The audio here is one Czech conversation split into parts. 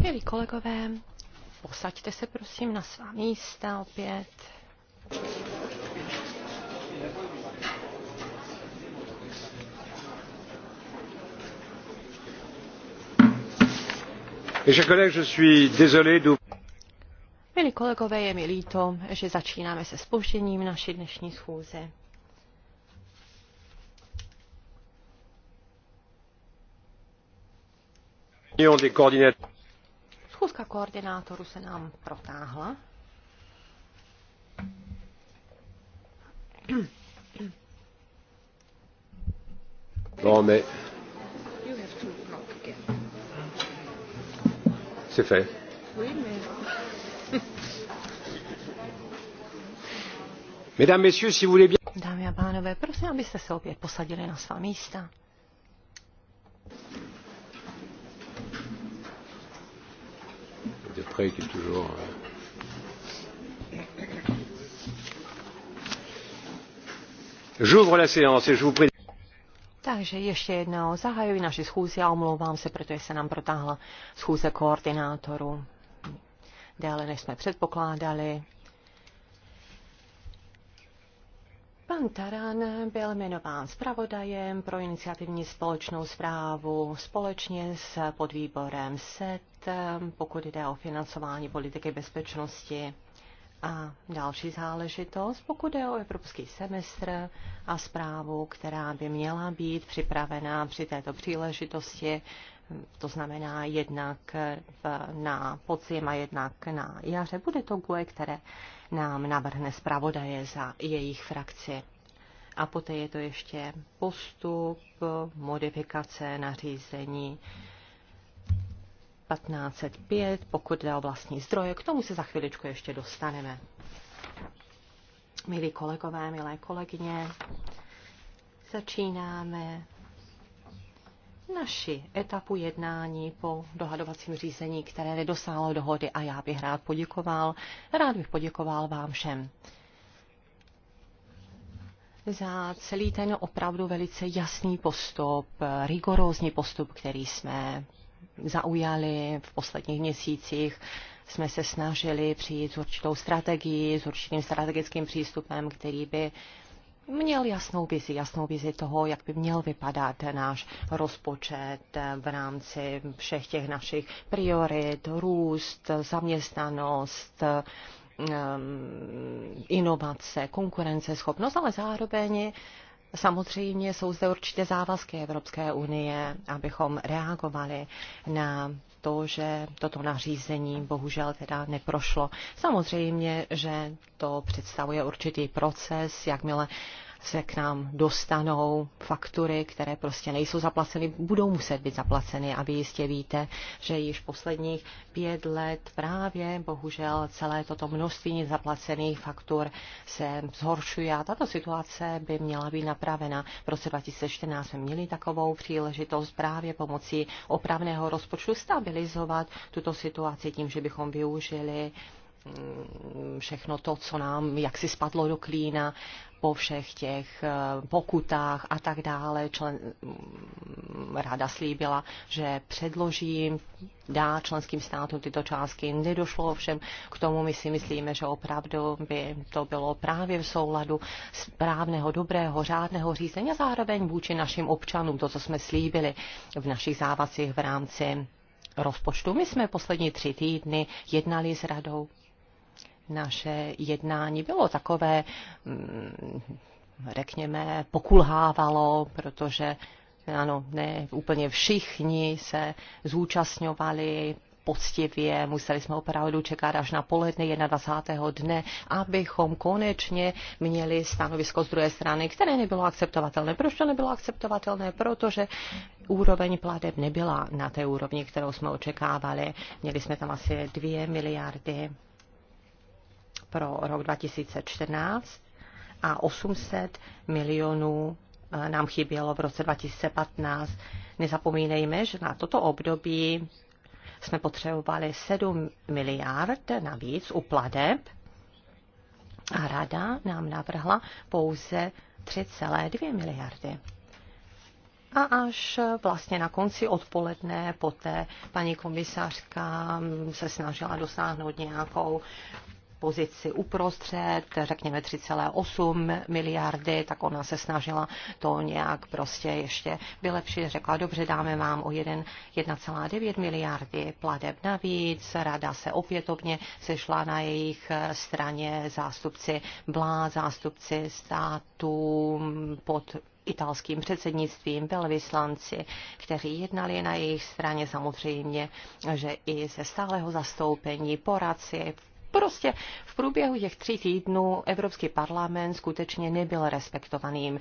Milí kolegové, posaďte se prosím na svá místa opět. Milí kolegové, je mi líto, že začínáme se zpožděním naši dnešní schůzi. Schůzka koordinátoru se nám protáhla. No, mais... C'est fait. Oui, mais... Mesdames, Messieurs, si vous voulez bien... Dámy a pánové, prosím, abyste se opět posadili na svá místa. qui est toujours. Euh, J'ouvre la séance et je vous prie. Takže ještě jednou zahajuji naši schůzi a omlouvám se, protože se nám protáhla schůze koordinátorů déle, než jsme předpokládali. Pan Taran byl jmenován zpravodajem pro iniciativní společnou zprávu společně s podvýborem SET, pokud jde o financování politiky bezpečnosti a další záležitost, pokud jde o evropský semestr a zprávu, která by měla být připravená při této příležitosti, to znamená jednak na podzim a jednak na jaře. Bude to GUE, které nám navrhne zpravodaje za jejich frakci a poté je to ještě postup modifikace nařízení 1505, pokud jde o vlastní zdroje. K tomu se za chviličku ještě dostaneme. Milí kolegové, milé kolegyně, začínáme naši etapu jednání po dohadovacím řízení, které nedosáhlo dohody a já bych rád poděkoval. Rád bych poděkoval vám všem za celý ten opravdu velice jasný postup, rigorózní postup, který jsme zaujali v posledních měsících. Jsme se snažili přijít s určitou strategií, s určitým strategickým přístupem, který by měl jasnou vizi, jasnou vizi toho, jak by měl vypadat náš rozpočet v rámci všech těch našich priorit, růst, zaměstnanost, Ehm, inovace, konkurenceschopnost, ale zároveň samozřejmě jsou zde určitě závazky Evropské unie, abychom reagovali na to, že toto nařízení bohužel teda neprošlo. Samozřejmě, že to představuje určitý proces, jakmile se k nám dostanou faktury, které prostě nejsou zaplaceny, budou muset být zaplaceny a vy jistě víte, že již posledních pět let právě bohužel celé toto množství zaplacených faktur se zhoršuje a tato situace by měla být napravena. V roce 2014 jsme měli takovou příležitost právě pomocí opravného rozpočtu stabilizovat tuto situaci tím, že bychom využili Mm, všechno to, co nám jaksi spadlo do klína po všech těch eh, pokutách a tak dále. Člen, mm, ráda slíbila, že předložím, dá členským státům tyto částky. Nedošlo ovšem k tomu, my si myslíme, že opravdu by to bylo právě v souladu správného, dobrého, řádného řízení a zároveň vůči našim občanům, to, co jsme slíbili v našich závazcích v rámci rozpočtu. My jsme poslední tři týdny jednali s radou naše jednání bylo takové, mm, řekněme, pokulhávalo, protože ano, ne úplně všichni se zúčastňovali poctivě, museli jsme opravdu čekat až na poledne 21. dne, abychom konečně měli stanovisko z druhé strany, které nebylo akceptovatelné. Proč to nebylo akceptovatelné? Protože úroveň pladeb nebyla na té úrovni, kterou jsme očekávali. Měli jsme tam asi 2 miliardy pro rok 2014 a 800 milionů eh, nám chybělo v roce 2015. Nezapomínejme, že na toto období jsme potřebovali 7 miliard navíc u pladeb a rada nám navrhla pouze 3,2 miliardy. A až vlastně na konci odpoledne poté paní komisařka se snažila dosáhnout nějakou pozici uprostřed, řekněme 3,8 miliardy, tak ona se snažila to nějak prostě ještě vylepšit. Řekla, dobře, dáme vám o 1,9 miliardy pladeb navíc. Rada se opětovně sešla na jejich eh, straně zástupci Blá, zástupci států mm, pod italským předsednictvím, velvyslanci, kteří jednali na jejich straně samozřejmě, že i ze stáleho zastoupení poradci v Prostě v průběhu těch tří týdnů Evropský parlament skutečně nebyl respektovaným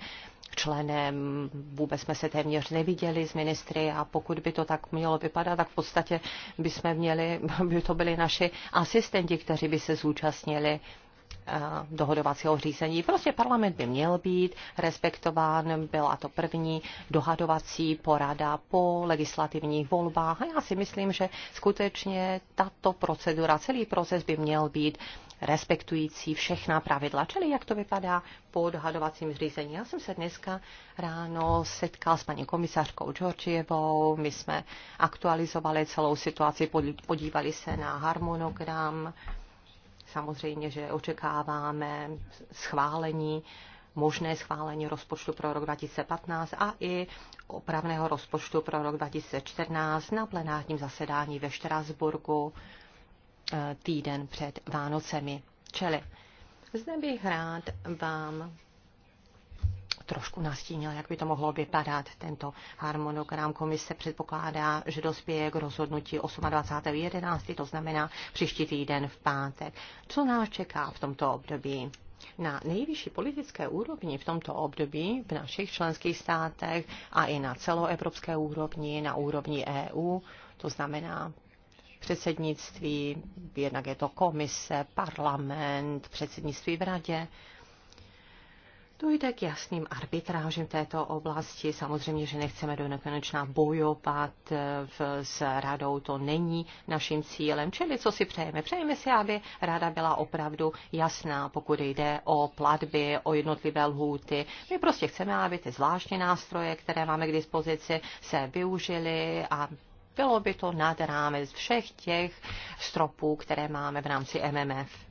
členem, vůbec jsme se téměř neviděli s ministry a pokud by to tak mělo vypadat, tak v podstatě by jsme měli, by to byli naši asistenti, kteří by se zúčastnili Eh, dohodovacího řízení. Prostě parlament by měl být respektován, byla to první dohadovací porada po legislativních volbách a já si myslím, že skutečně tato procedura, celý proces by měl být respektující všechna pravidla. Čili jak to vypadá po dohadovacím řízení. Já jsem se dneska ráno setkal s paní komisařkou Georgievou, my jsme aktualizovali celou situaci, podívali se na harmonogram Samozřejmě, že očekáváme schválení možné schválení rozpočtu pro rok 2015 a i opravného rozpočtu pro rok 2014 na plenárním zasedání ve Štrasburgu eh, týden před Vánocemi. Čili zde bych rád vám trošku nastínil, jak by to mohlo vypadat. Tento harmonogram komise předpokládá, že dospěje k rozhodnutí 28.11., to znamená příští týden v pátek. Co nás čeká v tomto období? Na nejvyšší politické úrovni v tomto období v našich členských státech a i na celoevropské úrovni, na úrovni EU, to znamená předsednictví, jednak je to komise, parlament, předsednictví v radě, Dojde k jasným arbitrážím této oblasti. Samozřejmě, že nechceme do nekonečna bojovat eh, v, s radou, to není naším cílem. Čili co si přejeme? Přejeme si, aby rada byla opravdu jasná, pokud jde o platby, o jednotlivé lhůty. My prostě chceme, aby ty zvláštní nástroje, které máme k dispozici, se využily a bylo by to nad rámec všech těch stropů, které máme v rámci MMF.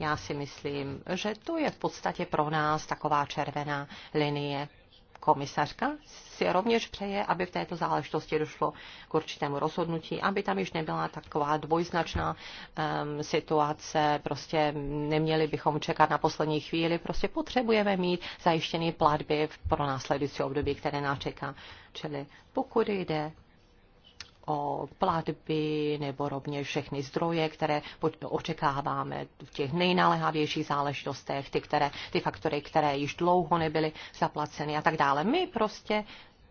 Já si myslím, že to je v podstatě pro nás taková červená linie. Komisařka si rovněž přeje, aby v této záležitosti došlo k určitému rozhodnutí, aby tam již nebyla taková dvojznačná um, situace, prostě neměli bychom čekat na poslední chvíli, prostě potřebujeme mít zajištěné platby pro následující období, které nás čeká. Čili pokud jde o platby nebo rovněž všechny zdroje, které očekáváme v těch nejnaléhavějších záležitostech, ty, které, ty faktory, které již dlouho nebyly zaplaceny a tak dále. My prostě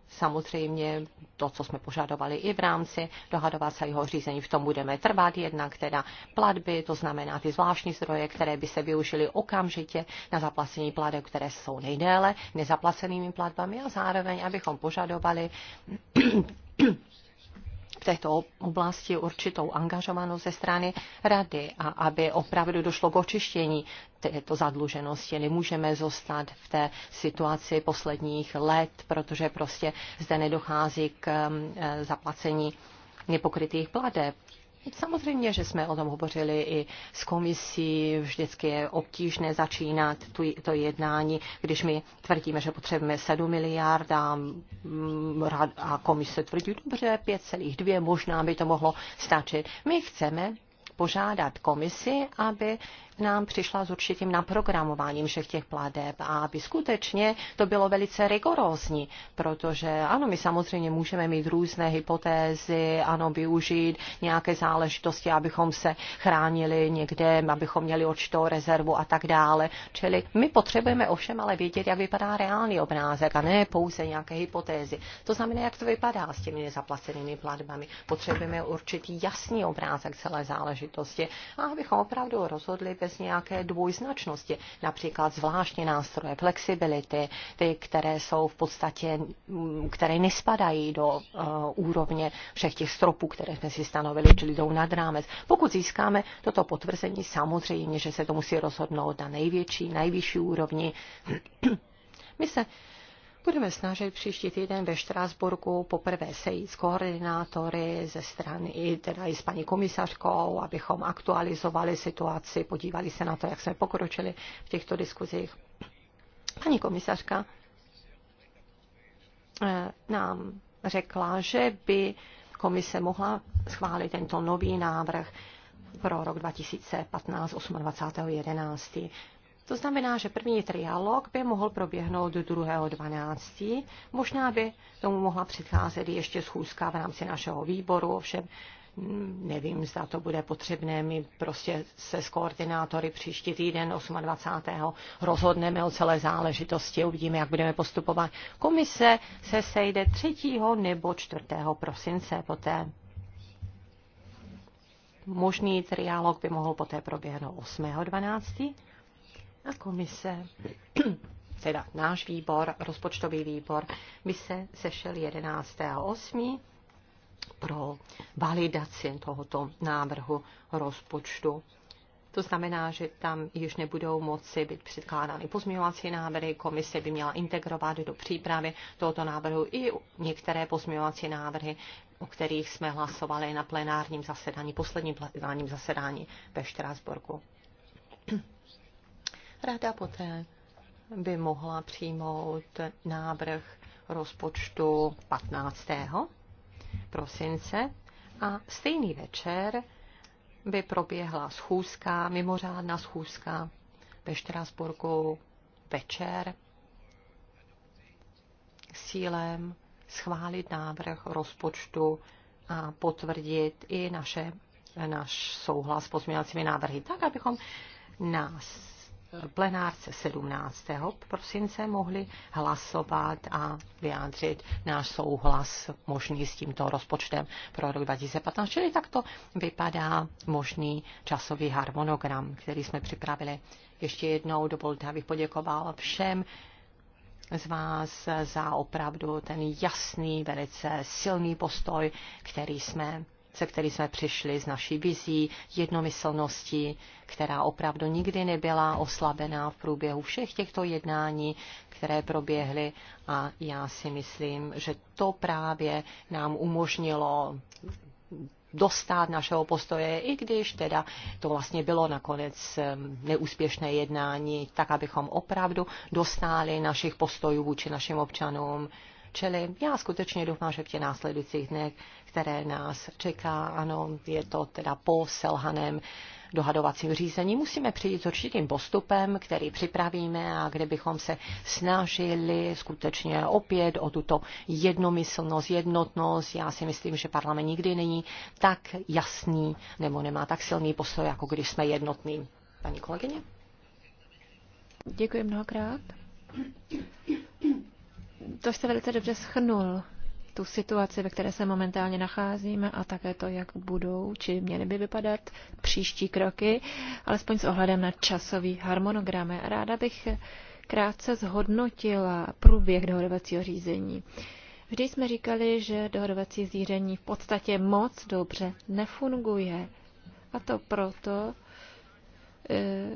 samozřejmě to, co jsme požadovali i v rámci dohadovacího řízení, v tom budeme trvat jednak teda platby, to znamená ty zvláštní zdroje, které by se využily okamžitě na zaplacení plateb, které jsou nejdéle nezaplacenými platbami a zároveň, abychom požadovali této oblasti určitou angažovanost ze strany rady a aby opravdu došlo k očištění této zadluženosti. Nemůžeme zůstat v té situaci posledních let, protože prostě zde nedochází k eh, zaplacení nepokrytých pladeb. Samozřejmě, že jsme o tom hovořili i s komisí, vždycky je obtížné začínat tu, to jednání, když my tvrdíme, že potřebujeme 7 miliard a, mm, a komise tvrdí, dobře, 5,2 možná by to mohlo stačit. My chceme požádat komisi, aby nám přišla s určitým naprogramováním všech těch pladeb a aby skutečně to bylo velice rigorózní, protože ano, my samozřejmě můžeme mít různé hypotézy, ano, využít nějaké záležitosti, abychom se chránili někde, abychom měli určitou rezervu a tak dále. Čili my potřebujeme ovšem ale vědět, jak vypadá reálný obrázek a ne pouze nějaké hypotézy. To znamená, jak to vypadá s těmi nezaplacenými platbami. Potřebujeme určitý jasný obrázek celé záležitosti a abychom opravdu rozhodli bez nějaké dvojznačnosti. Například zvláštní nástroje, flexibility, ty, které jsou v podstatě, mm, které nespadají do uh, úrovně všech těch stropů, které jsme si stanovili, čili jdou nad rámec. Pokud získáme toto potvrzení, samozřejmě, že se to musí rozhodnout na největší, nejvyšší úrovni. My se budeme snažit příští týden ve Štrásburgu poprvé sejít s koordinátory ze strany i, teda i s paní komisařkou, abychom aktualizovali situaci, podívali se na to, jak jsme pokročili v těchto diskuzích. Paní komisařka eh, nám řekla, že by komise mohla schválit tento nový návrh pro rok 2015 11. To znamená, že první trialog by mohl proběhnout do 2.12. Možná by tomu mohla předcházet ještě schůzka v rámci našeho výboru, ovšem mm, nevím, zda to bude potřebné. My prostě se s koordinátory příští týden 28. rozhodneme o celé záležitosti, uvidíme, jak budeme postupovat. Komise se sejde 3. nebo 4. prosince poté. Možný trialog by mohl poté proběhnout 8.12 a komise, teda náš výbor, rozpočtový výbor, by se sešel 11. a 8. pro validaci tohoto návrhu rozpočtu. To znamená, že tam již nebudou moci být předkládány pozměňovací návrhy. Komise by měla integrovat do přípravy tohoto návrhu i některé pozměňovací návrhy, o kterých jsme hlasovali na plenárním zasedání, posledním plenárním zasedání ve Štrásburku. Rada poté by mohla přijmout návrh rozpočtu 15. prosince a stejný večer by proběhla schůzka, mimořádná schůzka ve Štrasburku večer s cílem schválit návrh rozpočtu a potvrdit i naše, naš souhlas s pozměňovacími návrhy, tak abychom nás plenárce 17. prosince mohli hlasovat a vyjádřit náš souhlas možný s tímto rozpočtem pro rok 2015. Čili takto vypadá možný časový harmonogram, který jsme připravili. Ještě jednou dovolte, abych poděkoval všem z vás za opravdu ten jasný, velice silný postoj, který jsme se který jsme přišli s naší vizí, jednomyslnosti, která opravdu nikdy nebyla oslabená v průběhu všech těchto jednání, které proběhly a já si myslím, že to právě nám umožnilo dostat našeho postoje, i když teda to vlastně bylo nakonec neúspěšné jednání, tak abychom opravdu dostali našich postojů vůči našim občanům Čili já skutečně doufám, že v těch následujících dnech, které nás čeká, ano, je to teda po selhaném dohadovacím řízení musíme přijít s určitým postupem, který připravíme a kde bychom se snažili skutečně opět o tuto jednomyslnost, jednotnost. Já si myslím, že parlament nikdy není tak jasný nebo nemá tak silný postoj, jako když jsme jednotní. Paní kolegyně? Děkuji mnohokrát to jste velice dobře schrnul tu situaci, ve které se momentálně nacházíme a také to, jak budou, či měly by vypadat příští kroky, alespoň s ohledem na časový harmonogram. Ráda bych krátce zhodnotila průběh dohodovacího řízení. Vždy jsme říkali, že dohodovací řízení v podstatě moc dobře nefunguje. A to proto, eh,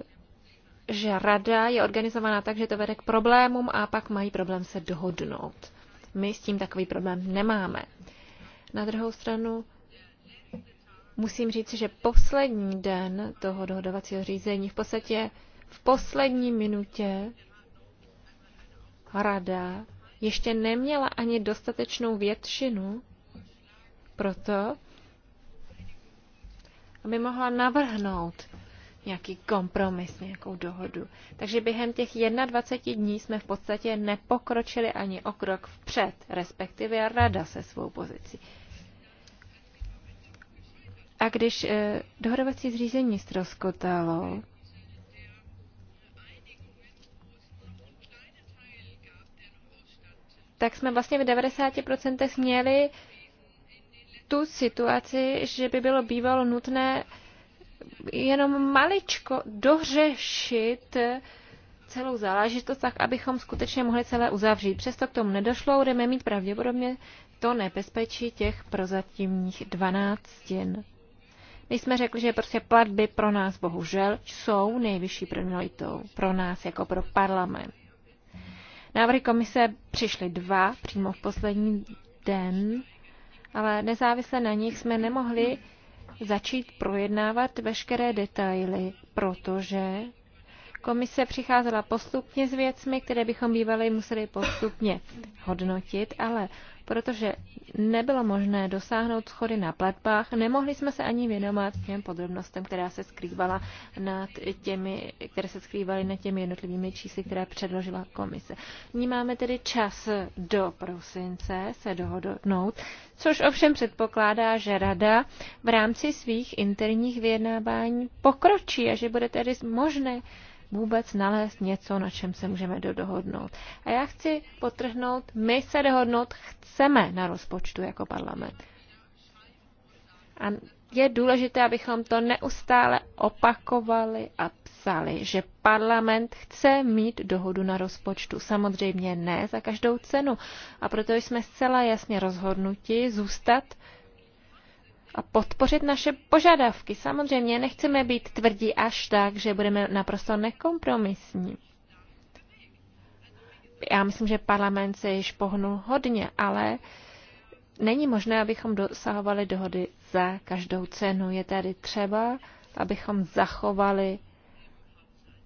že rada je organizovaná tak, že to vede k problémům a pak mají problém se dohodnout. My s tím takový problém nemáme. Na druhou stranu musím říct, že poslední den toho dohodovacího řízení, v podstatě v poslední minutě rada ještě neměla ani dostatečnou většinu proto, aby mohla navrhnout nějaký kompromis, nějakou dohodu. Takže během těch 21 dní jsme v podstatě nepokročili ani o krok vpřed, respektive rada se svou pozicí. A když eh, dohodovací zřízení ztroskotalo, tak jsme vlastně v 90% měli tu situaci, že by bylo bývalo nutné jenom maličko dořešit celou záležitost, tak abychom skutečně mohli celé uzavřít. Přesto k tomu nedošlo, budeme mít pravděpodobně to nebezpečí těch prozatímních dvanáctin. My jsme řekli, že prostě platby pro nás bohužel jsou nejvyšší prioritou pro nás jako pro parlament. Návrhy komise přišly dva přímo v poslední den, ale nezávisle na nich jsme nemohli začít projednávat veškeré detaily, protože Komise přicházela postupně s věcmi, které bychom bývali museli postupně hodnotit, ale protože nebylo možné dosáhnout schody na platbách, nemohli jsme se ani věnovat těm podrobnostem, která se skrývala nad těmi, které se skrývaly nad těmi jednotlivými čísly, které předložila komise. Nyní máme tedy čas do prosince se dohodnout, což ovšem předpokládá, že rada v rámci svých interních vyjednávání pokročí a že bude tedy možné vůbec nalézt něco, na čem se můžeme dohodnout. A já chci potrhnout, my se dohodnout chceme na rozpočtu jako parlament. A je důležité, abychom to neustále opakovali a psali, že parlament chce mít dohodu na rozpočtu. Samozřejmě ne za každou cenu. A proto jsme zcela jasně rozhodnuti zůstat a podpořit naše požadavky. Samozřejmě nechceme být tvrdí až tak, že budeme naprosto nekompromisní. Já myslím, že parlament se již pohnul hodně, ale není možné, abychom dosahovali dohody za každou cenu. Je tady třeba, abychom zachovali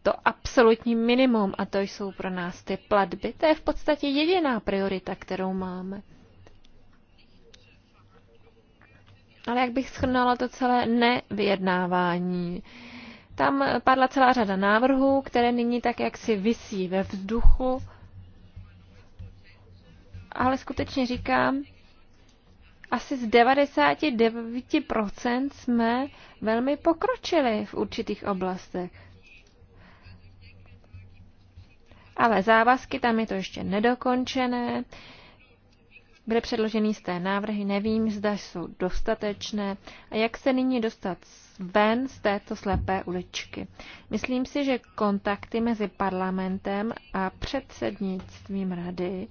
to absolutní minimum a to jsou pro nás ty platby. To je v podstatě jediná priorita, kterou máme. Ale jak bych schrnula to celé nevyjednávání? Tam padla celá řada návrhů, které nyní tak jaksi visí ve vzduchu. Ale skutečně říkám, asi z 99% jsme velmi pokročili v určitých oblastech. Ale závazky tam je to ještě nedokončené. Byly předloženy jisté návrhy, nevím, zda jsou dostatečné a jak se nyní dostat ven z této slepé uličky. Myslím si, že kontakty mezi parlamentem a předsednictvím rady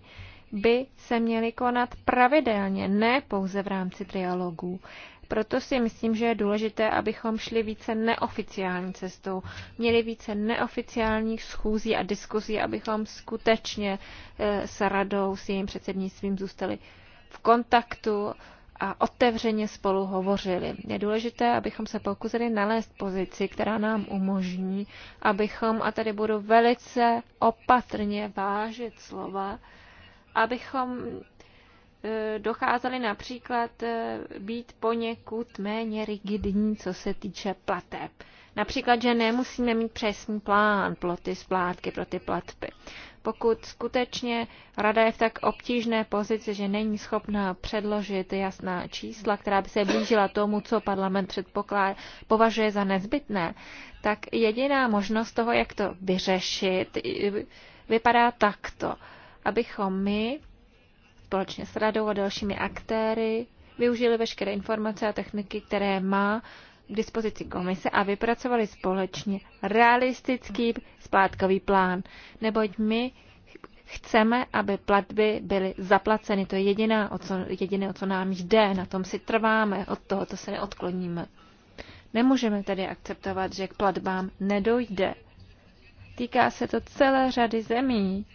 by se měly konat pravidelně, ne pouze v rámci trialogů. Proto si myslím, že je důležité, abychom šli více neoficiální cestou, měli více neoficiálních schůzí a diskuzí, abychom skutečně eh, s radou, s jejím předsednictvím zůstali v kontaktu a otevřeně spolu hovořili. Je důležité, abychom se pokusili nalézt pozici, která nám umožní, abychom, a tady budu velice opatrně vážit slova, abychom E, docházeli například e, být poněkud méně rigidní, co se týče plateb. Například, že nemusíme mít přesný plán pro ty splátky, pro ty platby. Pokud skutečně rada je v tak obtížné pozici, že není schopná předložit jasná čísla, která by se blížila tomu, co parlament předpokládá, považuje za nezbytné, tak jediná možnost toho, jak to vyřešit, vypadá takto. Abychom my společně s radou a dalšími aktéry využili veškeré informace a techniky, které má k dispozici komise a vypracovali společně realistický splátkový plán. Neboť my chceme, aby platby byly zaplaceny. To je jediné, o co, jediné, o co nám jde. Na tom si trváme, od toho to se neodkloníme. Nemůžeme tedy akceptovat, že k platbám nedojde. Týká se to celé řady zemí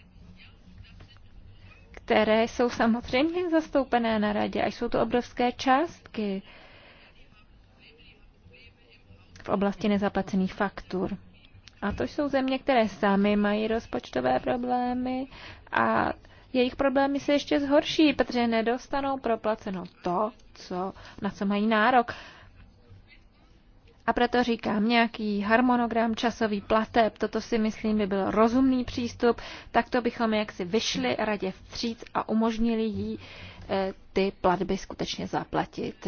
které jsou samozřejmě zastoupené na radě, a jsou to obrovské částky v oblasti nezaplacených faktur. A to jsou země, které sami mají rozpočtové problémy a jejich problémy se ještě zhorší, protože nedostanou proplaceno to, co, na co mají nárok. A proto říkám, nějaký harmonogram časový plateb, toto si myslím by byl rozumný přístup, takto bychom jaksi vyšli radě vstříc a umožnili jí eh, ty platby skutečně zaplatit.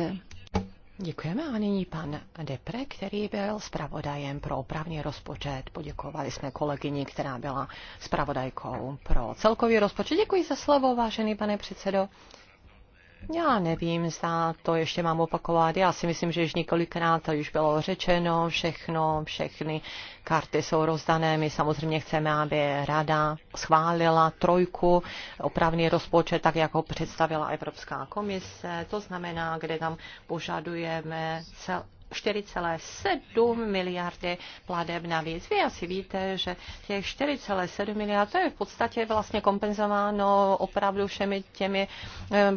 Děkujeme a nyní pan Depre, který byl zpravodajem pro opravný rozpočet. Poděkovali jsme kolegyni, která byla zpravodajkou pro celkový rozpočet. Děkuji za slovo, vážený pane předsedo. Já nevím, zda to ještě mám opakovat. Já si myslím, že už několikrát to už bylo řečeno, všechno, všechny karty jsou rozdané. My samozřejmě chceme, aby rada schválila trojku, opravný rozpočet, tak jak ho představila Evropská komise. To znamená, kde tam požadujeme cel, 4,7 miliardy pladeb navíc. Vy asi víte, že těch 4,7 miliard to je v podstatě vlastně kompenzováno opravdu všemi těmi eh,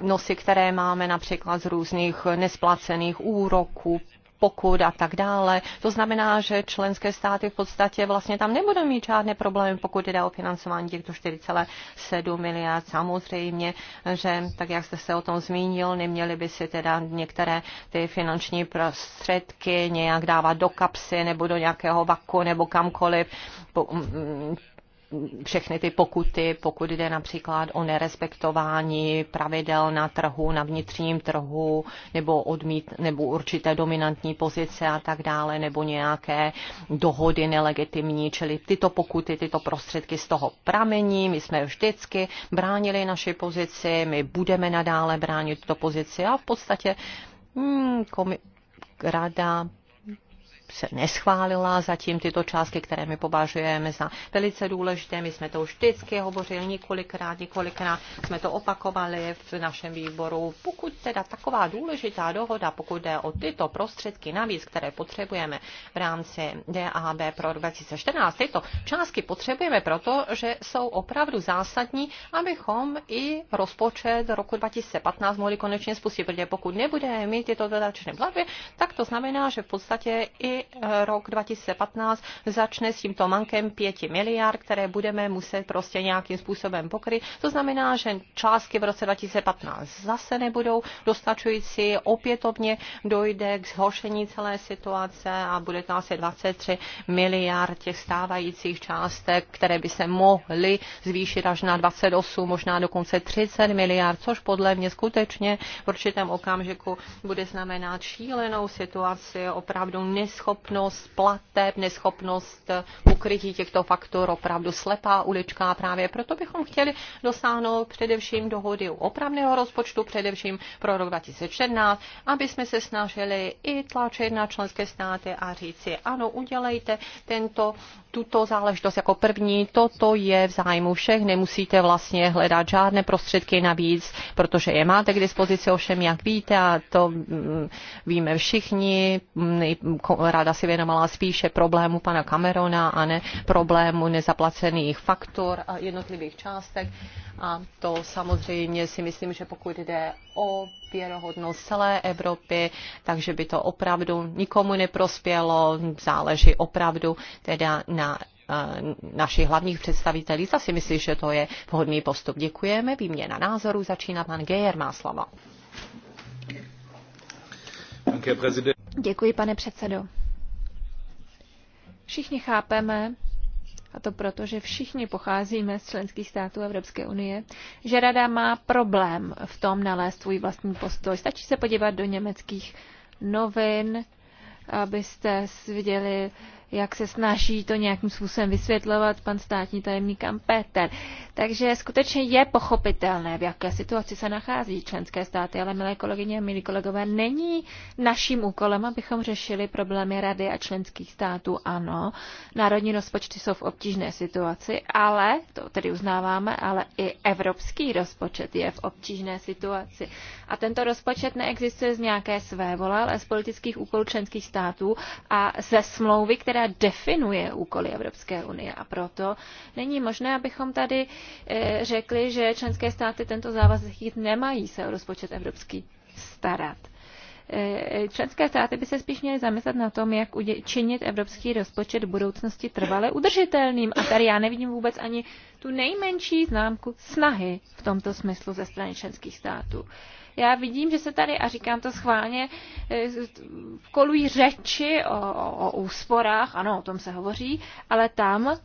nosy, které máme například z různých nesplacených úroků, pokud a tak dále. To znamená, že členské státy v podstatě vlastně tam nebudou mít žádné problémy, pokud jde o financování těchto 4,7 miliard. Samozřejmě, že tak jak jste se o tom zmínil, neměli by si teda některé ty finanční prostředky nějak dávat do kapsy nebo do nějakého vaku nebo kamkoliv všechny ty pokuty, pokud jde například o nerespektování pravidel na trhu, na vnitřním trhu, nebo, odmít, nebo určité dominantní pozice a tak dále, nebo nějaké dohody nelegitimní, čili tyto pokuty, tyto prostředky z toho pramení. My jsme vždycky bránili naši pozici, my budeme nadále bránit tuto pozici a v podstatě hmm, komi- rada se neschválila zatím tyto částky, které my považujeme za velice důležité. My jsme to už vždycky hovořili několikrát, několikrát jsme to opakovali v našem výboru. Pokud teda taková důležitá dohoda, pokud jde o tyto prostředky navíc, které potřebujeme v rámci DAB pro 2014, tyto částky potřebujeme proto, že jsou opravdu zásadní, abychom i rozpočet roku 2015 mohli konečně spustit, protože pokud nebudeme mít tyto dodatečné platby, tak to znamená, že v podstatě i rok 2015 začne s tímto mankem 5 miliard, které budeme muset prostě nějakým způsobem pokryt. To znamená, že částky v roce 2015 zase nebudou dostačující, opětovně dojde k zhoršení celé situace a bude to asi 23 miliard těch stávajících částek, které by se mohly zvýšit až na 28, možná dokonce 30 miliard, což podle mě skutečně v určitém okamžiku bude znamenat šílenou situaci, opravdu neschopnost neschopnost plateb, neschopnost ukrytí eh, těchto faktor, opravdu slepá ulička. Právě proto bychom chtěli dosáhnout především dohody u opravného rozpočtu, především pro rok 2014, aby jsme se snažili i tlačit na členské státy a říci, ano, udělejte tento, tuto záležitost jako první, toto je v zájmu všech, nemusíte vlastně hledat žádné prostředky navíc, protože je máte k dispozici, ovšem, jak víte, a to mm, víme všichni, mm, rada si věnovala spíše problému pana Camerona a ne problému nezaplacených faktur a jednotlivých částek. A to samozřejmě si myslím, že pokud jde o věrohodnost celé Evropy, takže by to opravdu nikomu neprospělo, záleží opravdu teda na eh, našich hlavních představitelů. Zase si myslím, že to je vhodný postup. Děkujeme. Výměna názoru začíná pan Gejer, má slovo. Děkuji, pane předsedo. Všichni chápeme, a to proto, že všichni pocházíme z členských států Evropské unie, že Rada má problém v tom nalézt svůj vlastní postoj. Stačí se podívat do německých novin, abyste viděli, jak se snaží to nějakým způsobem vysvětlovat pan státní tajemník Peter. Takže skutečně je pochopitelné, v jaké situaci se nachází členské státy, ale milé kolegyně a milí kolegové, není naším úkolem, abychom řešili problémy rady a členských států. Ano, národní rozpočty jsou v obtížné situaci, ale, to tedy uznáváme, ale i evropský rozpočet je v obtížné situaci. A tento rozpočet neexistuje z nějaké své vole, ale z politických úkolů členských států a ze smlouvy, které která definuje úkoly Evropské unie. A proto není možné, abychom tady eh, řekli, že členské státy tento závazek nemají se o rozpočet evropský starat. Eh, členské státy by se spíš měly zamyslet na tom, jak činit evropský rozpočet v budoucnosti trvale udržitelným. A tady já nevidím vůbec ani tu nejmenší známku snahy v tomto smyslu ze strany členských států. Já vidím, že se tady, a říkám to schválně, eh, kolují řeči o, o, o úsporách, ano, o tom se hovoří, ale tam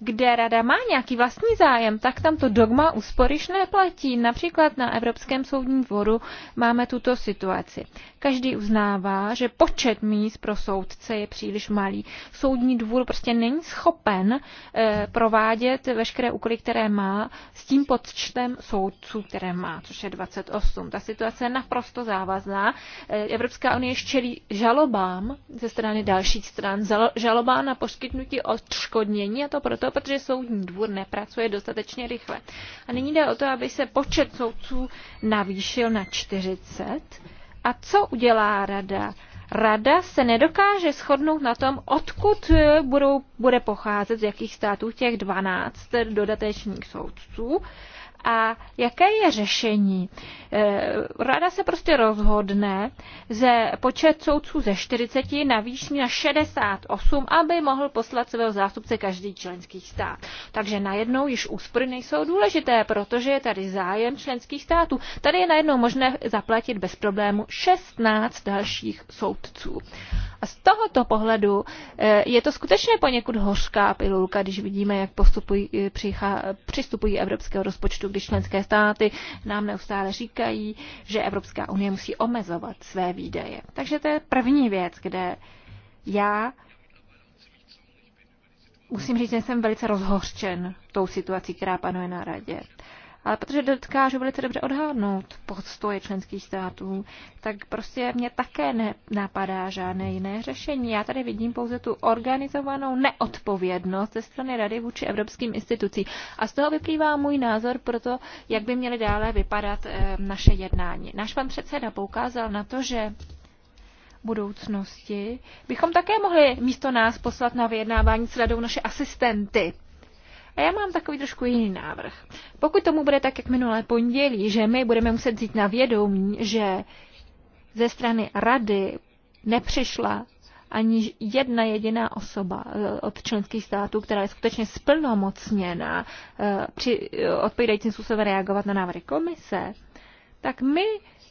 kde rada má nějaký vlastní zájem, tak tam to dogma úsporiš neplatí. Například na Evropském soudním dvoru máme tuto situaci. Každý uznává, že počet míst pro soudce je příliš malý. Soudní dvůr prostě není schopen e, provádět veškeré úkoly, které má, s tím počtem soudců, které má, což je 28. Ta situace je naprosto závazná. E, Evropská unie čelí žalobám ze strany dalších stran, Žalobám na poskytnutí odškodnění a to proto, to protože soudní dvůr nepracuje dostatečně rychle. A nyní jde o to, aby se počet soudců navýšil na 40. A co udělá rada? Rada se nedokáže shodnout na tom, odkud eh, budou, bude pocházet, z jakých států těch 12 dodatečných soudců. A jaké je řešení? Eh, rada se prostě rozhodne ze počet soudců ze 40 navýšit na 68, aby mohl poslat svého zástupce každý členský stát. Takže najednou již úspory nejsou důležité, protože je tady zájem členských států. Tady je najednou možné zaplatit bez problému 16 dalších soudců. A z tohoto pohledu eh, je to skutečně poněkud hořká pilulka, když vidíme, jak postupují, eh, přichá, přistupují evropského rozpočtu parlamentu, když členské státy nám neustále říkají, že Evropská unie musí omezovat své výdaje. Takže to je první věc, kde já musím říct, že jsem velice rozhořčen tou situací, která panuje na radě. Ale protože dokážu velice dobře odhadnout postoje členských států, tak prostě mě také nenapadá žádné jiné řešení. Já tady vidím pouze tu organizovanou neodpovědnost ze strany Rady vůči evropským institucím. A z toho vyplývá můj názor pro to, jak by měly dále vypadat eh, naše jednání. Náš pan předseda poukázal na to, že budoucnosti bychom také mohli místo nás poslat na vyjednávání s radou naše asistenty. A já mám takový trošku jiný návrh. Pokud tomu bude tak, jak minulé pondělí, že my budeme muset vzít na vědomí, že ze strany rady nepřišla ani jedna jediná osoba eh, od členských států, která je skutečně splnomocněna eh, při eh, odpovídajícím způsobem reagovat na návrhy komise, tak my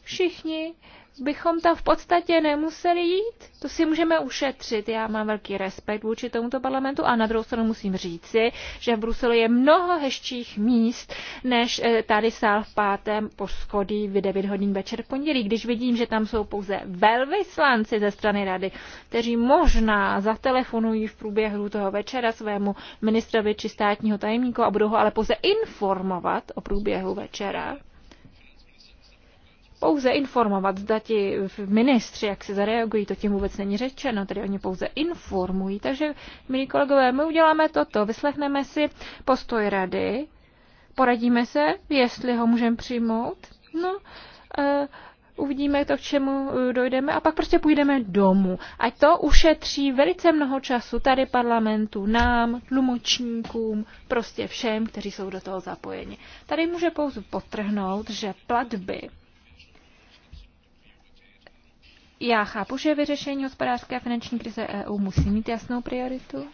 všichni bychom tam v podstatě nemuseli jít. To si můžeme ušetřit. Já mám velký respekt vůči tomuto parlamentu a na druhou stranu musím říci, že v Bruselu je mnoho hezčích míst, než eh, tady sál v pátém poschodí v 9 hodin večer pondělí, když vidím, že tam jsou pouze velvyslanci ze strany rady, kteří možná zatelefonují v průběhu toho večera svému ministrovi či státního tajemníku a budou ho ale pouze informovat o průběhu večera pouze informovat, zda ti ministři, jak si zareagují, to tím vůbec není řečeno, tedy oni pouze informují. Takže, milí kolegové, my uděláme toto, vyslechneme si postoj rady, poradíme se, jestli ho můžeme přijmout, no, e, uvidíme to, k čemu e, dojdeme a pak prostě půjdeme domů. Ať to ušetří velice mnoho času tady parlamentu, nám, tlumočníkům, prostě všem, kteří jsou do toho zapojeni. Tady může pouze potrhnout, že platby já chápu, že vyřešení hospodářské a finanční krize EU musí mít jasnou prioritu.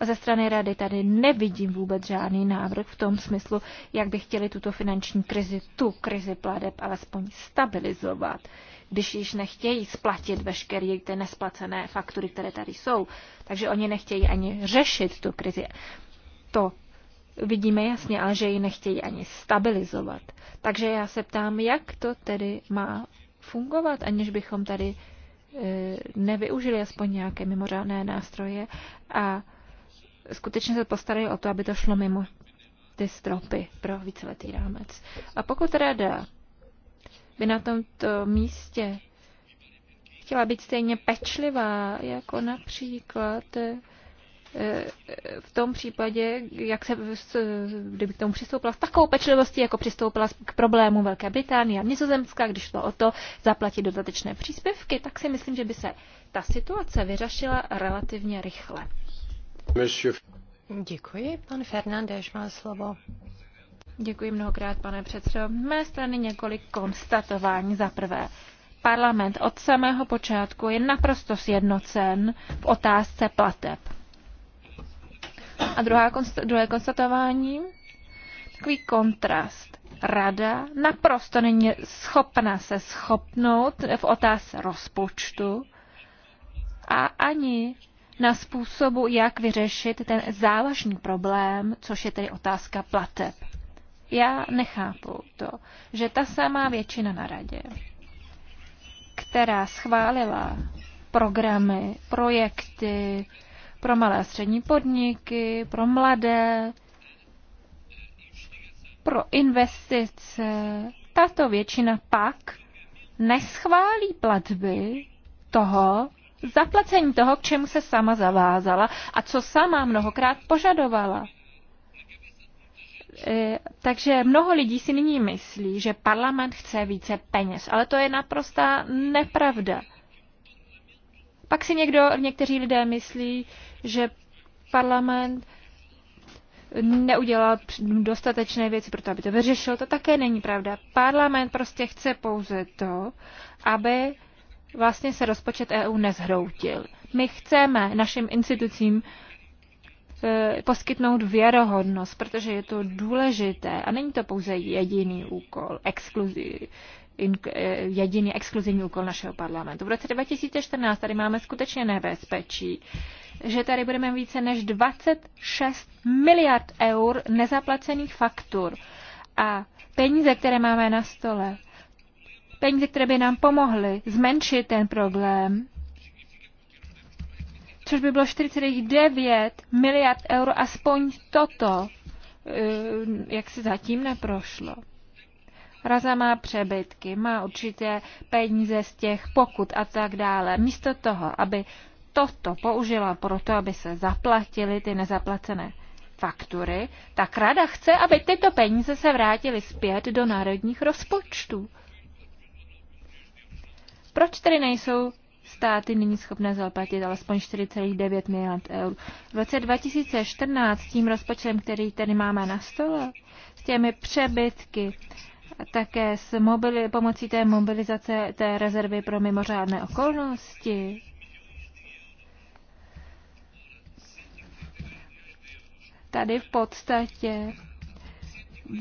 A ze strany Rady tady nevidím vůbec žádný návrh v tom smyslu, jak by chtěli tuto finanční krizi, tu krizi pladeb alespoň stabilizovat, když již nechtějí splatit veškeré ty nesplacené faktury, které tady jsou. Takže oni nechtějí ani řešit tu krizi. To vidíme jasně, ale že ji nechtějí ani stabilizovat. Takže já se ptám, jak to tedy má fungovat, aniž bychom tady eh, nevyužili aspoň nějaké mimořádné nástroje a skutečně se postarali o to, aby to šlo mimo ty stropy pro víceletý rámec. A pokud rada by na tomto místě chtěla být stejně pečlivá, jako například v tom případě, jak se, kdyby k tomu přistoupila s takovou pečlivostí, jako přistoupila k problému Velké Británie a Nizozemska, když šlo o to zaplatit dodatečné příspěvky, tak si myslím, že by se ta situace vyřešila relativně rychle. Děkuji. Pan Fernandéš má slovo. Děkuji mnohokrát, pane předsedo. Mé strany několik konstatování. Za prvé, parlament od samého počátku je naprosto sjednocen v otázce plateb a druhá, druhé konstatování, takový kontrast. Rada naprosto není schopna se schopnout v otázce rozpočtu a ani na způsobu, jak vyřešit ten závažný problém, což je tedy otázka plateb. Já nechápu to, že ta samá většina na radě, která schválila programy, projekty, pro malé a střední podniky, pro mladé, pro investice. Tato většina pak neschválí platby toho, zaplacení toho, k čemu se sama zavázala a co sama mnohokrát požadovala. E, takže mnoho lidí si nyní myslí, že parlament chce více peněz, ale to je naprostá nepravda. Pak si někdo, někteří lidé myslí, že parlament neudělal dostatečné věci pro to, aby to vyřešil. To také není pravda. Parlament prostě chce pouze to, aby vlastně se rozpočet EU nezhroutil. My chceme našim institucím e, poskytnout věrohodnost, protože je to důležité a není to pouze jediný úkol, exkluzivní. Eh, jediný exkluzivní úkol našeho parlamentu. V roce 2014 tady máme skutečně nebezpečí, že tady budeme více než 26 miliard eur nezaplacených faktur a peníze, které máme na stole, peníze, které by nám pomohly zmenšit ten problém, což by bylo 4,9 miliard eur, aspoň toto, eh, jak se zatím neprošlo. Raza má přebytky, má určitě peníze z těch pokut a tak dále. Místo toho, aby toto použila proto, aby se zaplatily ty nezaplacené faktury, tak rada chce, aby tyto peníze se vrátily zpět do národních rozpočtů. Proč tedy nejsou státy nyní schopné zaplatit alespoň 4,9 miliard eur? V roce 2014 s tím rozpočtem, který tady máme na stole, s těmi přebytky, také s mobili, pomocí té mobilizace té rezervy pro mimořádné okolnosti. Tady v podstatě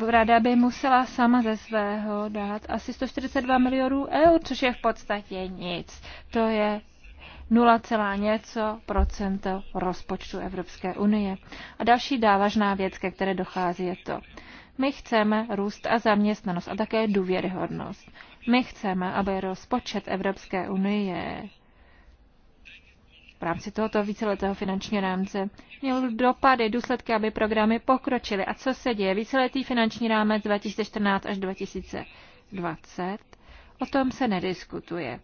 Rada by musela sama ze svého dát asi 142 milionů eur, což je v podstatě nic. To je 0, něco procento rozpočtu Evropské unie. A další dávažná věc, ke které dochází, je to, my chceme růst a zaměstnanost a také důvěryhodnost. My chceme, aby rozpočet Evropské unie v rámci tohoto víceletého finančního rámce měl dopady, důsledky, aby programy pokročily. A co se děje? Víceletý finanční rámec 2014 až 2020, o tom se nediskutuje.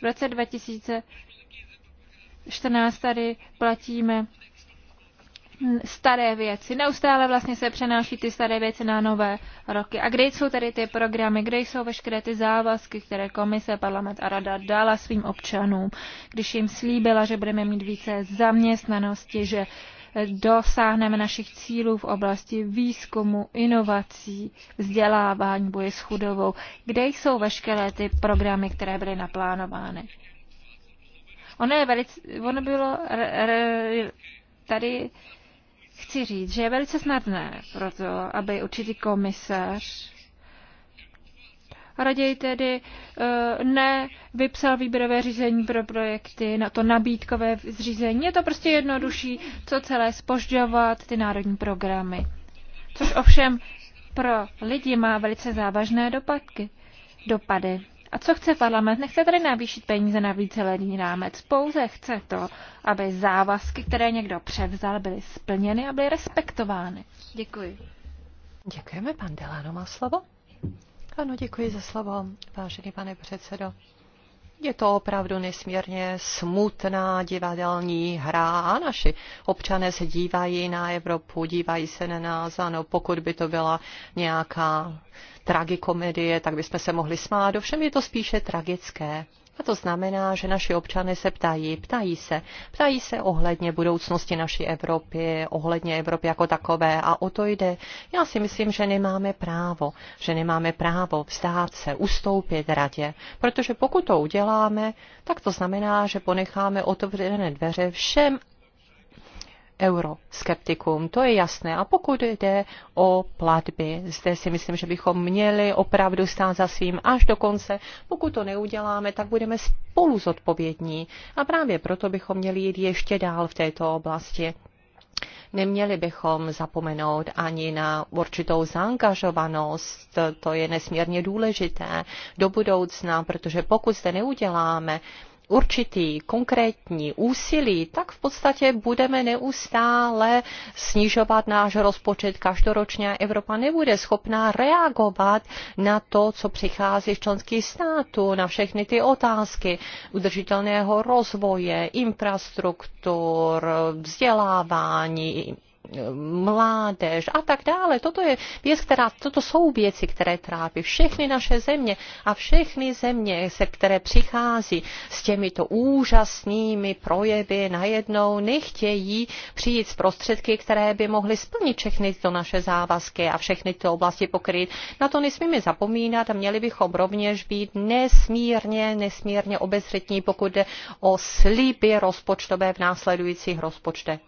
V roce 2014 tady platíme staré věci. Neustále vlastně se přenáší ty staré věci na nové roky. A kde jsou tady ty programy, kde jsou veškeré ty závazky, které komise, parlament a rada dala svým občanům, když jim slíbila, že budeme mít více zaměstnanosti, že dosáhneme našich cílů v oblasti výzkumu, inovací, vzdělávání, boje s chudovou Kde jsou veškeré ty programy, které byly naplánovány? Ono, je velice, ono bylo tady chci říct, že je velice snadné pro to, aby určitý komisař raději tedy eh, ne vypsal výběrové řízení pro projekty, na to nabídkové zřízení. Je to prostě jednodušší, co celé spožďovat ty národní programy. Což ovšem pro lidi má velice závažné dopadky, dopady. A co chce parlament? Nechce tady navýšit peníze na víceletý rámec. Pouze chce to, aby závazky, které někdo převzal, byly splněny a byly respektovány. Děkuji. Děkujeme, pan Delano má slovo. Ano, děkuji za slovo, vážený pane předsedo. Je to opravdu nesmírně smutná divadelní hra a naši občané se dívají na Evropu, dívají se na nás, ano, pokud by to byla nějaká tragikomedie, tak bychom se mohli smát, ovšem je to spíše tragické. A to znamená, že naši občany se ptají, ptají se, ptají se ohledně budoucnosti naší Evropy, ohledně Evropy jako takové a o to jde. Já si myslím, že nemáme právo, že nemáme právo vzdát se, ustoupit radě, protože pokud to uděláme, tak to znamená, že ponecháme otevřené dveře všem euroskeptikům. To je jasné. A pokud jde o platby, zde si myslím, že bychom měli opravdu stát za svým až do konce. Pokud to neuděláme, tak budeme spolu zodpovědní. A právě proto bychom měli jít ještě dál v této oblasti. Neměli bychom zapomenout ani na určitou zaangažovanost, to je nesmírně důležité do budoucna, protože pokud zde neuděláme, určitý konkrétní úsilí, tak v podstatě budeme neustále snižovat náš rozpočet každoročně a Evropa nebude schopná reagovat na to, co přichází z členských států, na všechny ty otázky udržitelného rozvoje, infrastruktur, vzdělávání, mládež a tak dále. Toto je věc, která, toto jsou věci, které trápí všechny naše země a všechny země, se které přichází s těmito úžasnými projevy najednou, nechtějí přijít s prostředky, které by mohly splnit všechny to naše závazky a všechny ty oblasti pokryt. Na to nesmíme zapomínat a měli bychom rovněž být nesmírně, nesmírně obezřetní, pokud jde o sliby rozpočtové v následujících rozpočtech.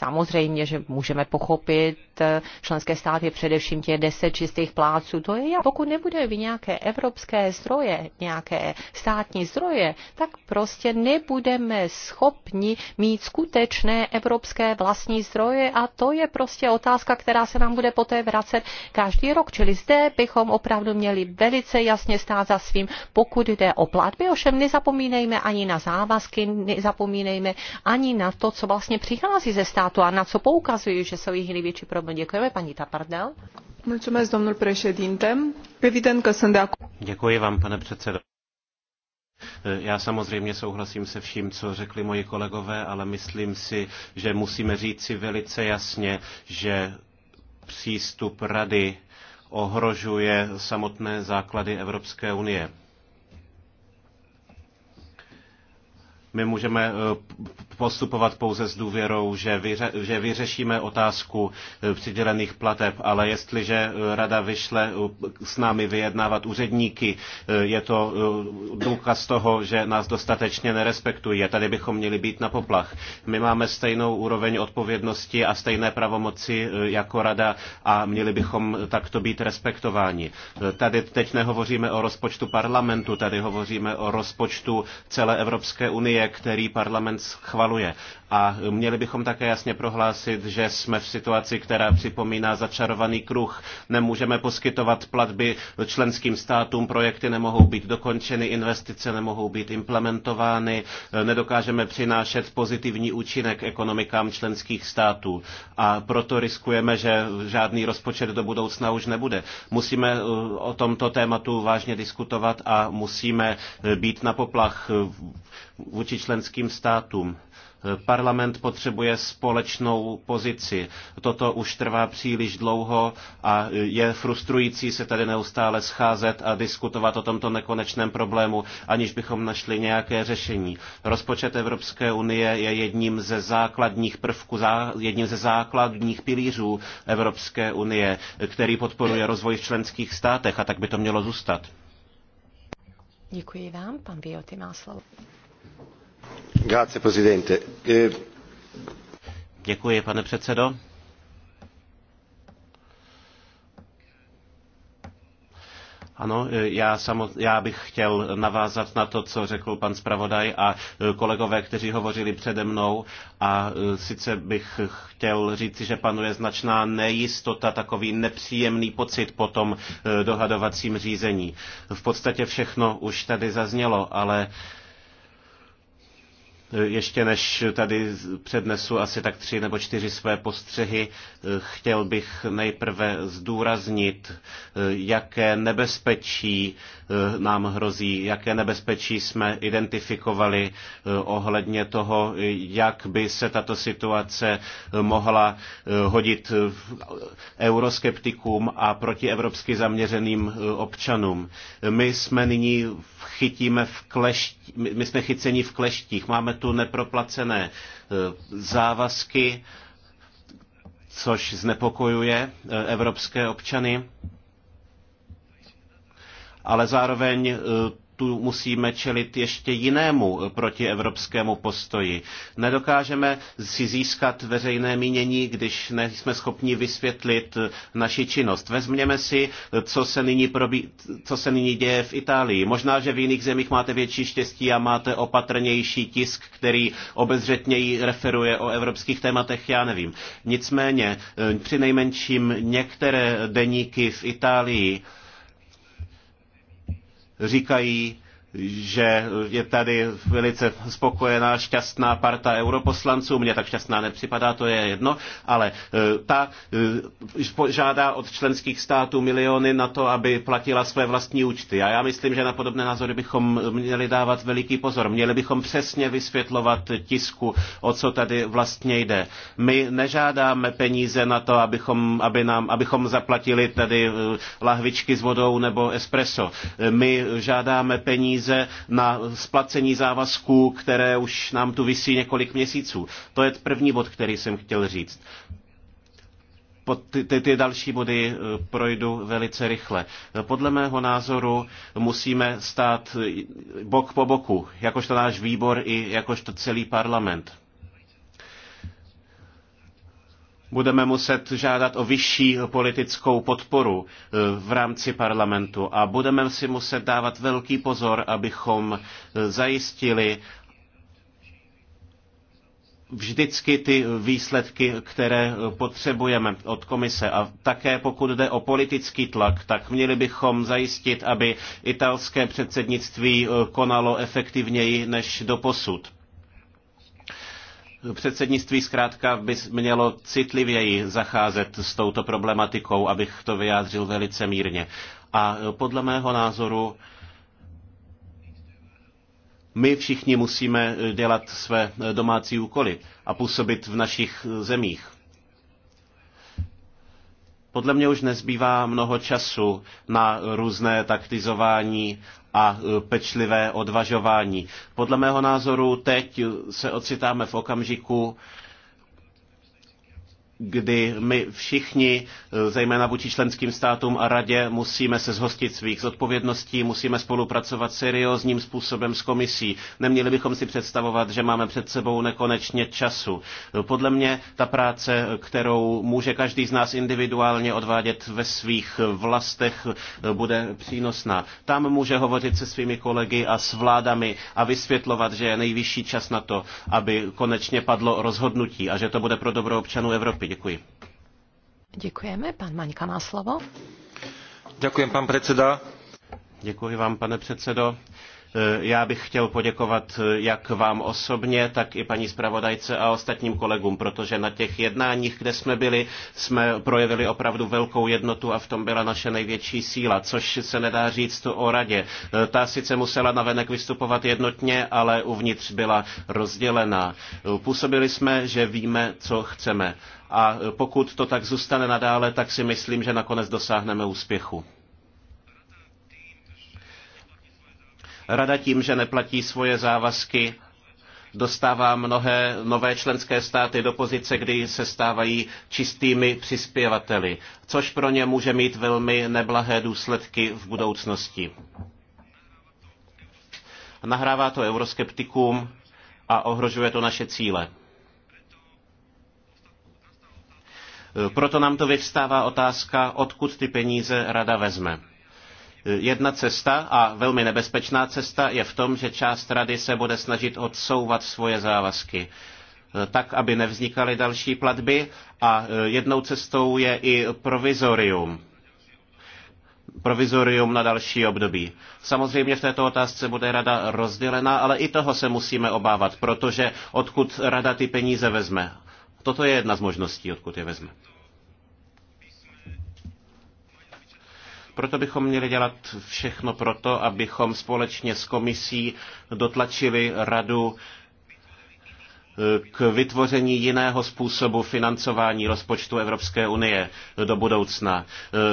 Samozřejmě, že můžeme pochopit eh, členské státy, především těch deset čistých pláců, to je Pokud nebude v nějaké evropské zdroje, nějaké státní zdroje, tak prostě nebudeme schopni mít skutečné evropské vlastní zdroje a to je prostě otázka, která se nám bude poté vracet každý rok. Čili zde bychom opravdu měli velice jasně stát za svým, pokud jde o platby. Ovšem nezapomínejme ani na závazky, nezapomínejme ani na to, co vlastně přichází ze státu státu a na co poukazují, že jsou jejich největší problém. Děkujeme, paní Tapardel. Mulțumesc, domnul președinte. Evident că sunt de acord. Děkuji vám, pane předsedo. Já samozřejmě souhlasím se vším, co řekli moji kolegové, ale myslím si, že musíme říci velice jasně, že přístup rady ohrožuje samotné základy Evropské unie. My můžeme eh, postupovat pouze s důvěrou, že, vyře, že vyřešíme otázku eh, přidělených plateb, ale jestliže eh, rada vyšle s námi vyjednávat úředníky, je to důkaz toho, že nás dostatečně nerespektují. A tady bychom měli být na poplach. My máme stejnou úroveň odpovědnosti a stejné pravomoci jako rada a měli bychom takto být respektováni. Tady teď nehovoříme o rozpočtu parlamentu, tady hovoříme o rozpočtu celé Evropské unie je, který parlament schvaluje. A měli bychom také jasně prohlásit, že jsme v situaci, která připomíná začarovaný kruh. Nemůžeme poskytovat platby členským státům, projekty nemohou být dokončeny, investice nemohou být implementovány, nedokážeme přinášet pozitivní účinek ekonomikám členských států. A proto riskujeme, že žádný rozpočet do budoucna už nebude. Musíme uh, o tomto tématu vážně diskutovat a musíme uh, být na poplach vůči členským státům. Parlament potřebuje společnou pozici. Toto už trvá příliš dlouho a je frustrující se tady neustále scházet a diskutovat o tomto nekonečném problému, aniž bychom našli nějaké řešení. Rozpočet Evropské unie je jedním ze základních prvků, jedním ze základních pilířů Evropské unie, který podporuje rozvoj v členských státech a tak by to mělo zůstat. Děkuji vám. Pan Vioty má slovo. Eh, Děkuji, pane předsedo. Ano, já, já bych chtěl navázat na to, co řekl pan zpravodaj a eh, kolegové, kteří hovořili přede mnou. A eh, sice bych chtěl říci, že panuje značná nejistota, takový nepříjemný pocit po tom dohadovacím řízení. V podstatě všechno už tady zaznělo, ale uh, ještě než tady přednesu asi tak tři nebo čtyři své postřehy, chtěl bych nejprve zdůraznit, jaké nebezpečí eh, nám hrozí, jaké nebezpečí jsme identifikovali eh, ohledně toho, jak by se tato situace eh, mohla hodit euroskeptikům a evropsky zaměřeným občanům. My jsme nyní chytíme v klešti, my jsme chyceni v kleštích, máme tu neproplacené e, závazky, což znepokojuje e, evropské občany ale zároveň e, tu musíme čelit ještě jinému eh, protievropskému postoji. Nedokážeme si získat veřejné mínění, když nejsme schopni vysvětlit eh, naši činnost. Vezměme si, eh, co se nyní, probí, co se nyní děje v Itálii. Možná, že v jiných zemích máte větší štěstí a máte opatrnější tisk, který obezřetněji referuje o evropských tématech, já nevím. Nicméně, při nejmenším některé deníky v Itálii říkají, že je tady velice spokojená, šťastná parta europoslanců. Mně tak šťastná nepřipadá, to je jedno, ale eh, ta eh, žádá od členských států miliony na to, aby platila své vlastní účty. A já myslím, že na podobné názory bychom měli dávat veliký pozor. Měli bychom přesně vysvětlovat tisku, o co tady vlastně jde. My nežádáme peníze na to, abychom, aby nám, abychom zaplatili tady eh, lahvičky s vodou nebo espresso. My žádáme peníze peníze na splacení závazků, které už nám tu vysí několik měsíců. To je první bod, který jsem chtěl říct. Ty, ty, ty další body eh, projdu velice rychle. Podle mého názoru musíme stát eh, bok po boku, jakožto náš výbor i jakožto celý parlament. budeme muset žádat o vyšší politickou podporu eh, v rámci parlamentu a budeme si muset dávat velký pozor, abychom eh, zajistili vždycky ty výsledky, které eh, potřebujeme od komise. A také pokud jde o politický tlak, tak měli bychom zajistit, aby italské předsednictví konalo efektivněji než doposud předsednictví zkrátka by mělo citlivěji zacházet s touto problematikou, abych to vyjádřil velice mírně. A podle mého názoru my všichni musíme dělat své domácí úkoly a působit v našich zemích. Podle mě už nezbývá mnoho času na různé taktizování a e, pečlivé odvažování. Podle mého názoru teď se ocitáme v okamžiku, kdy my všichni, eh, zejména vůči členským státům a radě, musíme se zhostit svých zodpovědností, musíme spolupracovat seriózním způsobem s komisí. Neměli bychom si představovat, že máme před sebou nekonečně času. Eh, podle mě ta práce, kterou může každý z nás individuálně odvádět ve svých eh, vlastech, bude přínosná. Tam může hovořit se svými kolegy a s vládami a vysvětlovat, že je nejvyšší čas na to, aby konečně padlo rozhodnutí a že to bude pro dobro občanů Evropy. Děkuji. Děkujeme. Pan Maňka má slovo. Děkuji, pan předseda. Děkuji vám, pane předsedo. Eh, já bych chtěl poděkovat eh, jak vám osobně, tak i paní zpravodajce a ostatním kolegům, protože na těch jednáních, kde jsme byli, jsme projevili opravdu velkou jednotu a v tom byla naše největší síla, což se nedá říct o radě. Eh, ta sice musela navenek vystupovat jednotně, ale uvnitř byla rozdělená. Působili jsme, že víme, co chceme. A pokud to tak zůstane nadále, tak si myslím, že nakonec dosáhneme úspěchu. Rada tím, že neplatí svoje závazky, dostává mnohé nové členské státy do pozice, kdy se stávají čistými přispěvateli, což pro ně může mít velmi neblahé důsledky v budoucnosti. Nahrává to euroskeptikům a ohrožuje to naše cíle. Proto nám to vyvstává otázka, odkud ty peníze rada vezme. Jedna cesta, a velmi nebezpečná cesta, je v tom, že část rady se bude snažit odsouvat svoje závazky e, tak, aby nevznikaly další platby a e, jednou cestou je i provizorium. Provizorium na další období. Samozřejmě v této otázce bude rada rozdělena, ale i toho se musíme obávat, protože odkud rada ty peníze vezme. Toto je jedna z možností, odkud je vezme. Proto bychom měli dělat všechno proto, abychom společně s komisí dotlačili radu eh, k vytvoření jiného způsobu financování rozpočtu Evropské unie eh, do budoucna.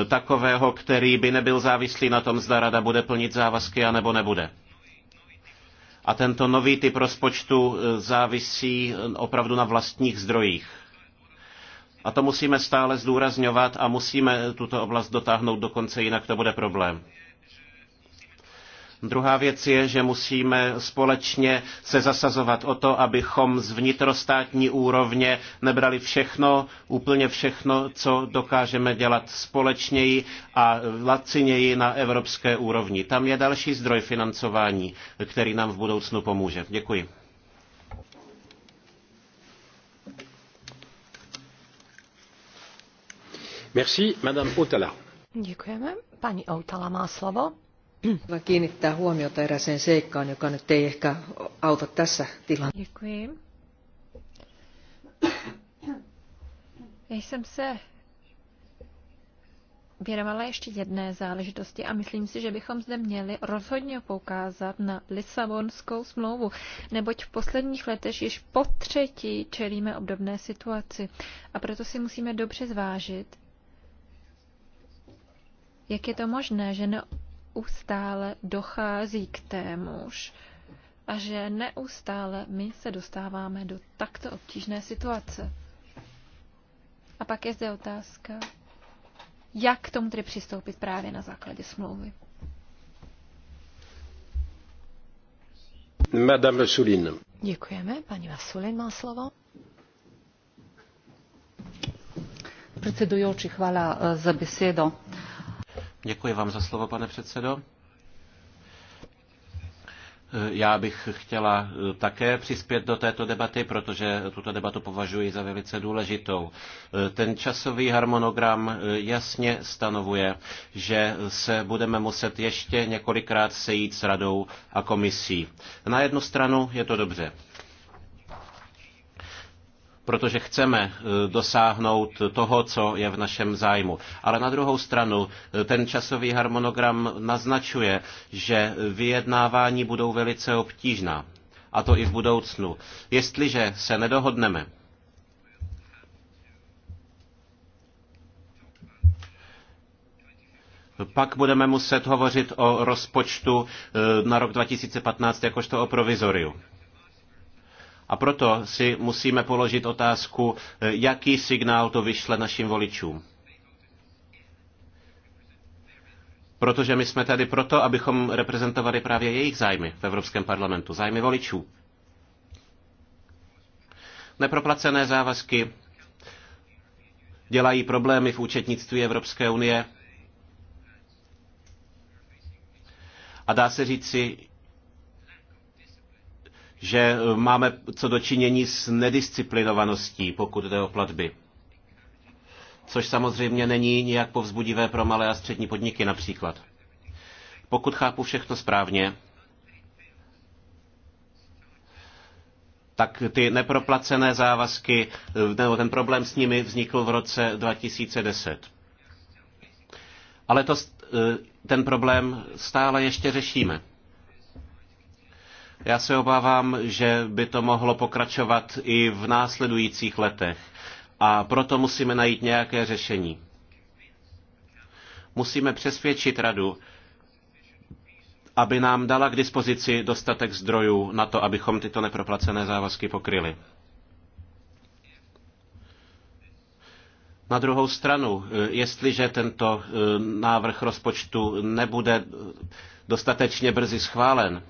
Eh, takového, který by nebyl závislý na tom, zda rada bude plnit závazky, a nebo nebude. A tento nový typ rozpočtu závisí opravdu na vlastních zdrojích. A to musíme stále zdůrazňovat a musíme tuto oblast dotáhnout do konce, jinak to bude problém. Druhá věc je, že musíme společně se zasazovat o to, abychom z vnitrostátní úrovně nebrali všechno, úplně všechno, co dokážeme dělat společněji a laciněji na evropské úrovni. Tam je další zdroj financování, který nám v budoucnu pomůže. Děkuji. haluan kiinnittää huomiota erääseen seikkaan, joka nyt ei ehkä auta tässä tilanteessa. jsem se věnovala ještě jedné záležitosti a myslím si, že bychom zde měli rozhodně na Lisabonskou smlouvu, neboť v posledních letech již po třetí čelíme obdobné situaci a proto si musíme dobře zvážit, jak je to možné, že neustále dochází k témuž a že neustále my se dostáváme do takto obtížné situace? A pak je zde otázka, jak k tomu tedy přistoupit právě na základě smlouvy. Madame Vassoulin. Děkujeme. Paní Vasulin má slovo. Predsedujoči, chvála za besedo. Děkuji vám za slovo, pane předsedo. Já bych chtěla také přispět do této debaty, protože tuto debatu považuji za velice důležitou. Ten časový harmonogram jasně stanovuje, že se budeme muset ještě několikrát sejít s radou a komisí. Na jednu stranu je to dobře protože chceme eh, dosáhnout toho, co je v našem zájmu. Ale na druhou stranu eh, ten časový harmonogram naznačuje, že vyjednávání budou velice obtížná. A to i v budoucnu. Jestliže se nedohodneme, Pak budeme muset hovořit o rozpočtu eh, na rok 2015 jakožto o provizoriu. A proto si musíme položit otázku, jaký signál to vyšle našim voličům. Protože my jsme tady proto, abychom reprezentovali právě jejich zájmy v Evropském parlamentu, zájmy voličů. Neproplacené závazky dělají problémy v účetnictví Evropské unie. A dá se říci, že e, máme co dočinění s nedisciplinovaností, pokud jde o platby. Což samozřejmě není nijak povzbudivé pro malé a střední podniky například. Pokud chápu všechno správně, tak ty neproplacené závazky, e, nebo ten problém s nimi vznikl v roce 2010. Ale to, e, ten problém stále ještě řešíme. Já se obávám, že by to mohlo pokračovat i v následujících letech. A proto musíme najít nějaké řešení. Musíme přesvědčit radu, aby nám dala k dispozici dostatek zdrojů na to, abychom tyto neproplacené závazky pokryli. Na druhou stranu, jestliže tento eh, návrh rozpočtu nebude eh, dostatečně brzy schválen,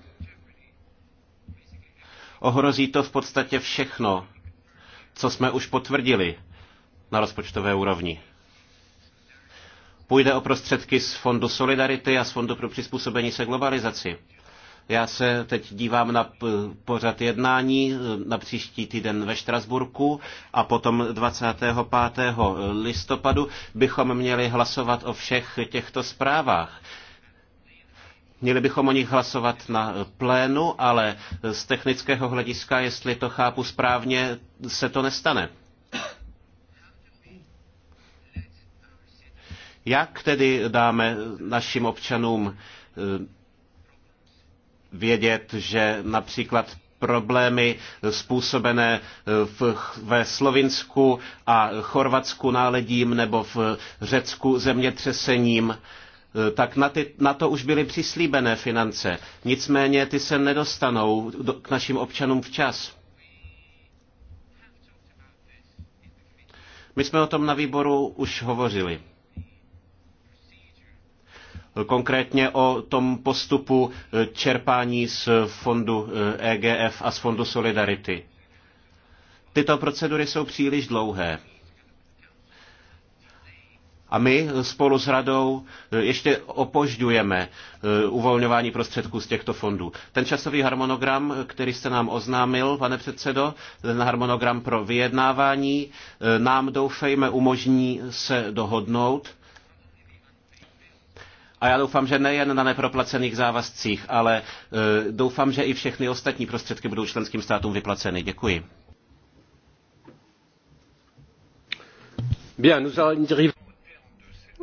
Ohrozí to v podstatě všechno, co jsme už potvrdili na rozpočtové úrovni. Půjde o prostředky z Fondu Solidarity a z Fondu pro přizpůsobení se globalizaci. Já se teď dívám na pořad jednání e, na příští týden ve Štrasburku a potom 25. listopadu bychom měli hlasovat o všech těchto zprávách. Měli bychom o nich hlasovat na plénu, ale z technického hlediska, jestli to chápu správně, se to nestane. Jak tedy dáme našim občanům eh, vědět, že například problémy způsobené eh, v, ve Slovinsku a Chorvatsku náledím nebo v Řecku zemětřesením Eh, tak na, ty, na to už byly přislíbené finance. Nicméně ty se nedostanou do, k našim občanům včas. My jsme o tom na výboru už hovořili. Eh, konkrétně o tom postupu eh, čerpání z fondu EGF e a z fondu Solidarity. Tyto procedury jsou příliš dlouhé. A my spolu s radou e, ještě opožďujeme e, uvolňování prostředků z těchto fondů. Ten časový harmonogram, který jste nám oznámil, pane předsedo, ten harmonogram pro vyjednávání, e, nám doufejme umožní se dohodnout. A já doufám, že nejen na neproplacených závazcích, ale doufám, že i všechny ostatní prostředky budou členským státům vyplaceny. Děkuji. Bien, nous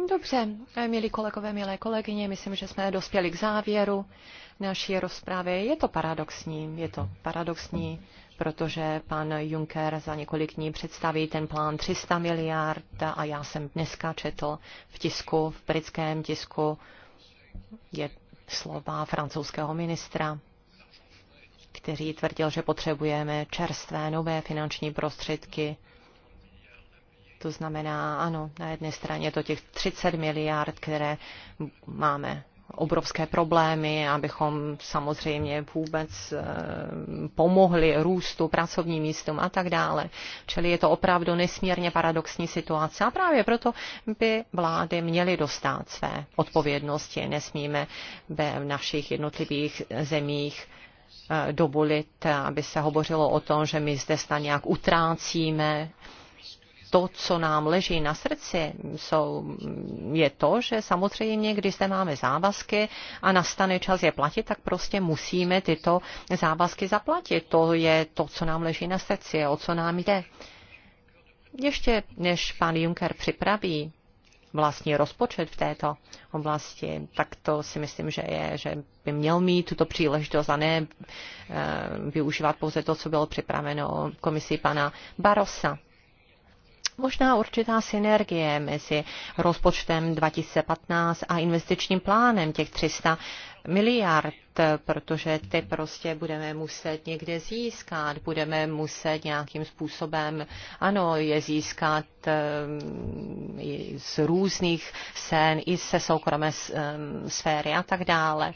Dobře, milí kolegové, milé kolegyně, myslím, že jsme dospěli k závěru naší rozpravy. Je to paradoxní, je to paradoxní, protože pan Juncker za několik dní představí ten plán 300 miliard a já jsem dneska četl v tisku, v britském tisku, je slova francouzského ministra, který tvrdil, že potřebujeme čerstvé nové finanční prostředky to znamená, ano, na jedné straně to těch 30 miliard, které máme obrovské problémy, abychom samozřejmě vůbec eh, pomohli růstu, pracovním místům a tak dále. Čili je to opravdu nesmírně paradoxní situace a právě proto by vlády měly dostat své odpovědnosti. Nesmíme v našich jednotlivých zemích eh, dovolit, aby se hovořilo o tom, že my zde snad nějak utrácíme to, co nám leží na srdci, jsou, je to, že samozřejmě, když zde máme závazky a nastane čas je platit, tak prostě musíme tyto závazky zaplatit. To je to, co nám leží na srdci, o co nám jde. Ještě než pan Juncker připraví vlastní rozpočet v této oblasti, tak to si myslím, že je, že by měl mít tuto příležitost a ne e, využívat pouze to, co bylo připraveno komisí pana Barosa možná určitá synergie mezi rozpočtem 2015 a investičním plánem těch 300 miliard, protože ty prostě budeme muset někde získat, budeme muset nějakým způsobem, ano, je získat ehm, z různých sen, i se soukromé ehm, sféry a tak dále.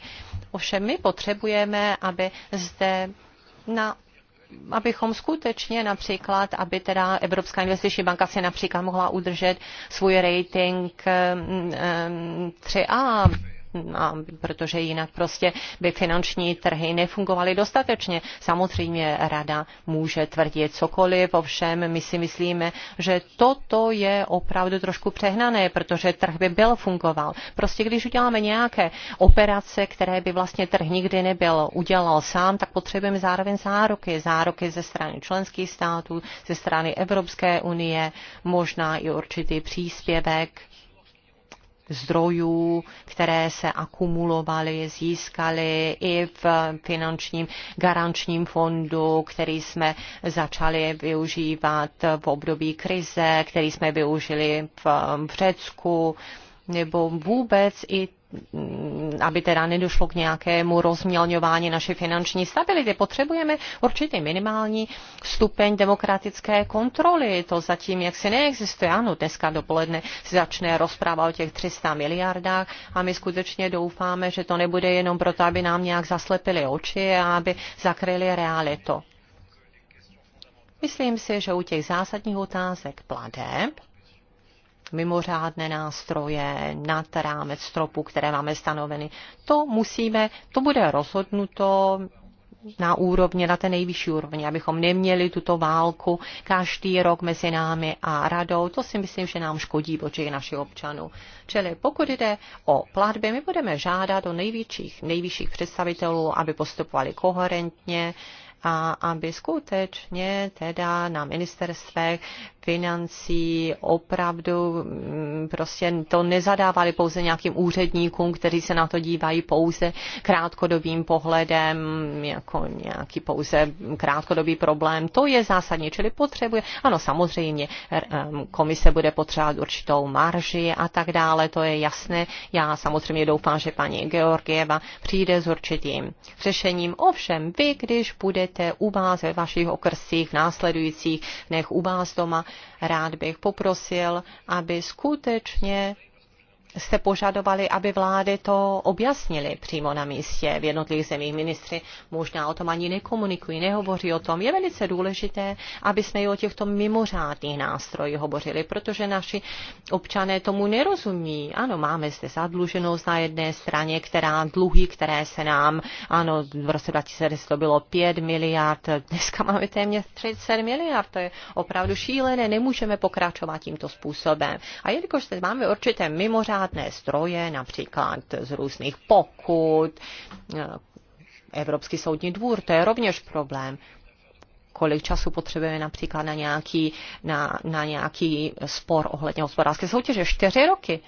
Ovšem my potřebujeme, aby zde na abychom skutečně například, aby teda Evropská investiční banka si například mohla udržet svůj rating 3A mm, mm, a protože jinak prostě by finanční trhy nefungovaly dostatečně. Samozřejmě rada může tvrdit cokoliv, ovšem my si myslíme, že toto je opravdu trošku přehnané, protože trh by byl fungoval. Prostě když uděláme nějaké operace, které by vlastně trh nikdy nebyl udělal sám, tak potřebujeme zároveň záruky. Záruky ze strany členských států, ze strany Evropské unie, možná i určitý příspěvek zdrojů, které se akumulovaly, získaly i v finančním garančním fondu, který jsme začali využívat v období krize, který jsme využili v, v Řecku, nebo vůbec i aby teda nedošlo k nějakému rozmělňování naší finanční stability. Potřebujeme určitě minimální stupeň demokratické kontroly. To zatím jaksi neexistuje. Ano, dneska dopoledne se začne rozpráva o těch 300 miliardách a my skutečně doufáme, že to nebude jenom proto, aby nám nějak zaslepili oči a aby zakryli realitu. Myslím si, že u těch zásadních otázek pladeb mimořádné nástroje nad rámec stropu, které máme stanoveny. To musíme, to bude rozhodnuto na úrovni, na té nejvyšší úrovni, abychom neměli tuto válku každý rok mezi námi a radou. To si myslím, že nám škodí oči našich občanů. Čili pokud jde o platby, my budeme žádat o největších, nejvyšších představitelů, aby postupovali koherentně, a aby skutečně teda na ministerstvech financí opravdu mm, prostě to nezadávali pouze nějakým úředníkům, kteří se na to dívají pouze krátkodobým pohledem, jako nějaký pouze krátkodobý problém. To je zásadní, čili potřebuje, ano samozřejmě komise bude potřebovat určitou marži a tak dále, to je jasné. Já samozřejmě doufám, že paní Georgieva přijde s určitým řešením. Ovšem, vy, když budete budete u vás ve vašich okrsích v následujících dnech u vás doma. Rád bych poprosil, aby skutečně jste požadovali, aby vlády to objasnili přímo na místě v jednotlivých zemích. Ministři možná o tom ani nekomunikují, nehovoří o tom. Je velice důležité, aby jsme i o těchto mimořádných nástrojích hovořili, protože naši občané tomu nerozumí. Ano, máme zde zadluženost na jedné straně, která dluhy, které se nám, ano, v roce 2010 to bylo 5 miliard, dneska máme téměř 30 miliard, to je opravdu šílené, nemůžeme pokračovat tímto způsobem. A jelikož zde máme určité mimořádné mimořádné stroje, například z různých pokut, eh, Evropský soudní dvůr, to je rovněž problém kolik času potřebujeme například na nějaký, na, na nějaký spor ohledně hospodářské soutěže. Čtyři roky.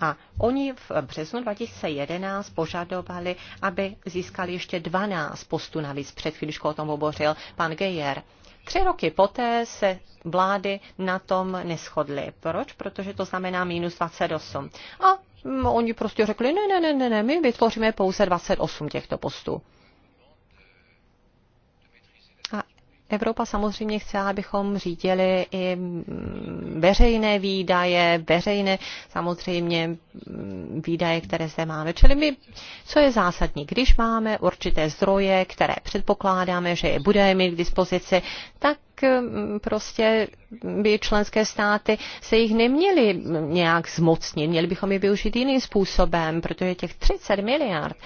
A oni v březnu 2011 požadovali, aby získali ještě 12 postů navíc. Před chvíličkou o tom hovořil pan Gejer. Tři roky poté se vlády na tom neschodly. Proč? Protože to znamená minus 28. A mm, oni prostě řekli, ne, ne, ne, ne, my vytvoříme pouze 28 těchto postů. Evropa samozřejmě chce, abychom řídili i veřejné výdaje, veřejné samozřejmě mm, výdaje, které zde máme. Čili my, co je zásadní, když máme určité zdroje, které předpokládáme, že je budeme mít k dispozici, tak mm, prostě by členské státy se jich neměly nějak zmocnit, měli bychom je využít jiným způsobem, protože těch 30 miliard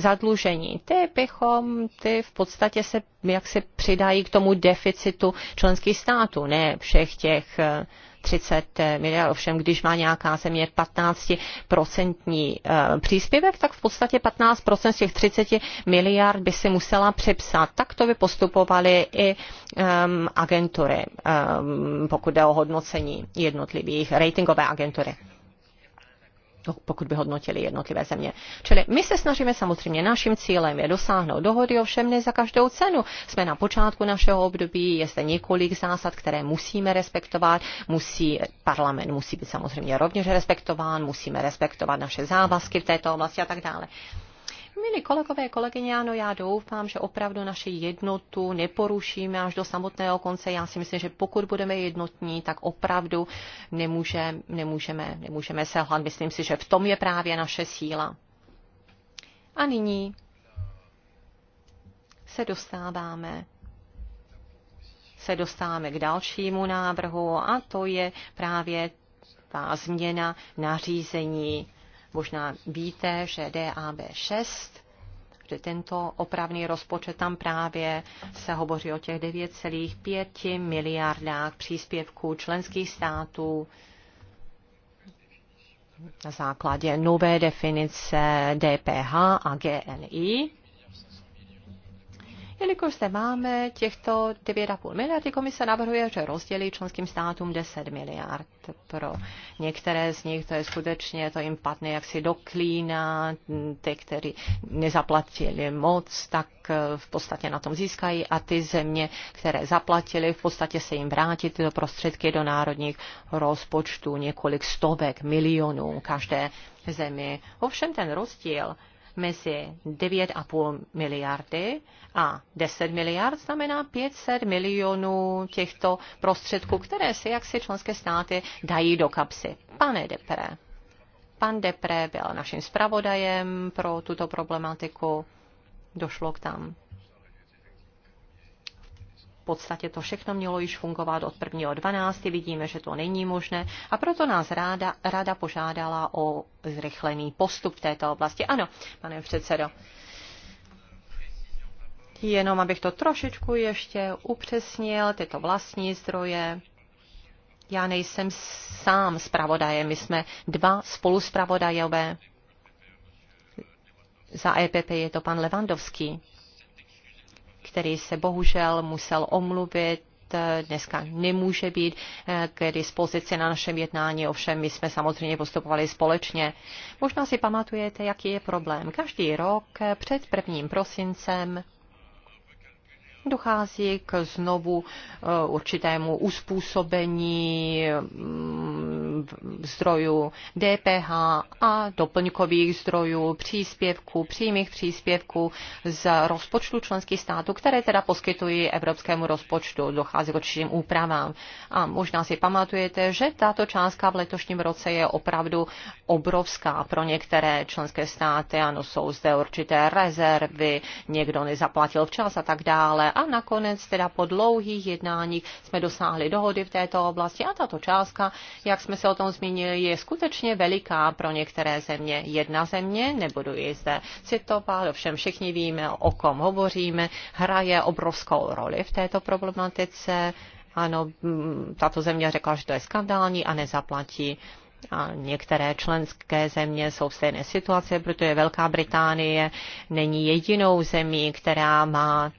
zadlužení. Ty bychom, ty v podstatě se jak se přidají k tomu deficitu členských států, ne všech těch 30 eh, eh, miliard. Ovšem, když má nějaká země 15% eh, příspěvek, tak v podstatě 15% z těch 30 miliard by si musela přepsat. Tak to by postupovaly i um, agentury, um, pokud jde o hodnocení jednotlivých ratingové agentury. No, pokud by hodnotili jednotlivé země. Čili my se snažíme samozřejmě, naším cílem je dosáhnout dohody, ovšem ne za každou cenu. Jsme na počátku našeho období, je zde několik zásad, které musíme respektovat, musí, parlament musí být samozřejmě rovněž respektován, musíme respektovat naše závazky v této oblasti a tak dále. Milí kolegové, kolegyně, ano, já doufám, že opravdu naši jednotu neporušíme až do samotného konce. Já si myslím, že pokud budeme jednotní, tak opravdu nemůže, nemůžeme, nemůžeme selhat. Myslím si, že v tom je právě naše síla. A nyní se dostáváme se dostáváme k dalšímu návrhu a to je právě ta změna nařízení Možná víte, že DAB 6 že tento opravný rozpočet tam právě se hovoří o těch 9,5 miliardách příspěvků členských států na základě nové definice DPH a GNI. Jelikož zde máme těchto 9,5 miliardy, komise navrhuje, že rozdělí členským státům 10 miliard. Pro některé z nich to je skutečně, to jim padne jaksi do klína, ty, kteří nezaplatili moc, tak eh, v podstatě na tom získají a ty země, které zaplatili, v podstatě se jim vrátí tyto prostředky do národních rozpočtů několik stovek milionů každé zemi. Ovšem ten rozdíl mezi 9,5 miliardy a 10 miliard znamená 500 milionů těchto prostředků, které si jaksi členské státy dají do kapsy. Pane Depre, pan Depre byl naším zpravodajem pro tuto problematiku. Došlo k tam podstatě to všechno mělo již fungovat od 1.12. Vidíme, že to není možné a proto nás ráda, rada požádala o zrychlený postup v této oblasti. Ano, pane předsedo. Jenom abych to trošičku ještě upřesnil, tyto vlastní zdroje, já nejsem sám zpravodajem, my jsme dva spoluzpravodajové. Za EPP je to pan Levandovský který se bohužel musel omluvit dneska nemůže být eh, k dispozici na našem jednání, ovšem my jsme samozřejmě postupovali společně. Možná si pamatujete, jaký je problém. Každý rok eh, před prvním prosincem dochází k znovu eh, určitému uspůsobení mm, zdrojů DPH a doplňkových zdrojů, příspěvků, přímých příspěvků z rozpočtu členských států, které teda poskytují evropskému rozpočtu. Dochází k určitým úpravám. A možná si pamatujete, že tato částka v letošním roce je opravdu obrovská pro některé členské státy. Ano, jsou zde určité rezervy, někdo nezaplatil včas a tak dále a nakonec teda po dlouhých jednáních jsme dosáhli dohody v této oblasti a tato částka, jak jsme se o tom zmínili, je skutečně veliká pro některé země. Jedna země, nebudu ji zde citovat, ovšem všichni víme, o kom hovoříme, hraje obrovskou roli v této problematice. Ano, mm, tato země řekla, že to je skandální a nezaplatí. A některé členské země jsou v stejné situaci, protože Velká Británie není jedinou zemí, která má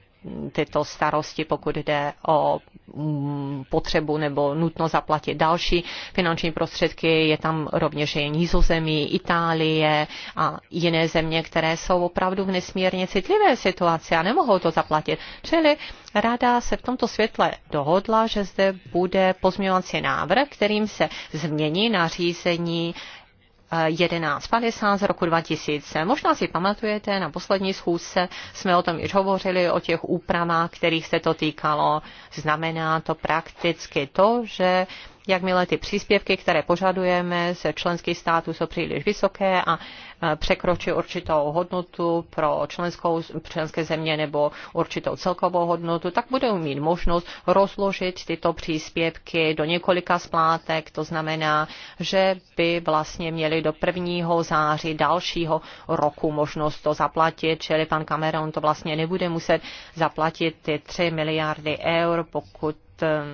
tyto starosti, pokud jde o mm, potřebu nebo nutno zaplatit další finanční prostředky. Je tam rovněž i Nízozemí, Itálie a jiné země, které jsou opravdu v nesmírně citlivé situaci a nemohou to zaplatit. Čili Rada se v tomto světle dohodla, že zde bude pozměňovací návrh, kterým se změní nařízení 1150 z roku 2000. Možná si pamatujete, na poslední schůzce jsme o tom již hovořili, o těch úpravách, kterých se to týkalo. Znamená to prakticky to, že jakmile ty příspěvky, které požadujeme ze členských států, jsou příliš vysoké a e, překročí určitou hodnotu pro členskou, členské země nebo určitou celkovou hodnotu, tak budou mít možnost rozložit tyto příspěvky do několika splátek. To znamená, že by vlastně měli do 1. září dalšího roku možnost to zaplatit, čili pan Cameron to vlastně nebude muset zaplatit ty 3 miliardy eur, pokud Eh,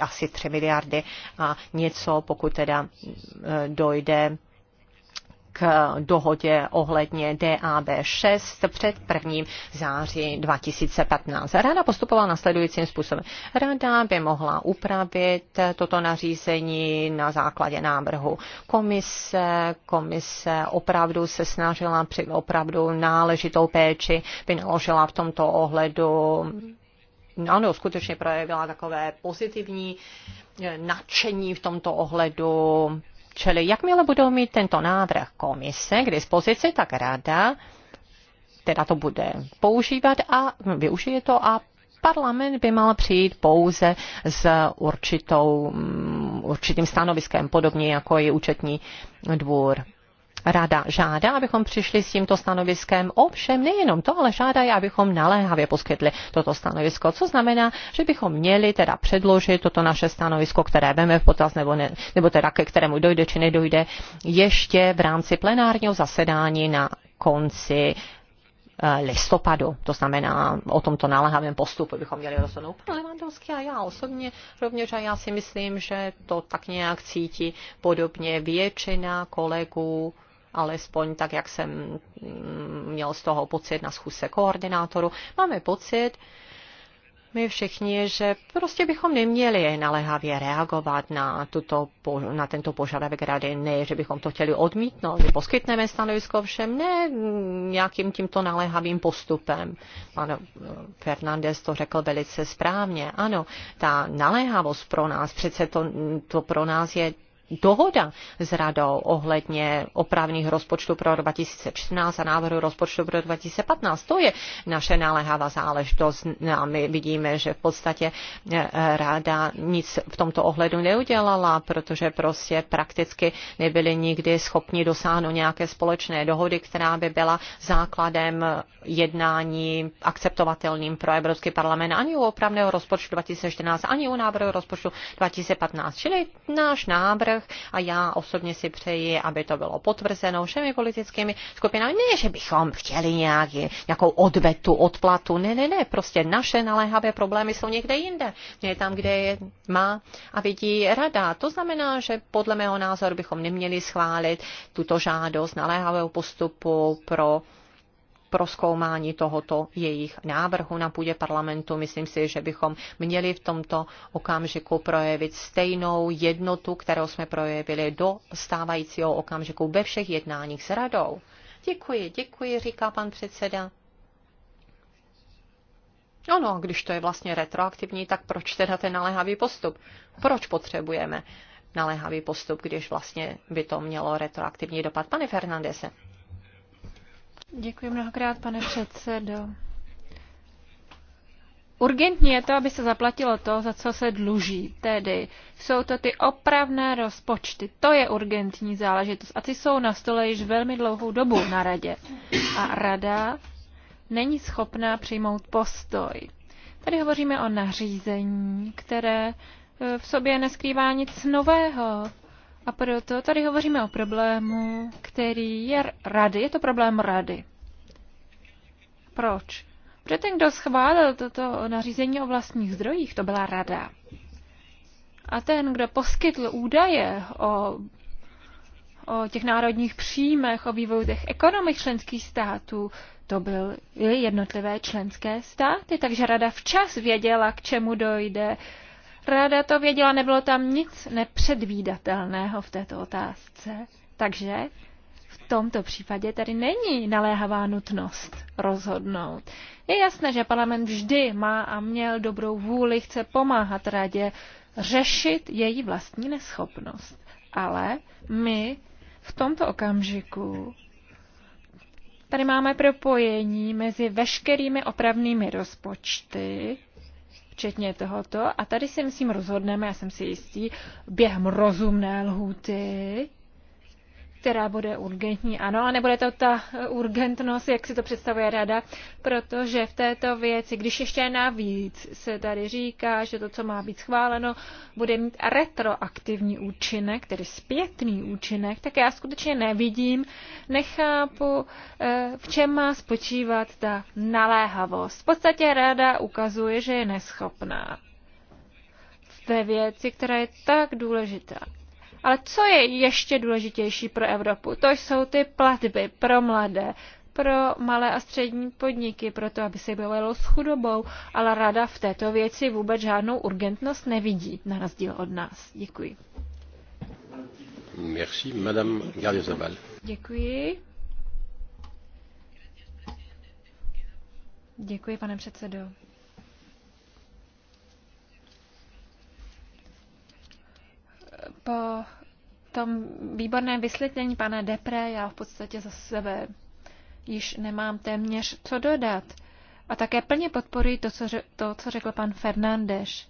asi 3 miliardy a něco, pokud teda eh, dojde k dohodě ohledně DAB 6 před 1. září 2015. Rada postupovala nasledujícím způsobem. Rada by mohla upravit toto nařízení na základě návrhu komise. Komise opravdu se snažila při opravdu náležitou péči, vynaložila v tomto ohledu ano, skutečně projevila takové pozitivní eh, nadšení v tomto ohledu. Čili jakmile budou mít tento návrh komise k dispozici, tak rada teda to bude používat a využije to a parlament by mal přijít pouze s určitou, mm, určitým stanoviskem, podobně jako i účetní dvůr rada žádá, abychom přišli s tímto stanoviskem. Ovšem nejenom to, ale žádá, abychom naléhavě poskytli toto stanovisko, co znamená, že bychom měli teda předložit toto naše stanovisko, které veme v potaz nebo, ne, nebo teda ke kterému dojde či nedojde, ještě v rámci plenárního zasedání na konci eh, listopadu. To znamená, o tomto naléhavém postupu bychom měli rozhodnout. Pan Levandovský a já osobně rovněž a já si myslím, že to tak nějak cítí podobně většina kolegů alespoň tak, jak jsem mm, měl z toho pocit na schůzce koordinátoru, máme pocit, my všichni, že prostě bychom neměli naléhavě reagovat na, tuto, na tento požadavek rady. Ne, že bychom to chtěli odmítnout, že poskytneme stanovisko všem, ne mm, nějakým tímto naléhavým postupem. Pan eh, Fernandez to řekl velice správně. Ano, ta naléhavost pro nás, přece to, to pro nás je dohoda s radou ohledně opravných rozpočtů pro 2014 a návrhu rozpočtu pro 2015. To je naše naléhavá záležitost no a my vidíme, že v podstatě eh, rada nic v tomto ohledu neudělala, protože prostě prakticky nebyli nikdy schopni dosáhnout nějaké společné dohody, která by byla základem jednání akceptovatelným pro Evropský parlament ani u opravného rozpočtu 2014, ani u návrhu rozpočtu 2015. Čili náš návrh trh a já osobně si přeji, aby to bylo potvrzeno všemi politickými skupinami. Ne, že bychom chtěli nějaký, nějakou odvetu, odplatu. Ne, ne, ne, prostě naše naléhavé problémy jsou někde jinde. Je tam, kde je má a vidí rada. To znamená, že podle mého názoru bychom neměli schválit tuto žádost naléhavého postupu pro pro zkoumání tohoto jejich návrhu na půdě parlamentu. Myslím si, že bychom měli v tomto okamžiku projevit stejnou jednotu, kterou jsme projevili do stávajícího okamžiku ve všech jednáních s radou. Děkuji, děkuji, říká pan předseda. No, no, když to je vlastně retroaktivní, tak proč teda ten naléhavý postup? Proč potřebujeme naléhavý postup, když vlastně by to mělo retroaktivní dopad? Pane Fernandese. Děkuji mnohokrát, pane předsedo. Urgentní je to, aby se zaplatilo to, za co se dluží. Tedy jsou to ty opravné rozpočty. To je urgentní záležitost. A ty jsou na stole již velmi dlouhou dobu na radě. A rada není schopná přijmout postoj. Tady hovoříme o nařízení, které eh, v sobě neskrývá nic nového. A proto tady hovoříme o problému, který je rady. Je to problém rady. Proč? Protože ten, kdo schválil toto nařízení o vlastních zdrojích, to byla rada. A ten, kdo poskytl údaje o, o těch národních příjmech, o vývoji těch ekonomik členských států, to byly jednotlivé členské státy. Takže rada včas věděla, k čemu dojde, Ráda to věděla, nebylo tam nic nepředvídatelného v této otázce. Takže v tomto případě tady není naléhavá nutnost rozhodnout. Je jasné, že parlament vždy má a měl dobrou vůli, chce pomáhat radě řešit její vlastní neschopnost. Ale my v tomto okamžiku tady máme propojení mezi veškerými opravnými rozpočty včetně tohoto. A tady si myslím rozhodneme, já jsem si jistý, během rozumné lhuty, která bude urgentní. Ano, a nebude to ta eh, urgentnost, jak si to představuje rada, protože v této věci, když ještě navíc se tady říká, že to, co má být schváleno, bude mít retroaktivní účinek, tedy zpětný účinek, tak já skutečně nevidím, nechápu, eh, v čem má spočívat ta naléhavost. V podstatě rada ukazuje, že je neschopná ve věci, která je tak důležitá. Ale co je ještě důležitější pro Evropu? To jsou ty platby pro mladé, pro malé a střední podniky, proto aby se bylo s chudobou, ale rada v této věci vůbec žádnou urgentnost nevidí, na rozdíl od nás. Děkuji. Merci, Madame Děkuji. Děkuji, pane předsedo. po tom výborném vysvětlení pana Depre já v podstatě za sebe již nemám téměř co dodat. A také plně podporuji to, co, to, co řekl pan Fernandeš.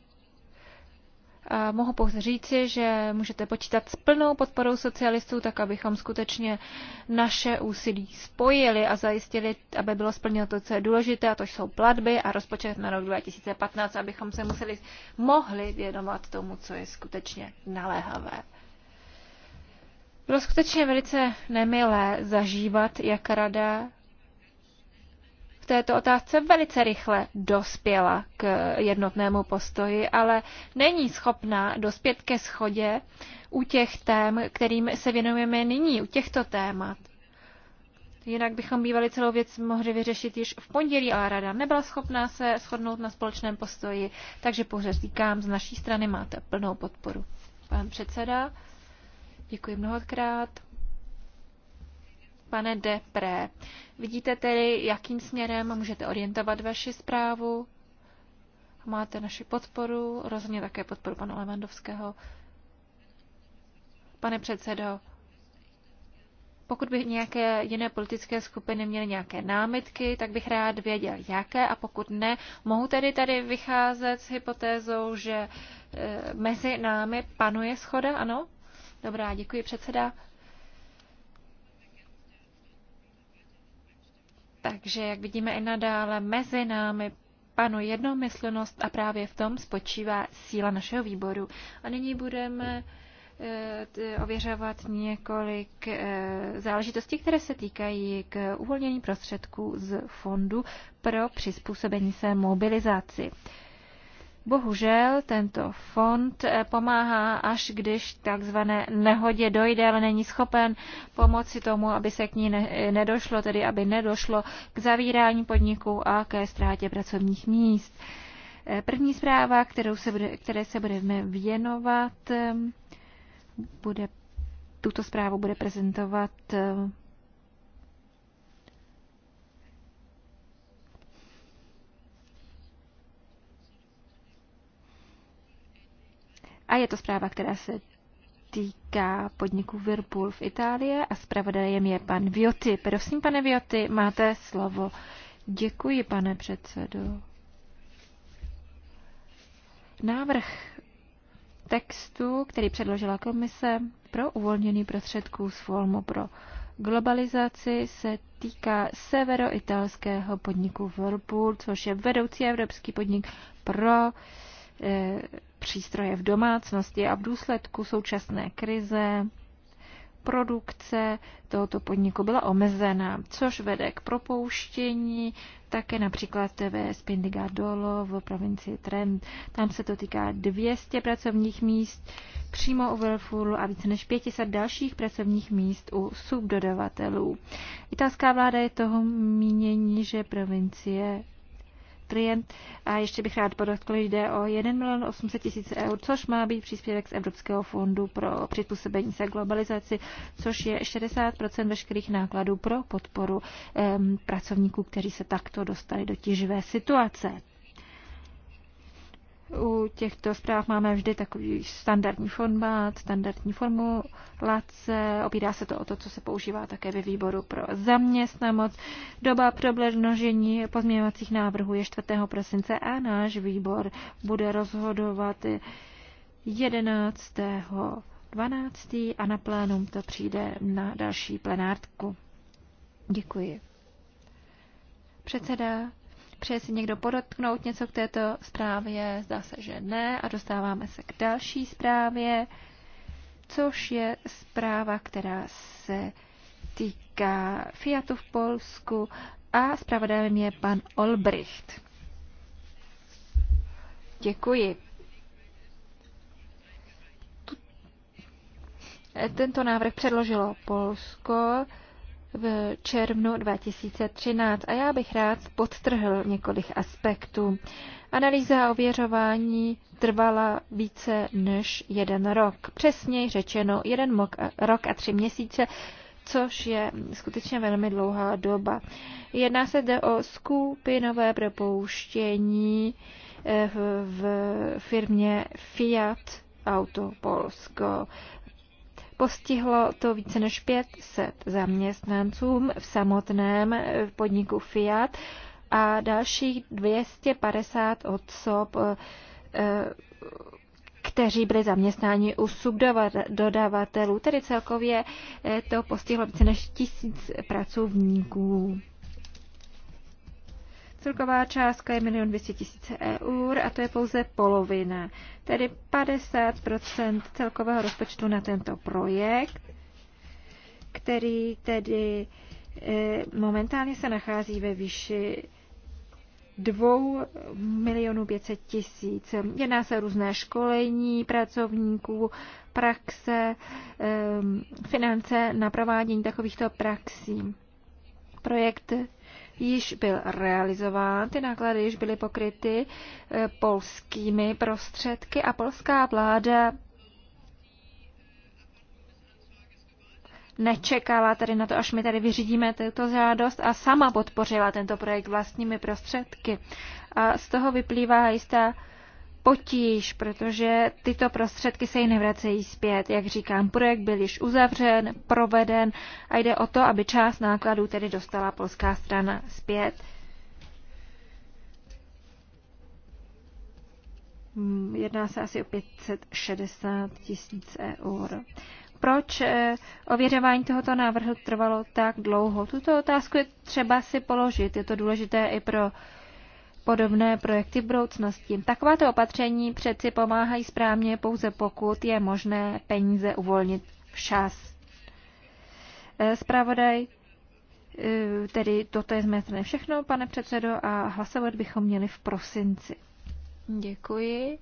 A mohu pouze říci, že můžete počítat s plnou podporou socialistů, tak abychom skutečně naše úsilí spojili a zajistili, aby bylo splněno to, co je důležité, a to jsou platby a rozpočet na rok 2015, abychom se museli, mohli věnovat tomu, co je skutečně naléhavé. Bylo skutečně velice nemilé zažívat, jak rada této otázce velice rychle dospěla k jednotnému postoji, ale není schopná dospět ke schodě u těch tém, kterým se věnujeme nyní, u těchto témat. Jinak bychom bývali celou věc mohli vyřešit již v pondělí, ale rada nebyla schopná se shodnout na společném postoji, takže pouze říkám, z naší strany máte plnou podporu. Pan předseda, děkuji mnohokrát pane Depré. Vidíte tedy, jakým směrem můžete orientovat vaši zprávu? Máte naši podporu, rozhodně také podporu pana Levandovského. Pane předsedo, pokud by nějaké jiné politické skupiny měly nějaké námitky, tak bych rád věděl, jaké a pokud ne, mohu tedy tady vycházet s hypotézou, že eh, mezi námi panuje schoda, ano? Dobrá, děkuji předseda. Takže, jak vidíme i nadále, mezi námi panuje jednomyslnost a právě v tom spočívá síla našeho výboru. A nyní budeme eh, ověřovat několik eh, záležitostí, které se týkají k uvolnění prostředků z fondu pro přizpůsobení se mobilizaci. Bohužel tento fond eh, pomáhá, až když takzvané nehodě dojde, ale není schopen pomoci tomu, aby se k ní ne- nedošlo, tedy aby nedošlo k zavírání podniků a ke ztrátě pracovních míst. Eh, první zpráva, kterou se bude, které se budeme věnovat, eh, bude, tuto zprávu bude prezentovat A je to zpráva, která se týká podniku Whirlpool v Itálie a zpravodajem je pan Vioty. Prosím, pane Vioty, máte slovo. Děkuji, pane předsedo. Návrh textu, který předložila komise pro uvolnění prostředků z Volmu pro globalizaci, se týká severoitalského podniku Whirlpool, což je vedoucí evropský podnik pro eh, přístroje v domácnosti a v důsledku současné krize produkce tohoto podniku byla omezena, což vede k propouštění také například ve Spindigadolo v provincii Trent. Tam se to týká 200 pracovních míst přímo u Whirlpoolu a více než 500 dalších pracovních míst u subdodavatelů. Italská vláda je toho mínění, že provincie klient. A ještě bych rád podotkl, že jde o 1 milion 800 tisíc eur, což má být příspěvek z Evropského fondu pro přizpůsobení se globalizaci, což je 60 veškerých nákladů pro podporu um, pracovníků, kteří se takto dostali do těživé situace. U těchto zpráv máme vždy takový standardní formát, standardní formulace, opírá se to o to, co se používá také ve výboru pro zaměstnanost. Doba pro množení pozměňovacích návrhů je 4. prosince a náš výbor bude rozhodovat 11. 12. a na plénum to přijde na další plenárku. Děkuji. Předseda Přeje si někdo podotknout něco k této zprávě? Zdá se, že ne. A dostáváme se k další zprávě, což je zpráva, která se týká Fiatu v Polsku a zpravodajem je pan Olbricht. Děkuji. Tento návrh předložilo Polsko v červnu 2013 a já bych rád podtrhl několik aspektů. Analýza a ověřování trvala více než jeden rok. Přesněji řečeno jeden rok a tři měsíce, což je skutečně velmi dlouhá doba. Jedná se zde o skupinové propouštění eh, v firmě Fiat Auto Polsko. Postihlo to více než 500 zaměstnancům v samotném eh, podniku Fiat a dalších 250 osob, eh, eh, kteří byli zaměstnáni u subdodavatelů. Tedy celkově to postihlo více než tisíc pracovníků. Celková částka je 1 200 000 eur a to je pouze polovina, tedy 50 celkového rozpočtu na tento projekt, který tedy eh, momentálně se nachází ve výši 2 milionů 500 tisíc. Jedná se o různé školení pracovníků, praxe, eh, finance na provádění takovýchto praxí. Projekt již byl realizován, ty náklady již byly pokryty eh, polskými prostředky a polská vláda nečekala tady na to, až my tady vyřídíme tuto žádost a sama podpořila tento projekt vlastními prostředky. A z toho vyplývá jistá potíž, protože tyto prostředky se jí nevracejí zpět. Jak říkám, projekt byl již uzavřen, proveden a jde o to, aby část nákladů tedy dostala polská strana zpět. Jedná se asi o 560 tisíc eur. Proč eh, ověřování tohoto návrhu trvalo tak dlouho? Tuto otázku je třeba si položit. Je to důležité i pro podobné projekty v budoucnosti. Takováto opatření přeci pomáhají správně pouze pokud je možné peníze uvolnit včas. Spravodaj, eh, eh, tedy toto je z mé strany všechno, pane předsedo, a hlasovat bychom měli v prosinci. Děkuji.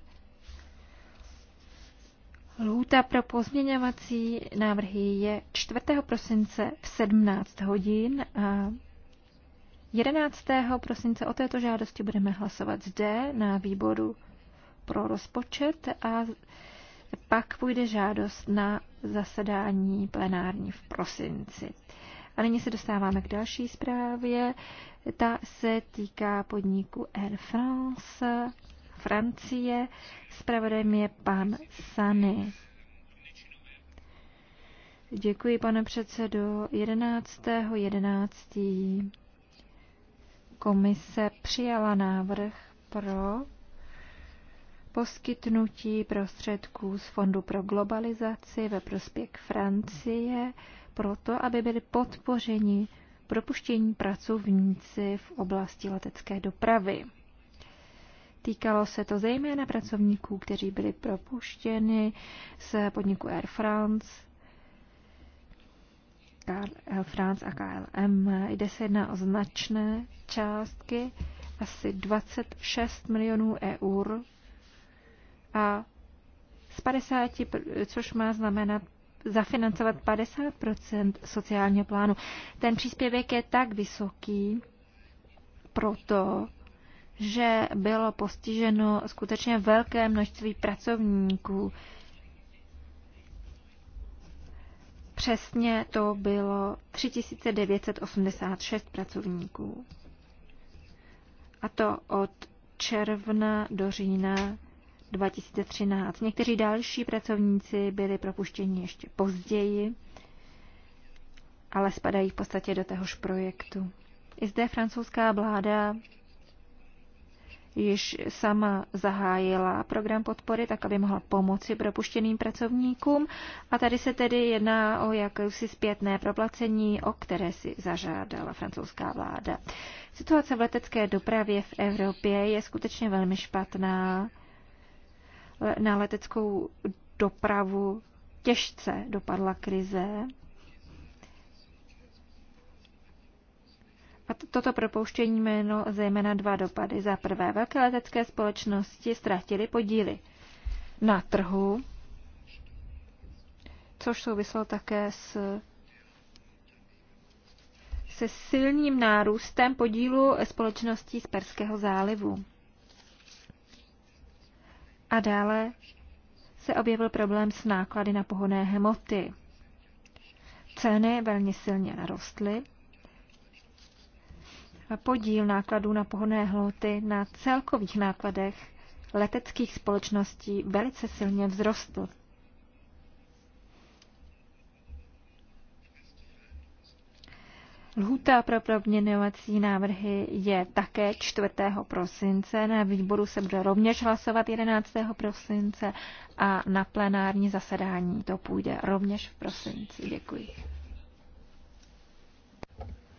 Lhůta pro pozměňovací návrhy je 4. prosince v 17 hodin a 11. prosince o této žádosti budeme hlasovat zde na výboru pro rozpočet a pak půjde žádost na zasedání plenární v prosinci. A nyní se dostáváme k další zprávě. Ta se týká podniku Air France, Francie. Zpravodajem je pan Sany. Děkuji, pane předsedo. 11. 11 komise přijala návrh pro poskytnutí prostředků z Fondu pro globalizaci ve prospěch Francie proto, aby byly podpořeni propuštění pracovníci v oblasti letecké dopravy. Týkalo se to zejména pracovníků, kteří byli propuštěni z podniku Air France Air France a KLM. Jde se jedná o značné částky, asi 26 milionů eur a z 50, což má znamenat zafinancovat 50 sociálního plánu. Ten příspěvek je tak vysoký, proto, že bylo postiženo skutečně velké množství pracovníků. Přesně to bylo 3986 pracovníků. A to od června do října 2013. Někteří další pracovníci byli propuštěni ještě později, ale spadají v podstatě do téhož projektu. I zde francouzská vláda již sama zahájila program podpory, tak aby mohla pomoci propuštěným pracovníkům. A tady se tedy jedná o jakousi zpětné proplacení, o které si zažádala francouzská vláda. Situace v letecké dopravě v Evropě je skutečně velmi špatná. Na leteckou dopravu těžce dopadla krize. A toto propouštění mělo zejména dva dopady. Za prvé, velké letecké společnosti ztratily podíly na trhu, což souvislo také s se silným nárůstem podílu společností z Perského zálivu. A dále se objevil problém s náklady na pohoné hemoty. Ceny velmi silně narostly podíl nákladů na pohonné hloty na celkových nákladech leteckých společností velice silně vzrostl. Lhuta pro proměňovací návrhy je také 4. prosince. Na výboru se bude rovněž hlasovat 11. prosince a na plenární zasedání to půjde rovněž v prosinci. Děkuji.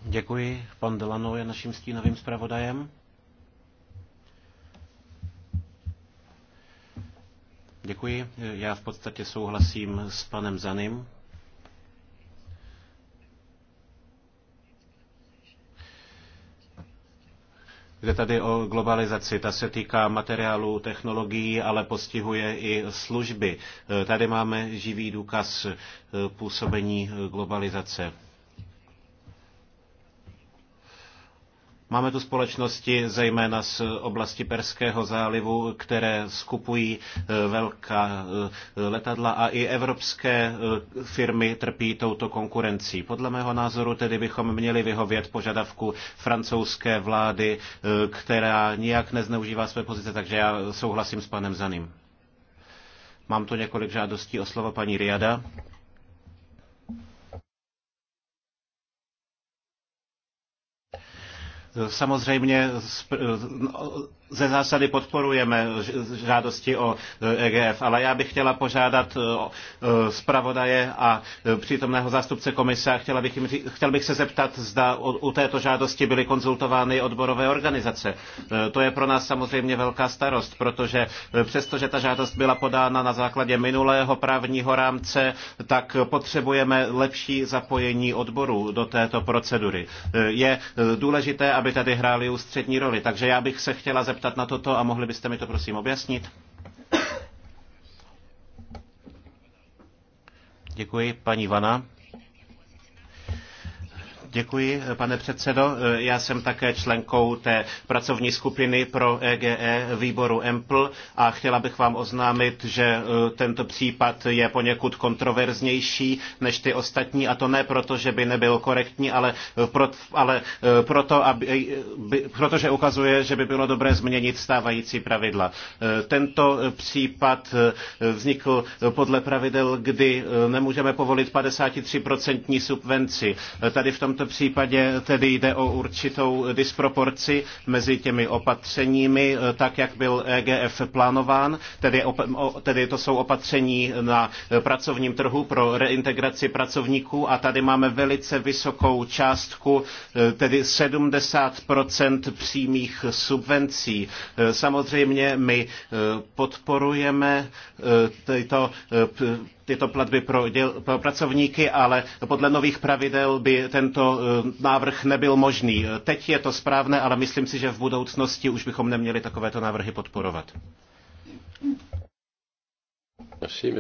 Děkuji. Pan Delano je naším stínovým zpravodajem. Děkuji. Já v podstatě souhlasím s panem Zanim. Jde tady o globalizaci. Ta se týká materiálů, technologií, ale postihuje i služby. Tady máme živý důkaz působení globalizace. Máme tu společnosti zejména z oblasti Perského zálivu, které skupují eh, velká eh, letadla a i evropské eh, firmy trpí touto konkurencí. Podle mého názoru tedy bychom měli vyhovět požadavku francouzské vlády, která nijak nezneužívá své pozice, takže já souhlasím s panem Zaným. Mám tu několik žádostí o slovo paní Riada. Samozřejmě ze zásady podporujeme žádosti o EGF, e ale já bych chtěla požádat e, e, zpravodaje a přítomného zástupce komise a chtěla bych jim, chtěl bych se zeptat, zda u této žádosti byly konzultovány odborové organizace. To je pro nás samozřejmě velká starost, protože přestože ta žádost byla podána na základě minulého právního rámce, tak potřebujeme lepší zapojení odborů do této procedury. Je důležité, aby tady hráli ústřední roli, takže já bych se chtěla zeptat, zeptat na toto a mohli byste mi to prosím objasnit? Děkuji, paní Vana. Děkuji, pane předsedo. Já jsem také členkou té pracovní skupiny pro EGE e výboru EMPL a chtěla bych vám oznámit, že e, tento případ je poněkud kontroverznější než ty ostatní a to ne proto, že by nebyl korektní, ale, e, pro, ale proto, aby, by, protože ukazuje, že by bylo dobré změnit stávající pravidla. Tento případ vznikl podle pravidel, kdy nemůžeme povolit 53% subvenci. Tady v tomto tomto případě tedy jde o určitou disproporci mezi těmi opatřeními, eh, tak jak byl EGF plánován, tedy, op- tedy to jsou opatření na eh, pracovním trhu pro reintegraci pracovníků a tady máme velice vysokou částku, eh, tedy 70% přímých subvencí. Samozřejmě my podporujeme tyto tyto platby pro, děl, pro pracovníky, ale podle nových pravidel by tento eh, návrh nebyl možný. Teď je to správné, ale myslím si, že v budoucnosti už bychom neměli takovéto návrhy podporovat. Merci,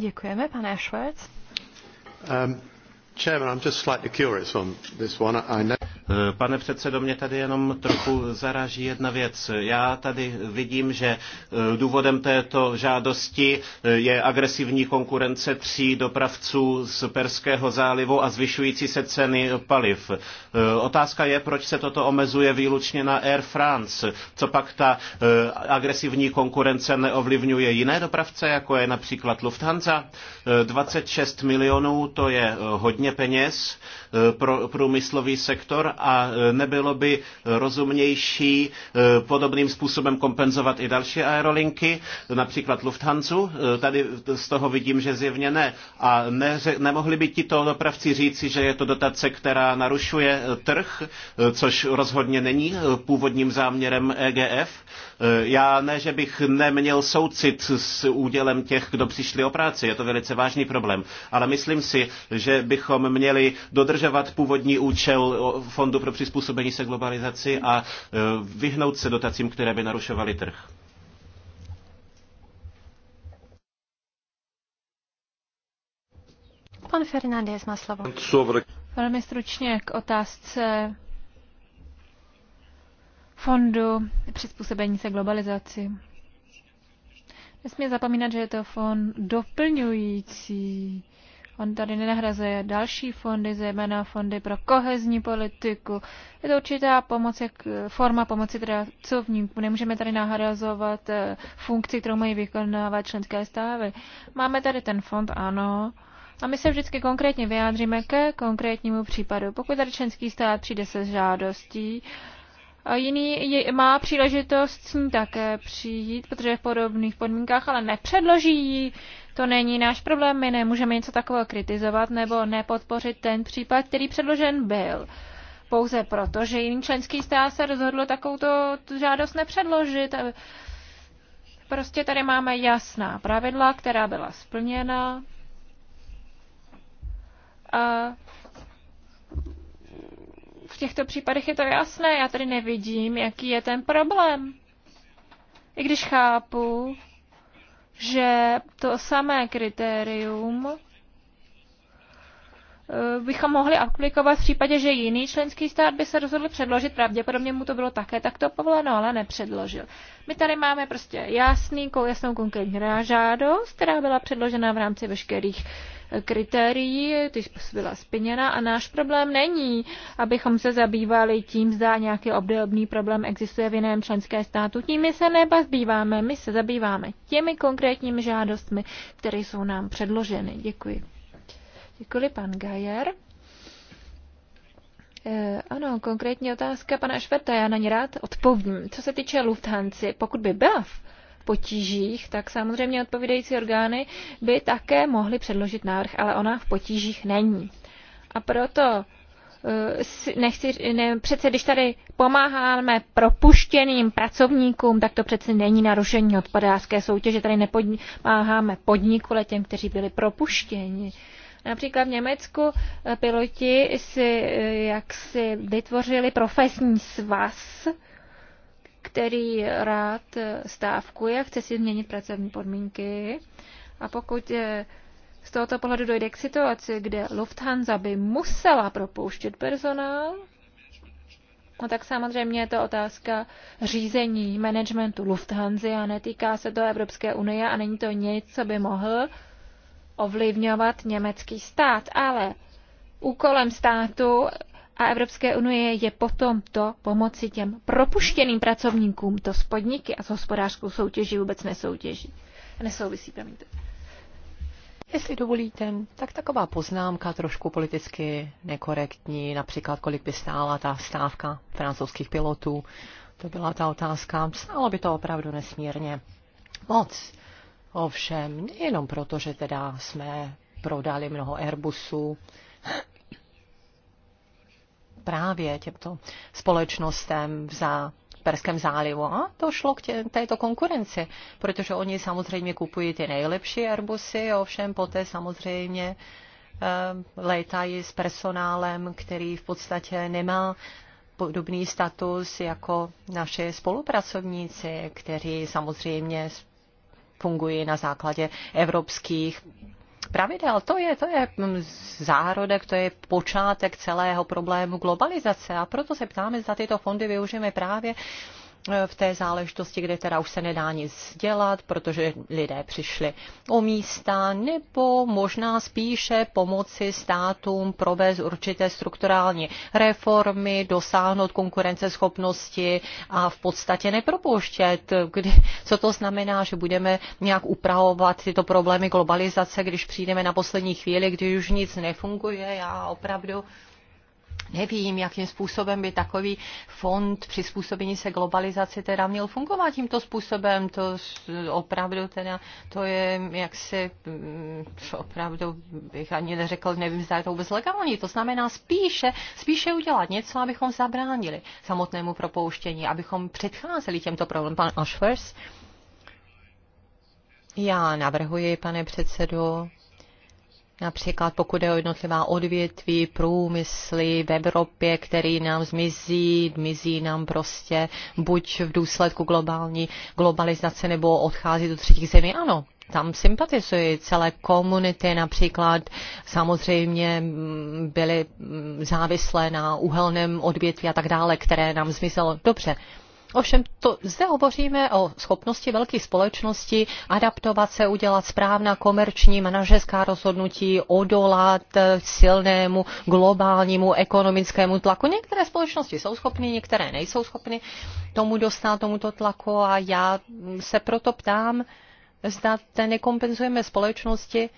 Děkujeme, pane Schwartz. Um, Pane předsedo, mě tady jenom trochu zaráží jedna věc. Já tady vidím, že eh, důvodem této žádosti eh, je agresivní konkurence tří dopravců z Perského zálivu a zvyšující se ceny paliv. Eh, otázka je, proč se toto omezuje výlučně na Air France. Co pak ta agresivní konkurence neovlivňuje jiné dopravce, jako je například Lufthansa? 26 milionů to je hodně hodně peněz eh, pro průmyslový sektor a eh, nebylo by rozumnější eh, podobným způsobem kompenzovat i další aerolinky, například Lufthansa. Tady z toho vidím, že zjevně ne. A ne, nemohli by tito dopravci říci, že je to dotace, která narušuje trh, což rozhodně není původním záměrem EGF. Eh, já ne, že bych neměl soucit s údělem těch, kdo přišli o práci, je to velice vážný problém, ale myslím si, že bychom měli dodržovat původní účel Fondu pro přizpůsobení se globalizaci a eh, vyhnout se dotacím, které by narušovaly trh. Pan Fernández má slovo. Velmi stručně k otázce fondu přizpůsobení se globalizaci. Nesmí zapomínat, že je to fond doplňující. On tady nenahrazuje další fondy, zejména fondy pro kohezní politiku. Je to určitá pomoc, jak, forma pomoci pracovníků. Nemůžeme tady nahrazovat eh, funkci, kterou mají vykonávat členské stávy. Máme tady ten fond, ano. A my se vždycky konkrétně vyjádříme ke konkrétnímu případu. Pokud tady členský stát přijde se žádostí, a jiný je, má příležitost s ní také přijít, protože je v podobných podmínkách, ale nepředloží ji. To není náš problém, my nemůžeme něco takového kritizovat nebo nepodpořit ten případ, který předložen byl. Pouze proto, že jiný členský stát se rozhodl takovouto žádost nepředložit. Prostě tady máme jasná pravidla, která byla splněna. A v těchto případech je to jasné. Já tady nevidím, jaký je ten problém. I když chápu, že to samé kritérium eh, bychom mohli aplikovat v případě, že jiný členský stát by se rozhodl předložit, pravděpodobně mu to bylo také takto povoleno, ale nepředložil. My tady máme prostě jasný, jasnou konkrétní žádost, která byla předložena v rámci veškerých uh, kritérií, ty byla spiněna a náš problém není, abychom se zabývali tím, zda nějaký obdobný problém existuje v jiném členské státu. Tím my se nebazbýváme, my se zabýváme těmi konkrétními žádostmi, které jsou nám předloženy. Děkuji. Děkuji, pan Gajer. Eh, ano, konkrétní otázka pana Šverta, já na ní rád odpovím. Co se týče Lufthansa, pokud by byla potížích, tak samozřejmě odpovídající orgány by také mohly předložit návrh, ale ona v potížích není. A proto eh, nechci, ne, přece když tady pomáháme propuštěným pracovníkům, tak to přece není narušení odpadářské soutěže, tady nepomáháme podniku, ale těm, kteří byli propuštěni. Například v Německu eh, piloti si eh, jaksi vytvořili profesní svaz, který rád stávkuje, chce si změnit pracovní podmínky a pokud eh, z tohoto pohledu dojde k situaci, kde Lufthansa by musela propouštět personál, No tak samozřejmě je to otázka řízení managementu Lufthansa a netýká se to Evropské unie a není to nic, co by mohl ovlivňovat německý stát. Ale úkolem státu a Evropské unie je potom to pomoci těm propuštěným pracovníkům, to s podniky a s hospodářskou soutěží vůbec nesoutěží. Nesouvisí, promiňte. Jestli dovolíte, tak taková poznámka trošku politicky nekorektní, například kolik by stála ta stávka francouzských pilotů. To byla ta otázka. Stálo by to opravdu nesmírně moc. Ovšem, jenom proto, že teda jsme prodali mnoho Airbusů, právě těmto společnostem za Perském zálivu a to šlo k tě, této konkurenci, protože oni samozřejmě kupují ty nejlepší Airbusy, ovšem poté samozřejmě eh, létají s personálem, který v podstatě nemá podobný status jako naše spolupracovníci, kteří samozřejmě fungují na základě evropských pravidel. To je, to je mm, zárodek, to je počátek celého problému globalizace a proto se ptáme, zda tyto fondy využijeme právě v té záležitosti, kde teda už se nedá nic dělat, protože lidé přišli o místa, nebo možná spíše pomoci státům provést určité strukturální reformy, dosáhnout konkurenceschopnosti a v podstatě nepropouštět. Kdy, co to znamená, že budeme nějak upravovat tyto problémy globalizace, když přijdeme na poslední chvíli, když už nic nefunguje. Já opravdu Nevím, jakým způsobem by takový fond přizpůsobení se globalizaci teda měl fungovat tímto způsobem. To opravdu teda, to je jak se mm, opravdu bych ani neřekl, nevím, zda je to vůbec legální. To znamená spíše, spíše udělat něco, abychom zabránili samotnému propouštění, abychom předcházeli těmto problémům. Pan Ashworth? Já navrhuji, pane předsedo, Například pokud je o jednotlivá odvětví, průmysly v Evropě, který nám zmizí, zmizí nám prostě buď v důsledku globální globalizace nebo odchází do třetích zemí. Ano, tam sympatizují celé komunity, například samozřejmě byly závislé na uhelném odvětví a tak dále, které nám zmizelo. Dobře, Ovšem to, zde hovoříme o schopnosti velkých společností adaptovat se, udělat správná komerční manažerská rozhodnutí, odolat eh, silnému globálnímu ekonomickému tlaku. Některé společnosti jsou schopny, některé nejsou schopny tomu dostat, tomuto tlaku a já se proto ptám, zda nekompenzujeme společnosti,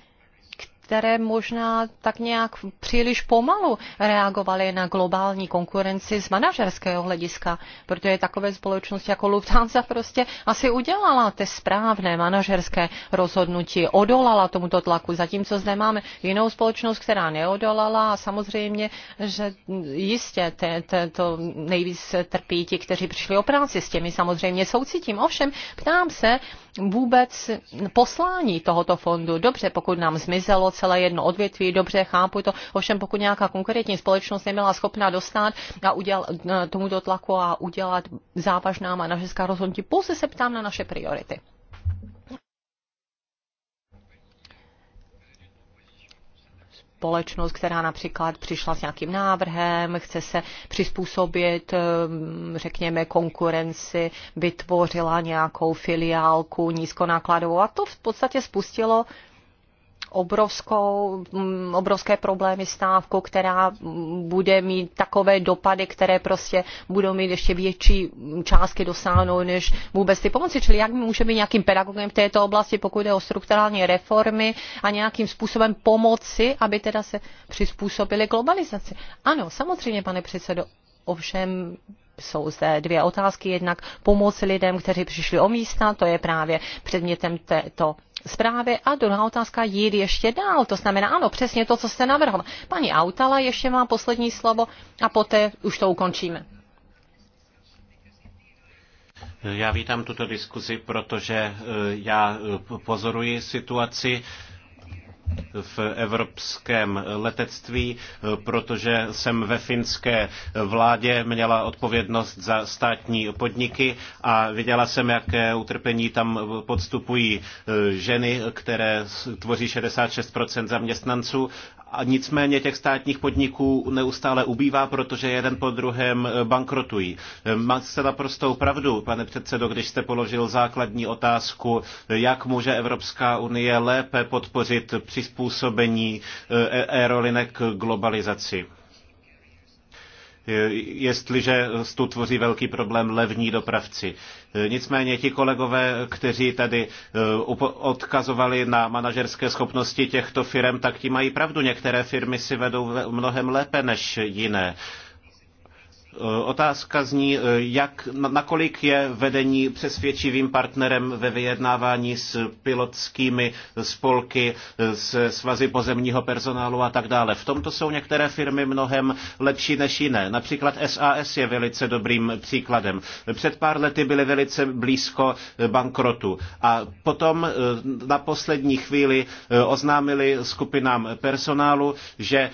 které možná tak nějak příliš pomalu reagovaly na globální konkurenci z manažerského hlediska, protože takové společnosti jako Lufthansa prostě asi udělala ty správné manažerské rozhodnutí, odolala tomuto tlaku, zatímco zde máme jinou společnost, která neodolala a samozřejmě, že jistě te, te, to nejvíc trpí ti, kteří přišli o práci s těmi samozřejmě soucitím. Ovšem, ptám se vůbec poslání tohoto fondu. Dobře, pokud nám zmizelo celé jedno odvětví, dobře, chápu to. Ovšem, pokud nějaká konkrétní společnost neměla schopná dostat a udělat e, tomuto tlaku a udělat závažná manažerská rozhodnutí, pouze se ptám na naše priority. společnost, která například přišla s nějakým návrhem, chce se přizpůsobit, e, řekněme, konkurenci, vytvořila nějakou filiálku nízkonákladovou a to v podstatě spustilo obrovskou, mm, obrovské problémy s stávkou, která bude mít takové dopady, které prostě budou mít ještě větší částky dosáhnout, než vůbec ty pomoci. Čili jak můžeme být nějakým pedagogem v této oblasti, pokud je o strukturální reformy a nějakým způsobem pomoci, aby teda se přizpůsobili globalizaci. Ano, samozřejmě, pane předsedo, ovšem jsou zde dvě otázky. Jednak pomoci lidem, kteří přišli o místa, to je právě předmětem této zprávy. A druhá otázka jít ještě dál. To znamená, ano, přesně to, co jste navrhl. Paní Autala ještě má poslední slovo a poté už to ukončíme. Já vítám tuto diskuzi, protože eh, já eh, pozoruji situaci v evropském letectví, protože jsem ve finské vládě měla odpovědnost za státní podniky a viděla jsem, jaké utrpení tam podstupují eh, ženy, které tvoří 66% zaměstnanců a nicméně těch státních podniků neustále ubývá, protože jeden po druhém eh, bankrotují. Eh, máte naprostou pravdu, pane předsedo, když jste položil základní otázku, jak může Evropská unie lépe podpořit při přizpůsobení eh, eh, aerolinek globalizaci. Jestliže tu tvoří velký problém levní dopravci. Eh, nicméně ti kolegové, kteří tady odkazovali na manažerské schopnosti těchto firm, tak ti mají pravdu. Některé firmy si vedou mnohem lépe než jiné. Eh, otázka zní, eh, jak, nakolik je vedení přesvědčivým partnerem ve vyjednávání s pilotskými spolky, eh, s svazy pozemního personálu a tak dále. V tomto jsou některé firmy mnohem lepší než jiné. Například SAS je velice dobrým příkladem. Před pár lety byly velice blízko bankrotu a potom na poslední chvíli oznámili skupinám personálu, že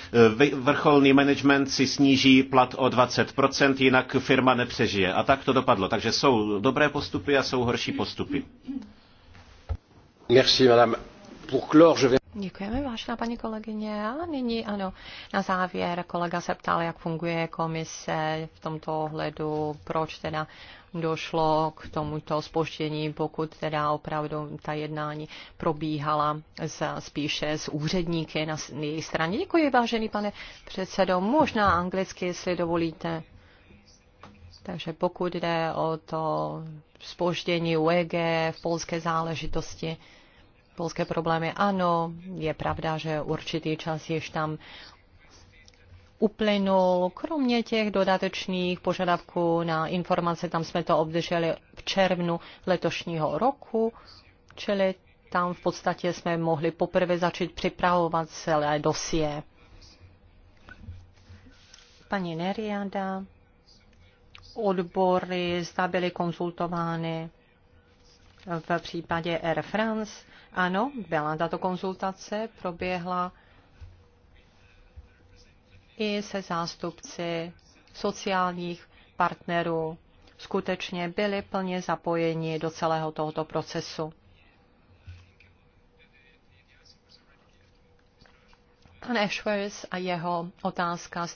vrcholný management si sníží plat o 20 procent, jinak firma nepřežije. A tak to dopadlo. Takže jsou dobré postupy a jsou horší postupy. Merci, madame. Pour clore, je vais... Děkujeme, vážená paní kolegyně. A nyní, ano, na závěr kolega se ptal, jak funguje komise v tomto ohledu, proč teda došlo k tomuto spoždění, pokud teda opravdu ta jednání probíhala z, spíše s úředníky na její straně. Děkuji, vážený pane předsedo. Možná anglicky, jestli dovolíte. Takže pokud jde o to spoždění UEG v polské záležitosti, polské problémy, ano, je pravda, že určitý čas již tam uplynul. Kromě těch dodatečných požadavků na informace, tam jsme to obdrželi v červnu letošního roku, čili tam v podstatě jsme mohli poprvé začít připravovat celé dosie. Paní Neriada odbory, zda byly konzultovány v případě Air France. Ano, byla tato konzultace, proběhla i se zástupci sociálních partnerů. Skutečně byli plně zapojeni do celého tohoto procesu. Pan Ashworth a jeho otázka,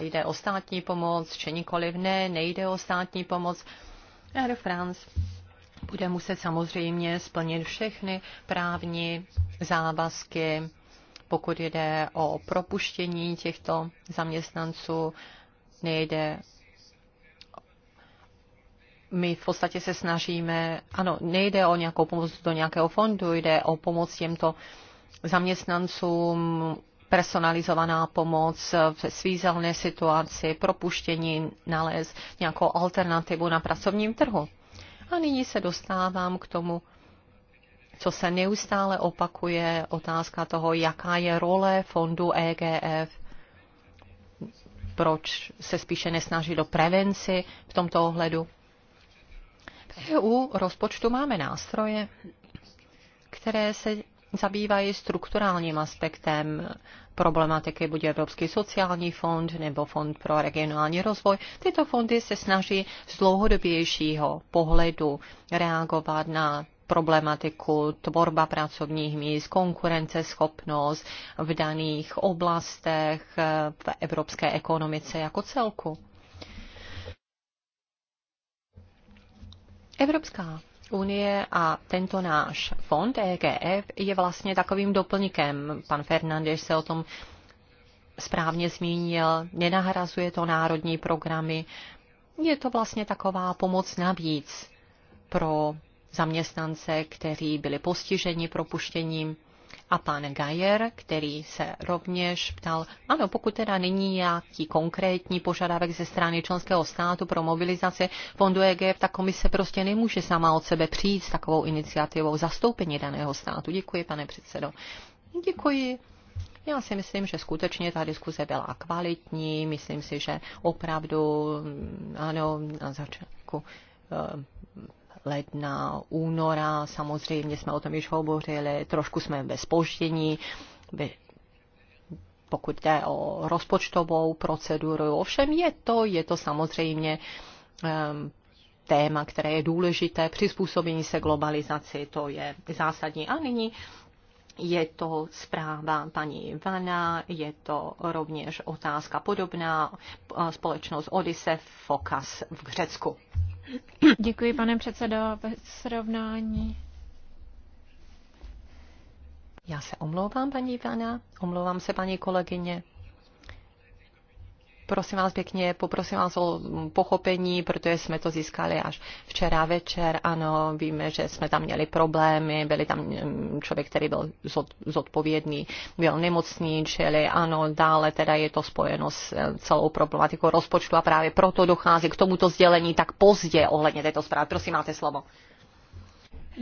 jde o státní pomoc, či nikoliv ne, nejde o státní pomoc. Air France bude muset samozřejmě splnit všechny právní závazky, pokud jde o propuštění těchto zaměstnanců, nejde my v podstatě se snažíme, ano, nejde o nějakou pomoc do nějakého fondu, jde o pomoc těmto zaměstnancům personalizovaná pomoc v svízelné situaci, propuštění, nalézt nějakou alternativu na pracovním trhu. A nyní se dostávám k tomu, co se neustále opakuje, otázka toho, jaká je role fondu EGF, proč se spíše nesnaží do prevenci v tomto ohledu. V EU rozpočtu máme nástroje, které se zabývají strukturálním aspektem problematiky, buď Evropský sociální fond nebo Fond pro regionální rozvoj. Tyto fondy se snaží z dlouhodobějšího pohledu reagovat na problematiku tvorba pracovních míst, konkurenceschopnost v daných oblastech, v evropské ekonomice jako celku. Evropská unie a tento náš fond EGF je vlastně takovým doplňkem. Pan Fernandez se o tom správně zmínil, nenahrazuje to národní programy. Je to vlastně taková pomoc navíc pro zaměstnance, kteří byli postiženi propuštěním a pan Gajer, který se rovněž ptal, ano, pokud teda není nějaký konkrétní požadavek ze strany členského státu pro mobilizaci fondu EGF, tak komise prostě nemůže sama od sebe přijít s takovou iniciativou zastoupení daného státu. Děkuji, pane předsedo. Děkuji. Já si myslím, že skutečně ta diskuze byla kvalitní, myslím si, že opravdu, ano, na začátku eh, ledna, února, samozřejmě jsme o tom již hovořili, trošku jsme ve spoždění, pokud jde o rozpočtovou proceduru. Ovšem je to, je to samozřejmě um, téma, které je důležité, přizpůsobení se globalizaci, to je zásadní. A nyní je to zpráva paní Ivana, je to rovněž otázka podobná, společnost Odise Fokas v Řecku. Děkuji, pane předsedo, ve srovnání. Já se omlouvám, paní Ivana, omlouvám se, paní kolegyně prosím vás pěkně, poprosím vás o pochopení, protože jsme to získali až včera večer. Ano, víme, že jsme tam měli problémy, byli tam mm, člověk, který byl zodpovědný, byl nemocný, čili ano, dále teda je to spojeno s eh, celou problematikou rozpočtu a právě proto dochází k tomuto sdělení tak pozdě ohledně této zprávy. Prosím, máte slovo.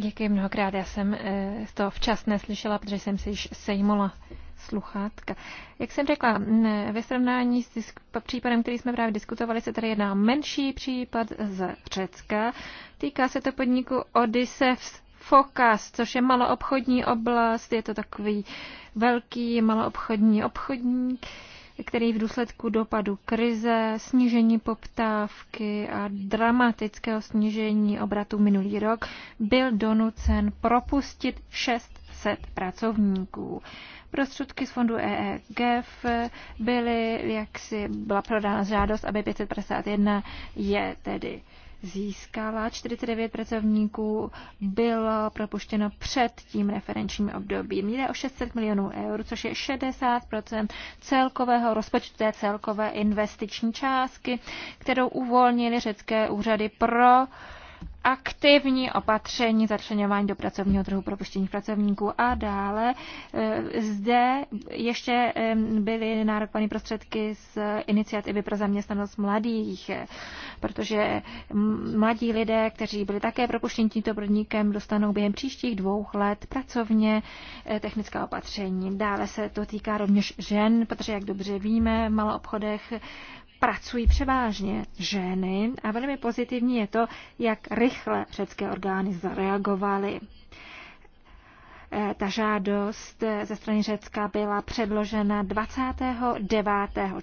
Děkuji mnohokrát, já jsem eh, to včas neslyšela, protože jsem se již sejmula sluchátka. Jak jsem řekla, ve srovnání s případem, který jsme právě diskutovali, se tady jedná menší případ z Řecka. Týká se to podniku Odysseus Focus, což je maloobchodní oblast. Je to takový velký maloobchodní obchodník který v důsledku dopadu krize, snížení poptávky a dramatického snížení obratu minulý rok byl donucen propustit 600 pracovníků. Prostředky z fondu EEGF byly, jak si byla prodána žádost, aby 551 je tedy získala. 49 pracovníků bylo propuštěno před tím referenčním obdobím. Jde o 600 milionů eur, což je 60 celkového rozpočtu té celkové investiční částky, kterou uvolnili řecké úřady pro aktivní opatření začleňování do pracovního trhu, propuštění pracovníků a dále. Eh, zde ještě byly nárokované prostředky z iniciativy pro zaměstnanost mladých, eh, protože mladí lidé, kteří byli také propuštěni tímto podnikem, dostanou během příštích dvou let pracovně eh, technická opatření. Dále se to týká rovněž žen, protože, jak dobře víme, v obchodech pracují převážně ženy a velmi pozitivní je to, jak rychle řecké orgány zareagovaly. Eh, ta žádost eh, ze strany Řecka byla předložena 29.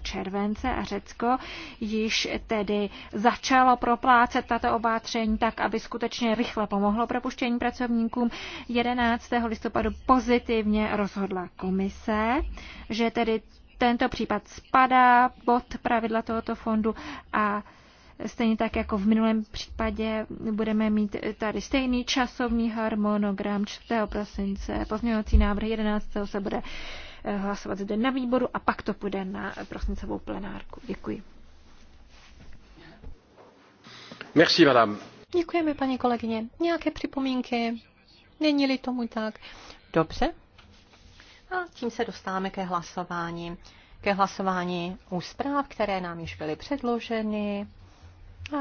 července a Řecko již tedy začalo proplácet tato opatření tak, aby skutečně rychle pomohlo propuštění pracovníkům. 11. listopadu pozitivně rozhodla komise, že tedy tento případ spadá pod pravidla tohoto fondu a Stejně tak jako v minulém případě budeme mít tady stejný časovní harmonogram 4. prosince. Pozměňovací návrh 11. se bude eh, hlasovat zde na výboru a pak to půjde na prosincovou plenárku. Děkuji. Merci, madame. Děkujeme, paní kolegyně. Nějaké připomínky? Není-li tomu tak? Dobře, a tím se dostáváme ke hlasování. Ke hlasování u zpráv, které nám již byly předloženy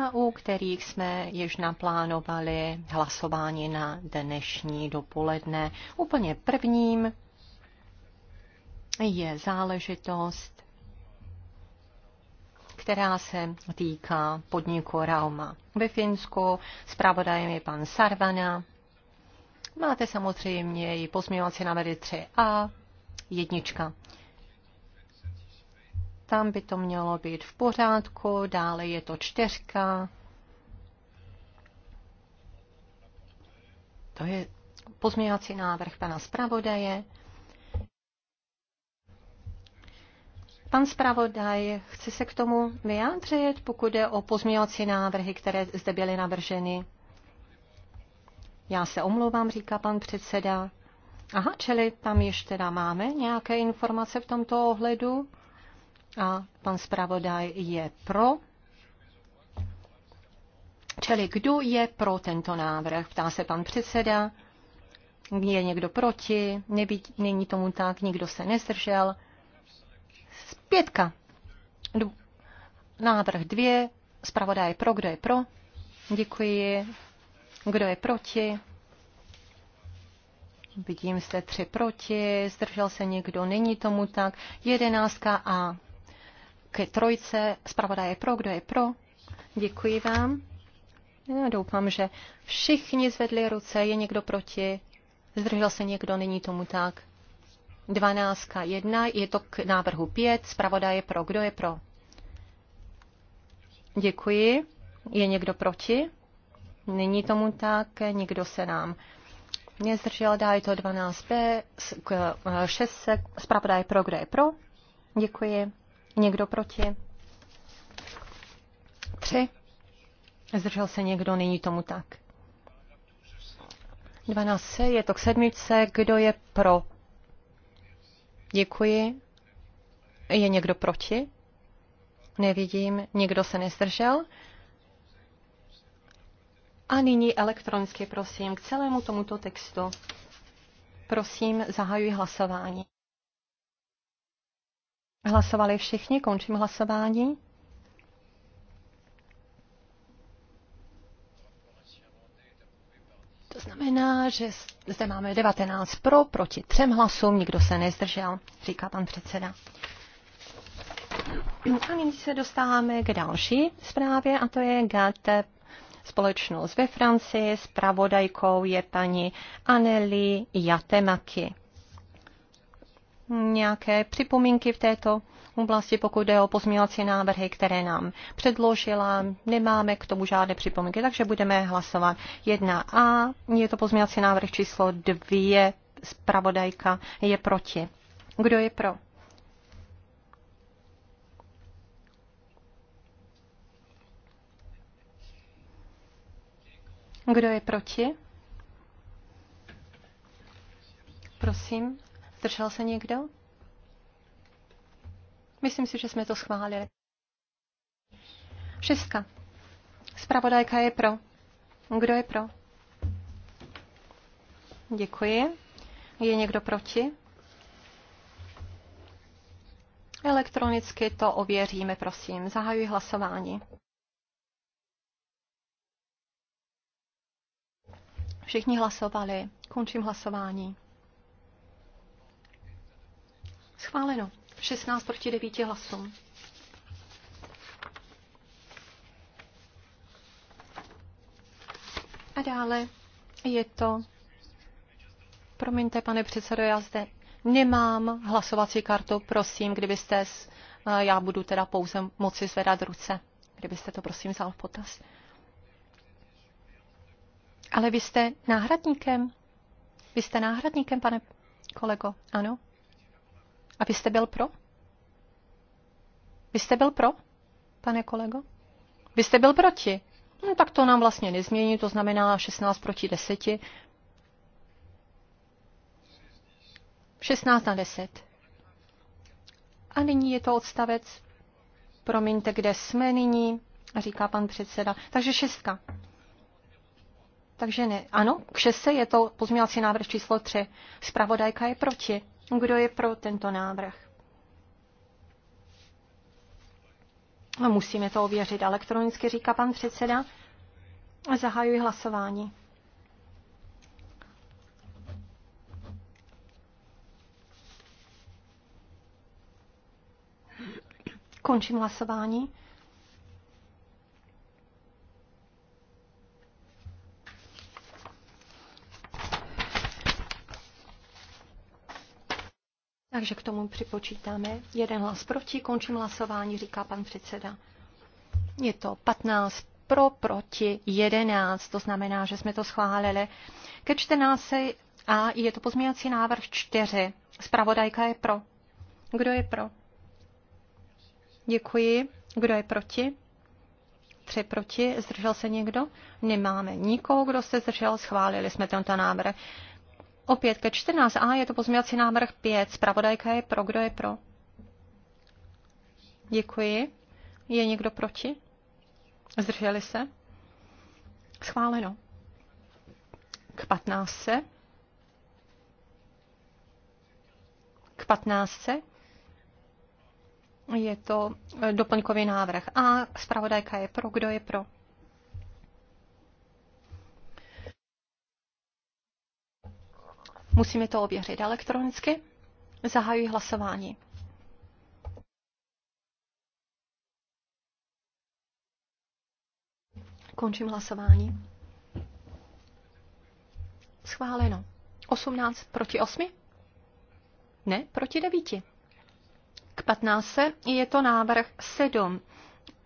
a u kterých jsme již naplánovali hlasování na dnešní dopoledne. Úplně prvním je záležitost, která se týká podniku Rauma ve Finsku. Spravodajem je pan Sarvana. Máte samozřejmě i pozměňovací návrhy 3a, jednička. Tam by to mělo být v pořádku, dále je to čtyřka. To je pozměňovací návrh pana zpravodaje. Pan zpravodaj chce se k tomu vyjádřit, pokud je o pozměňovací návrhy, které zde byly navrženy. Já se omlouvám, říká pan předseda. Aha, čili tam ještě teda máme nějaké informace v tomto ohledu. A pan zpravodaj je pro. Čili kdo je pro tento návrh? Ptá se pan předseda. Je někdo proti? Nebyť, není tomu tak, nikdo se nezdržel. Pětka. Návrh dvě. Zpravodaj je pro. Kdo je pro? Děkuji. Kdo je proti? Vidím zde tři proti, zdržel se někdo, není tomu tak. Jedenáctka a ke trojce, zpravodaj je pro, kdo je pro? Děkuji vám. Já doufám, že všichni zvedli ruce, je někdo proti, zdržel se někdo, není tomu tak. Dvanáctka jedna, je to k návrhu pět, zpravodaj je pro, kdo je pro? Děkuji. Je někdo proti? Není tomu tak, nikdo se nám nezdržel, dá je to 12b, 6, eh, se, je pro, kdo je pro. Děkuji. Někdo proti? 3. Zdržel se někdo, není tomu tak. 12 je to k sedmičce, kdo je pro? Děkuji. Je někdo proti? Nevidím, nikdo se nezdržel. A nyní elektronicky, prosím, k celému tomuto textu. Prosím, zahajuji hlasování. Hlasovali všichni, končím hlasování. To znamená, že zde máme 19 pro, proti třem hlasům, nikdo se nezdržel, říká pan předseda. A nyní se dostáváme k další zprávě, a to je GAT společnost ve Francii. Spravodajkou je paní Anneli Jatemaki. Nějaké připomínky v této oblasti, pokud jde o pozměňovací návrhy, které nám předložila. Nemáme k tomu žádné připomínky, takže budeme hlasovat 1a. Je to pozměňovací návrh číslo 2. Spravodajka je proti. Kdo je pro? Kdo je proti? Prosím, zdržel se někdo? Myslím si, že jsme to schválili. Šestka. Spravodajka je pro. Kdo je pro? Děkuji. Je někdo proti? Elektronicky to ověříme, prosím. Zahajuji hlasování. Všichni hlasovali. Končím hlasování. Schváleno. 16 proti 9 hlasům. A dále je to... Promiňte, pane předsedo, já zde nemám hlasovací kartu. Prosím, kdybyste... Já budu teda pouze moci zvedat ruce. Kdybyste to prosím vzal v potaz. Ale vy jste náhradníkem. Vy jste náhradníkem, pane kolego, ano? A vy jste byl pro? Vy jste byl pro, pane kolego? Vy jste byl proti? No tak to nám vlastně nezmění, to znamená 16 proti 10. 16 na 10. A nyní je to odstavec, promiňte, kde jsme nyní, říká pan předseda. Takže šestka. Takže ne. Ano, k 6 je to pozměňovací návrh číslo 3. Spravodajka je proti. Kdo je pro tento návrh? A no, musíme to ověřit elektronicky, říká pan předseda. Zahajuji hlasování. Končím hlasování. Takže k tomu připočítáme jeden hlas proti, končím hlasování, říká pan předseda. Je to 15 pro, proti 11, to znamená, že jsme to schválili. Ke 14 a je to pozměňovací návrh 4. Spravodajka je pro. Kdo je pro? Děkuji. Kdo je proti? Tři proti. Zdržel se někdo? Nemáme nikoho, kdo se zdržel. Schválili jsme tento návrh. Opět ke 14a je to pozměňovací návrh 5. Spravodajka je pro. Kdo je pro? Děkuji. Je někdo proti? Zdrželi se? Schváleno. K 15. K 15. Je to eh, doplňkový návrh. A zpravodajka je pro. Kdo je pro? Musíme to ověřit elektronicky. Zahajuji hlasování. Končím hlasování. Schváleno. 18 proti 8? Ne, proti 9. K 15 je to návrh 7.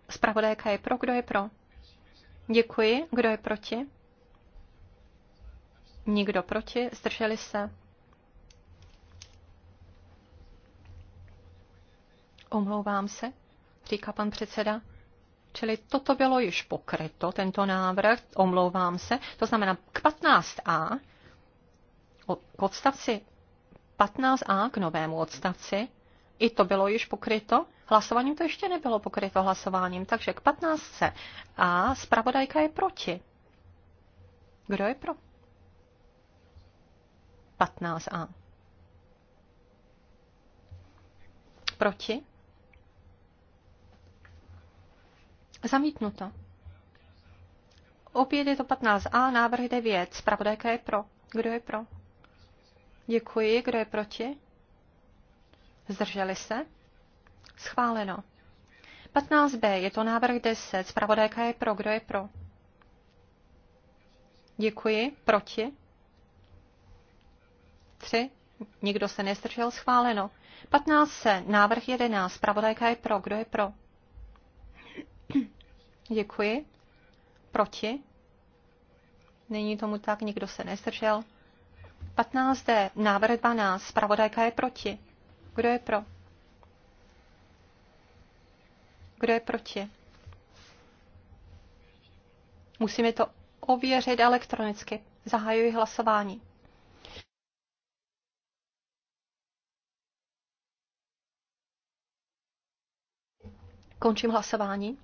Spravodajka je pro, kdo je pro? Děkuji. Kdo je proti? Nikdo proti? Zdrželi se? Omlouvám se, říká pan předseda. Čili toto bylo již pokryto, tento návrh, omlouvám se. To znamená k 15a, k odstavci 15a, k novému odstavci, i to bylo již pokryto. Hlasováním to ještě nebylo pokryto hlasováním, takže k 15a zpravodajka je proti. Kdo je pro? 15a. Proti? Zamítnuto. Opět je to 15a, návrh 9. Spravodajka je pro. Kdo je pro? Děkuji. Kdo je proti? Zdrželi se? Schváleno. 15b, je to návrh 10. Spravodajka je pro. Kdo je pro? Děkuji. Proti? 3. Nikdo se nestržel schváleno. 15 se. Návrh 11. Pravodajka je pro. Kdo je pro? Děkuji. Proti? Není tomu tak, nikdo se nestržel. 15. D. Návrh 12. Spravodajka je proti. Kdo je pro? Kdo je proti? Musíme to ověřit elektronicky. Zahajuji hlasování. Končím hlasování.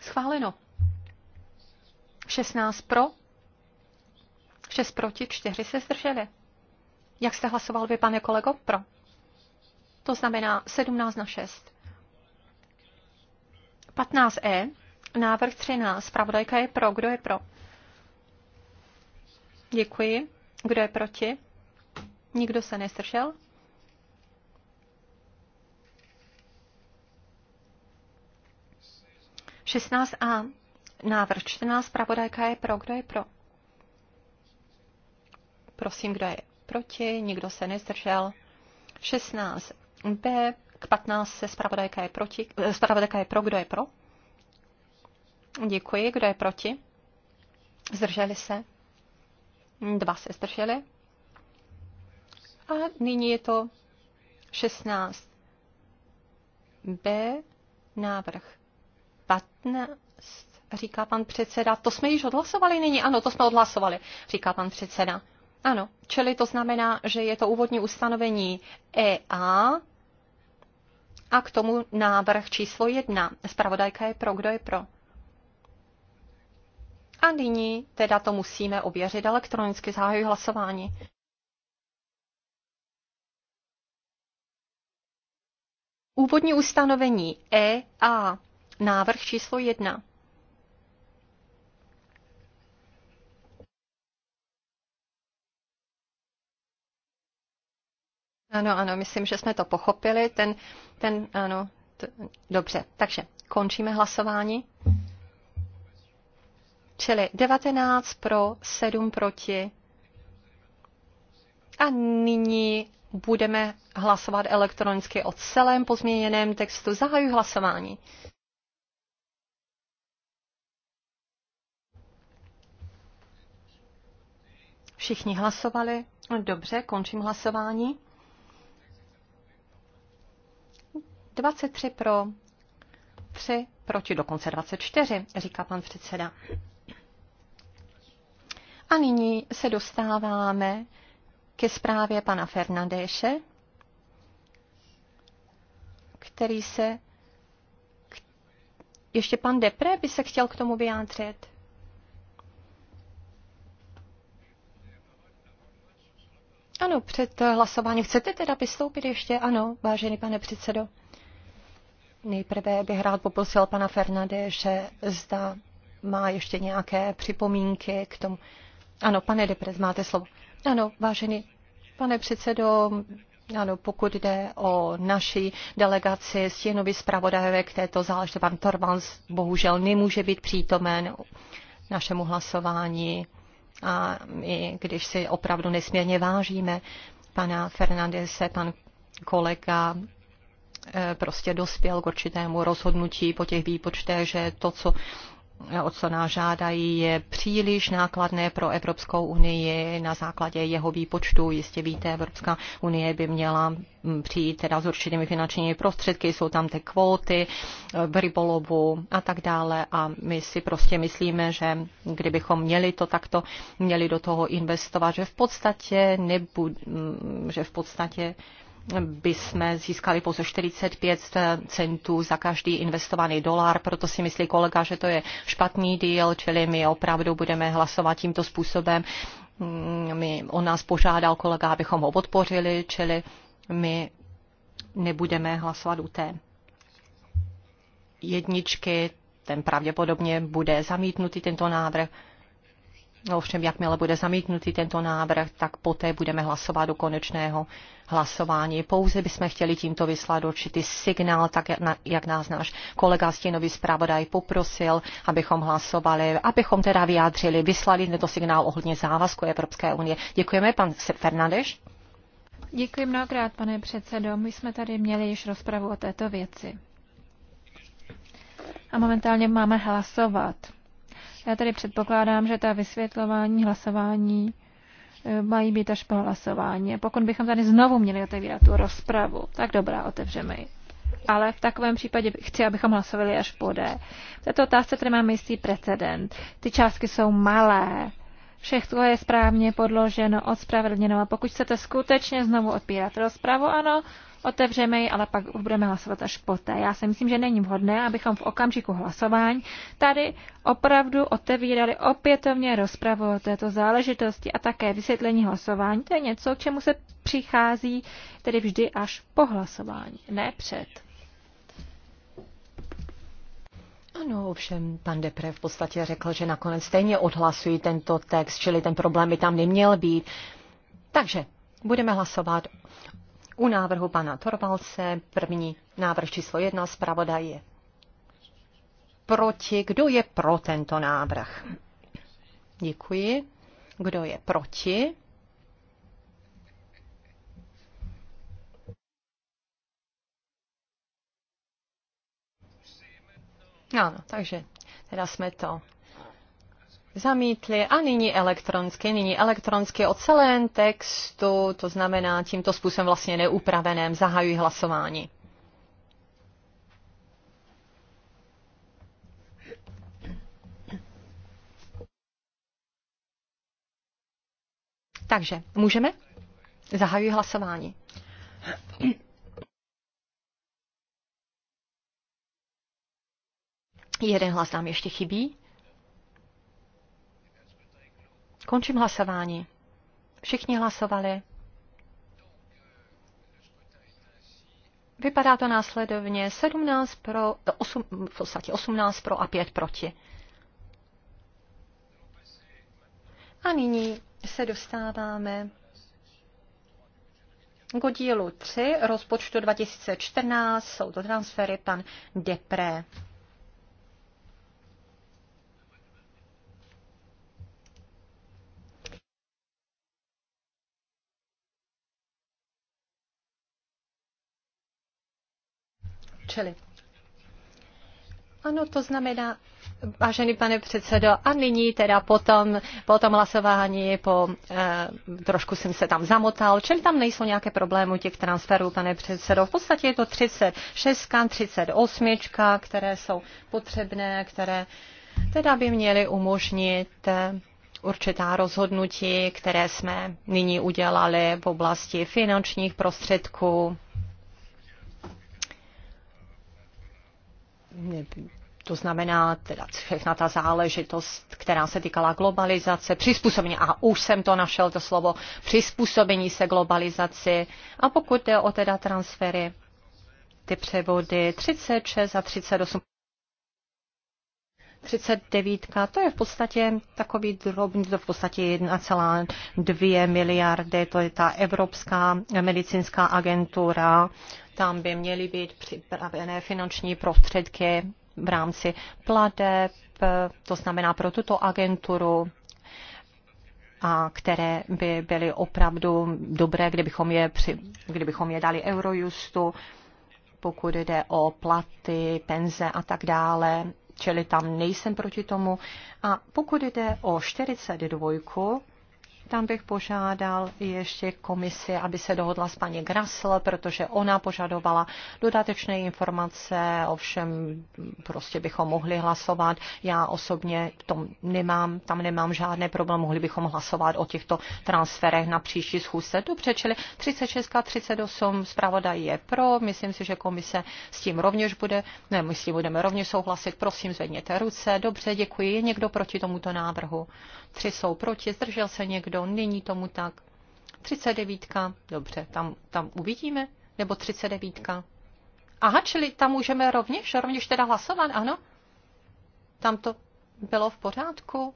Schváleno. 16 pro, 6 proti, 4 se zdrželi. Jak jste hlasoval vy, pane kolego? Pro. To znamená 17 na 6. 15e, návrh 13, pravodajka je pro. Kdo je pro? Děkuji. Kdo je proti? Nikdo se nestršel? 16a. Návrh 14. Pravodajka je pro. Kdo je pro? Prosím, kdo je proti? Nikdo se nezdržel. 16b. K 15 se zpravodajka je, proti, eh, zpravodajka je pro. Kdo je pro? Děkuji. Kdo je proti? Zdrželi se? Dva se zdrželi. A nyní je to 16b. Návrh 15, říká pan předseda. To jsme již odhlasovali nyní? Ano, to jsme odhlasovali, říká pan předseda. Ano, čili to znamená, že je to úvodní ustanovení EA a k tomu návrh číslo jedna. Spravodajka je pro, kdo je pro. A nyní teda to musíme ověřit elektronicky, zahajuji hlasování. Úvodní ustanovení EA návrh číslo jedna. Ano, ano, myslím, že jsme to pochopili. Ten, ten, ano, t- dobře. Takže končíme hlasování. Čili 19 pro, 7 proti. A nyní budeme hlasovat elektronicky o celém pozměněném textu. Zahajuji hlasování. Všichni hlasovali? Dobře, končím hlasování. 23 pro, 3 proti, dokonce 24, říká pan předseda. A nyní se dostáváme ke zprávě pana Fernandéše, který se... Ještě pan Depre by se chtěl k tomu vyjádřit. Ano, před hlasováním. Chcete teda vystoupit ještě? Ano, vážený pane předsedo. Nejprve bych rád poprosil pana že zda má ještě nějaké připomínky k tomu. Ano, pane Deprez, máte slovo. Ano, vážený pane předsedo, ano, pokud jde o naší delegaci stěnovy zpravodajové k této záležitosti, pan Torvans bohužel nemůže být přítomen našemu hlasování a my, když si opravdu nesmírně vážíme pana Fernandese, pan kolega eh, prostě dospěl k určitému rozhodnutí po těch výpočtech, že to, co o co nás žádají, je příliš nákladné pro Evropskou unii na základě jeho výpočtu. Jistě víte, Evropská unie by měla mm, přijít teda s určitými finančními prostředky, jsou tam ty kvóty v rybolovu a tak dále a my si prostě myslíme, že kdybychom měli to takto, měli do toho investovat, že v podstatě nebu, mm, že v podstatě by jsme získali pouze 45 centů za každý investovaný dolar, proto si myslí kolega, že to je špatný díl, čili my opravdu budeme hlasovat tímto způsobem. Mm, my, on nás požádal kolega, abychom ho podpořili, čili my nebudeme hlasovat u té jedničky, ten pravděpodobně bude zamítnutý tento návrh. Ovšem, jakmile bude zamítnutý tento návrh, tak poté budeme hlasovat do konečného hlasování. Pouze bychom chtěli tímto vyslat určitý signál, tak jak nás náš kolega Stěnový zpravodaj poprosil, abychom hlasovali, abychom teda vyjádřili, vyslali tento signál ohledně závazku Evropské unie. Děkujeme, pan Fernandeš. Děkuji mnohokrát, pane předsedo. My jsme tady měli již rozpravu o této věci. A momentálně máme hlasovat. Já tady předpokládám, že ta vysvětlování hlasování eh, mají být až po hlasování. Pokud bychom tady znovu měli otevírat tu rozpravu, tak dobrá, otevřeme ji. Ale v takovém případě chci, abychom hlasovali až po D. V této otázce tady máme jistý precedent. Ty částky jsou malé. Všechno je správně podloženo, odspravedlněno. A pokud chcete skutečně znovu odpírat rozpravu, ano, otevřeme ji, ale pak budeme hlasovat až poté. Já si myslím, že není vhodné, abychom v okamžiku hlasování tady opravdu otevírali opětovně rozpravu o této záležitosti a také vysvětlení hlasování. To je něco, k čemu se přichází tedy vždy až po hlasování, ne před. Ano, ovšem pan Depre v podstatě řekl, že nakonec stejně odhlasují tento text, čili ten problém by tam neměl být. Takže budeme hlasovat u návrhu pana Torvalce. První návrh číslo jedna zpravodaj je proti. Kdo je pro tento návrh? Děkuji. Kdo je proti? Ano, takže teda jsme to zamítli a nyní elektronicky, nyní elektronicky o celém textu, to znamená tímto způsobem vlastně neupraveném, zahajují hlasování. Takže můžeme? Zahajuji hlasování. Jeden hlas nám ještě chybí. Končím hlasování. Všichni hlasovali. Vypadá to následovně 17 pro, 8, v podstatě 18 pro a 5 proti. A nyní se dostáváme k dílu 3 rozpočtu 2014. Jsou to transfery pan Depré. čili. Ano, to znamená, vážený pane předsedo, a nyní teda potom, po tom hlasování, po, eh, trošku jsem se tam zamotal, čili tam nejsou nějaké problémy těch transferů, pane předsedo. V podstatě je to 36, 38, které jsou potřebné, které teda by měly umožnit eh, určitá rozhodnutí, které jsme nyní udělali v oblasti finančních prostředků to znamená teda všechna ta záležitost, která se týkala globalizace, přizpůsobení, a už jsem to našel, to slovo, přizpůsobení se globalizaci. A pokud jde o teda transfery, ty převody 36 a 38. 39, to je v podstatě takový drobný, to v podstatě 1,2 miliardy, to je ta Evropská medicínská agentura, tam by měly být připravené finanční prostředky v rámci pladeb, to znamená pro tuto agenturu, a které by byly opravdu dobré, kdybychom je, při, kdybychom je dali Eurojustu, pokud jde o platy, penze a tak dále čili tam nejsem proti tomu. A pokud jde o 42, tam bych požádal ještě komisi, aby se dohodla s paní Grasl, protože ona požadovala dodatečné informace, ovšem prostě bychom mohli hlasovat. Já osobně tom nemám, tam nemám žádné problém, mohli bychom hlasovat o těchto transferech na příští schůzce. Dobře, čili 36 a 38 zpravodaj je pro, myslím si, že komise s tím rovněž bude, ne, my s tím budeme rovněž souhlasit, prosím, zvedněte ruce. Dobře, děkuji. Je někdo proti tomuto návrhu? Tři jsou proti, zdržel se někdo? Pardon, není tomu tak. 39. Dobře, tam, tam uvidíme. Nebo 39. Aha, čili tam můžeme rovněž, rovněž teda hlasovat, ano? Tam to bylo v pořádku.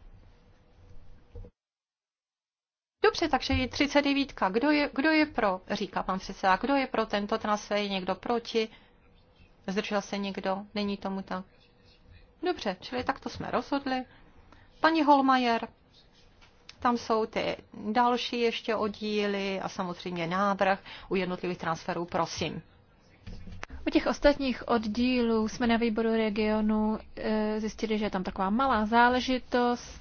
Dobře, takže je 39. Kdo je, kdo je pro, říká pan předseda, kdo je pro tento transfer, je někdo proti? Zdržel se někdo? Není tomu tak. Dobře, čili takto jsme rozhodli. Paní Holmajer, tam jsou ty další ještě oddíly a samozřejmě návrh u jednotlivých transferů, prosím. U těch ostatních oddílů jsme na výboru regionu e, zjistili, že je tam taková malá záležitost.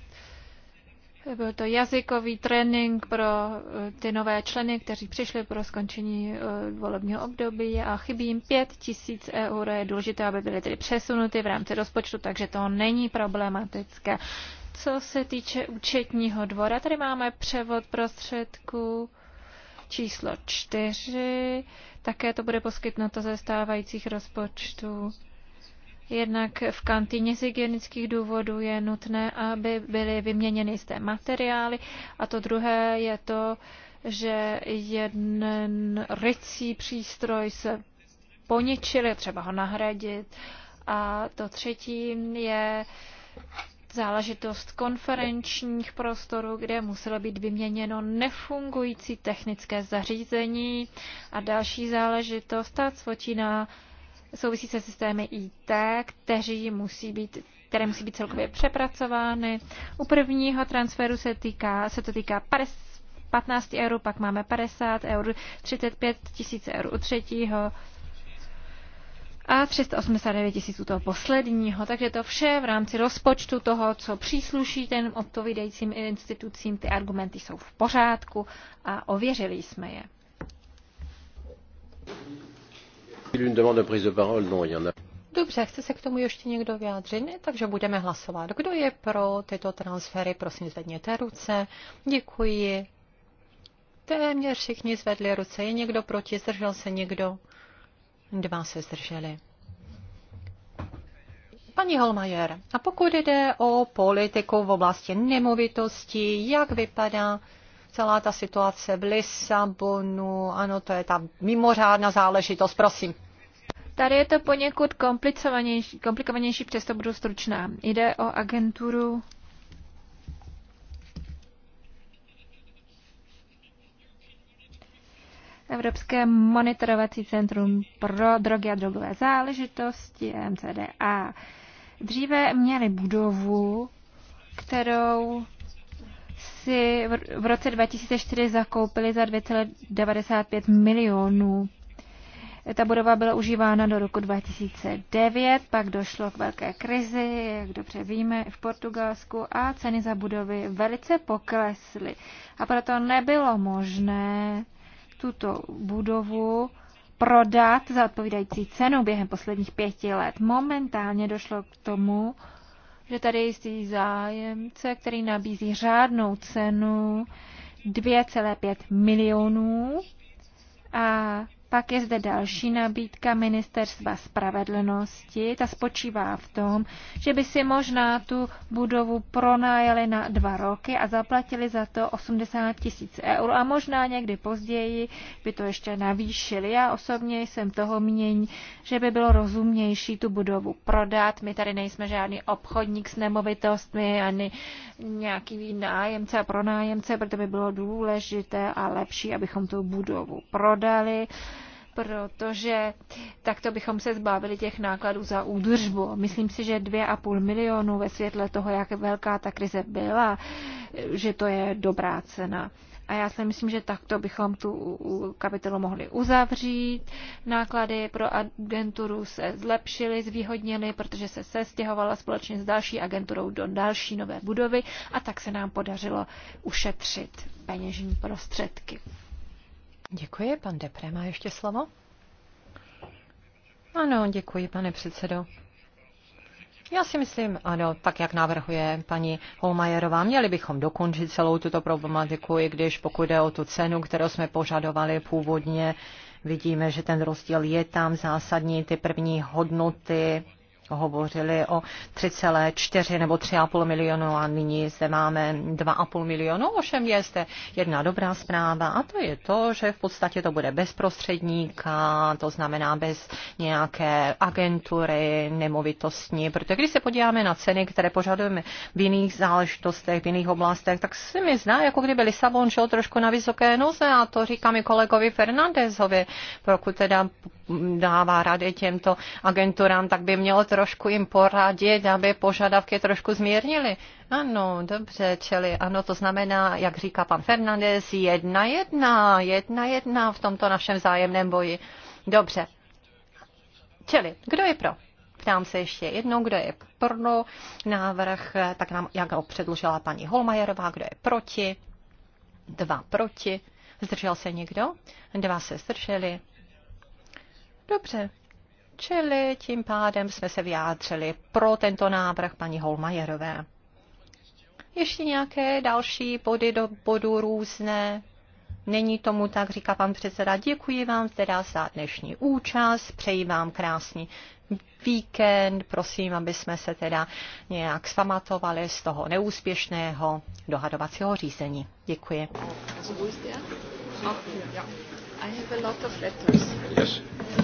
Byl to jazykový trénink pro e, ty nové členy, kteří přišli pro skončení e, volebního období a chybí jim 5 tisíc eur. Je důležité, aby byly tedy přesunuty v rámci rozpočtu, takže to není problematické. Co se týče účetního dvora, tady máme převod prostředků číslo 4. Také to bude poskytnuto ze stávajících rozpočtů. Jednak v kantýně z hygienických důvodů je nutné, aby byly vyměněny jisté materiály. A to druhé je to, že jeden rycí přístroj se poničil, je třeba ho nahradit. A to třetí je záležitost konferenčních prostorů, kde muselo být vyměněno nefungující technické zařízení a další záležitost, ta svočíná souvisí se systémy IT, kteří musí být, které musí být celkově přepracovány. U prvního transferu se, týká, se to týká 15 eur, pak máme 50 eur, 35 tisíc eur u třetího, a 389 tisíc toho posledního. Takže to vše v rámci rozpočtu toho, co přísluší ten odpovídajícím institucím, ty argumenty jsou v pořádku a ověřili jsme je. Dobře, chce se k tomu ještě někdo vyjádřit, ne? takže budeme hlasovat. Kdo je pro tyto transfery, prosím zvedněte ruce. Děkuji. Téměř všichni zvedli ruce. Je někdo proti? Zdržel se někdo? Dva se zdrželi. Paní Holmajer, a pokud jde o politiku v oblasti nemovitostí, jak vypadá celá ta situace v Lisabonu? Ano, to je ta mimořádná záležitost, prosím. Tady je to poněkud komplikovanější, komplikovanější přesto budu stručná. Jde o agenturu Evropské monitorovací centrum pro drogy a drogové záležitosti, MCDA. Dříve měli budovu, kterou si v roce 2004 zakoupili za 2,95 milionů. Ta budova byla užívána do roku 2009, pak došlo k velké krizi, jak dobře víme, v Portugalsku a ceny za budovy velice poklesly. A proto nebylo možné tuto budovu prodat za odpovídající cenu během posledních pěti let. Momentálně došlo k tomu, že tady je jistý zájemce, který nabízí řádnou cenu 2,5 milionů a pak je zde další nabídka Ministerstva spravedlnosti. Ta spočívá v tom, že by si možná tu budovu pronájeli na dva roky a zaplatili za to 80 tisíc eur a možná někdy později by to ještě navýšili. Já osobně jsem toho mění, že by bylo rozumnější tu budovu prodat. My tady nejsme žádný obchodník s nemovitostmi ani nějaký nájemce a pronájemce, proto by bylo důležité a lepší, abychom tu budovu prodali protože takto bychom se zbavili těch nákladů za údržbu. Myslím si, že 2,5 milionu ve světle toho, jak velká ta krize byla, že to je dobrá cena. A já si myslím, že takto bychom tu kapitolu mohli uzavřít. Náklady pro agenturu se zlepšily, zvýhodněly, protože se sestěhovala společně s další agenturou do další nové budovy a tak se nám podařilo ušetřit peněžní prostředky. Děkuji. Pan Depré má ještě slovo. Ano, děkuji, pane předsedo. Já si myslím, ano, tak jak navrhuje paní Holmajerová, měli bychom dokončit celou tuto problematiku, i když pokud jde o tu cenu, kterou jsme požadovali původně, vidíme, že ten rozdíl je tam zásadní, ty první hodnoty hovořili o 3,4 nebo 3,5 milionu a nyní zde máme 2,5 milionu. Ovšem je zde jedna dobrá zpráva a to je to, že v podstatě to bude bez prostředníka, to znamená bez nějaké agentury nemovitostní, protože když se podíváme na ceny, které požadujeme v jiných záležitostech, v jiných oblastech, tak se mi zná, jako kdyby Lisabon šel trošku na vysoké noze a to říkám i kolegovi Fernandezovi, pokud teda dává rady těmto agenturám, tak by mělo trošku jim poradit, aby požadavky trošku zmírnili. Ano, dobře, čili ano, to znamená, jak říká pan Fernandez, jedna jedna, jedna jedna v tomto našem zájemném boji. Dobře. Čili, kdo je pro? Ptám se ještě jednou, kdo je pro návrh, tak nám, jak ho předložila paní Holmajerová, kdo je proti? Dva proti. Zdržel se někdo? Dva se zdrželi. Dobře, čili tím pádem jsme se vyjádřili pro tento návrh paní Holmajerové. Ještě nějaké další body do bodu různé? Není tomu tak, říká pan předseda. Děkuji vám teda za dnešní účast, přeji vám krásný víkend, prosím, aby jsme se teda nějak svamatovali z toho neúspěšného dohadovacího řízení. Děkuji. I have a lot of letters. Yes.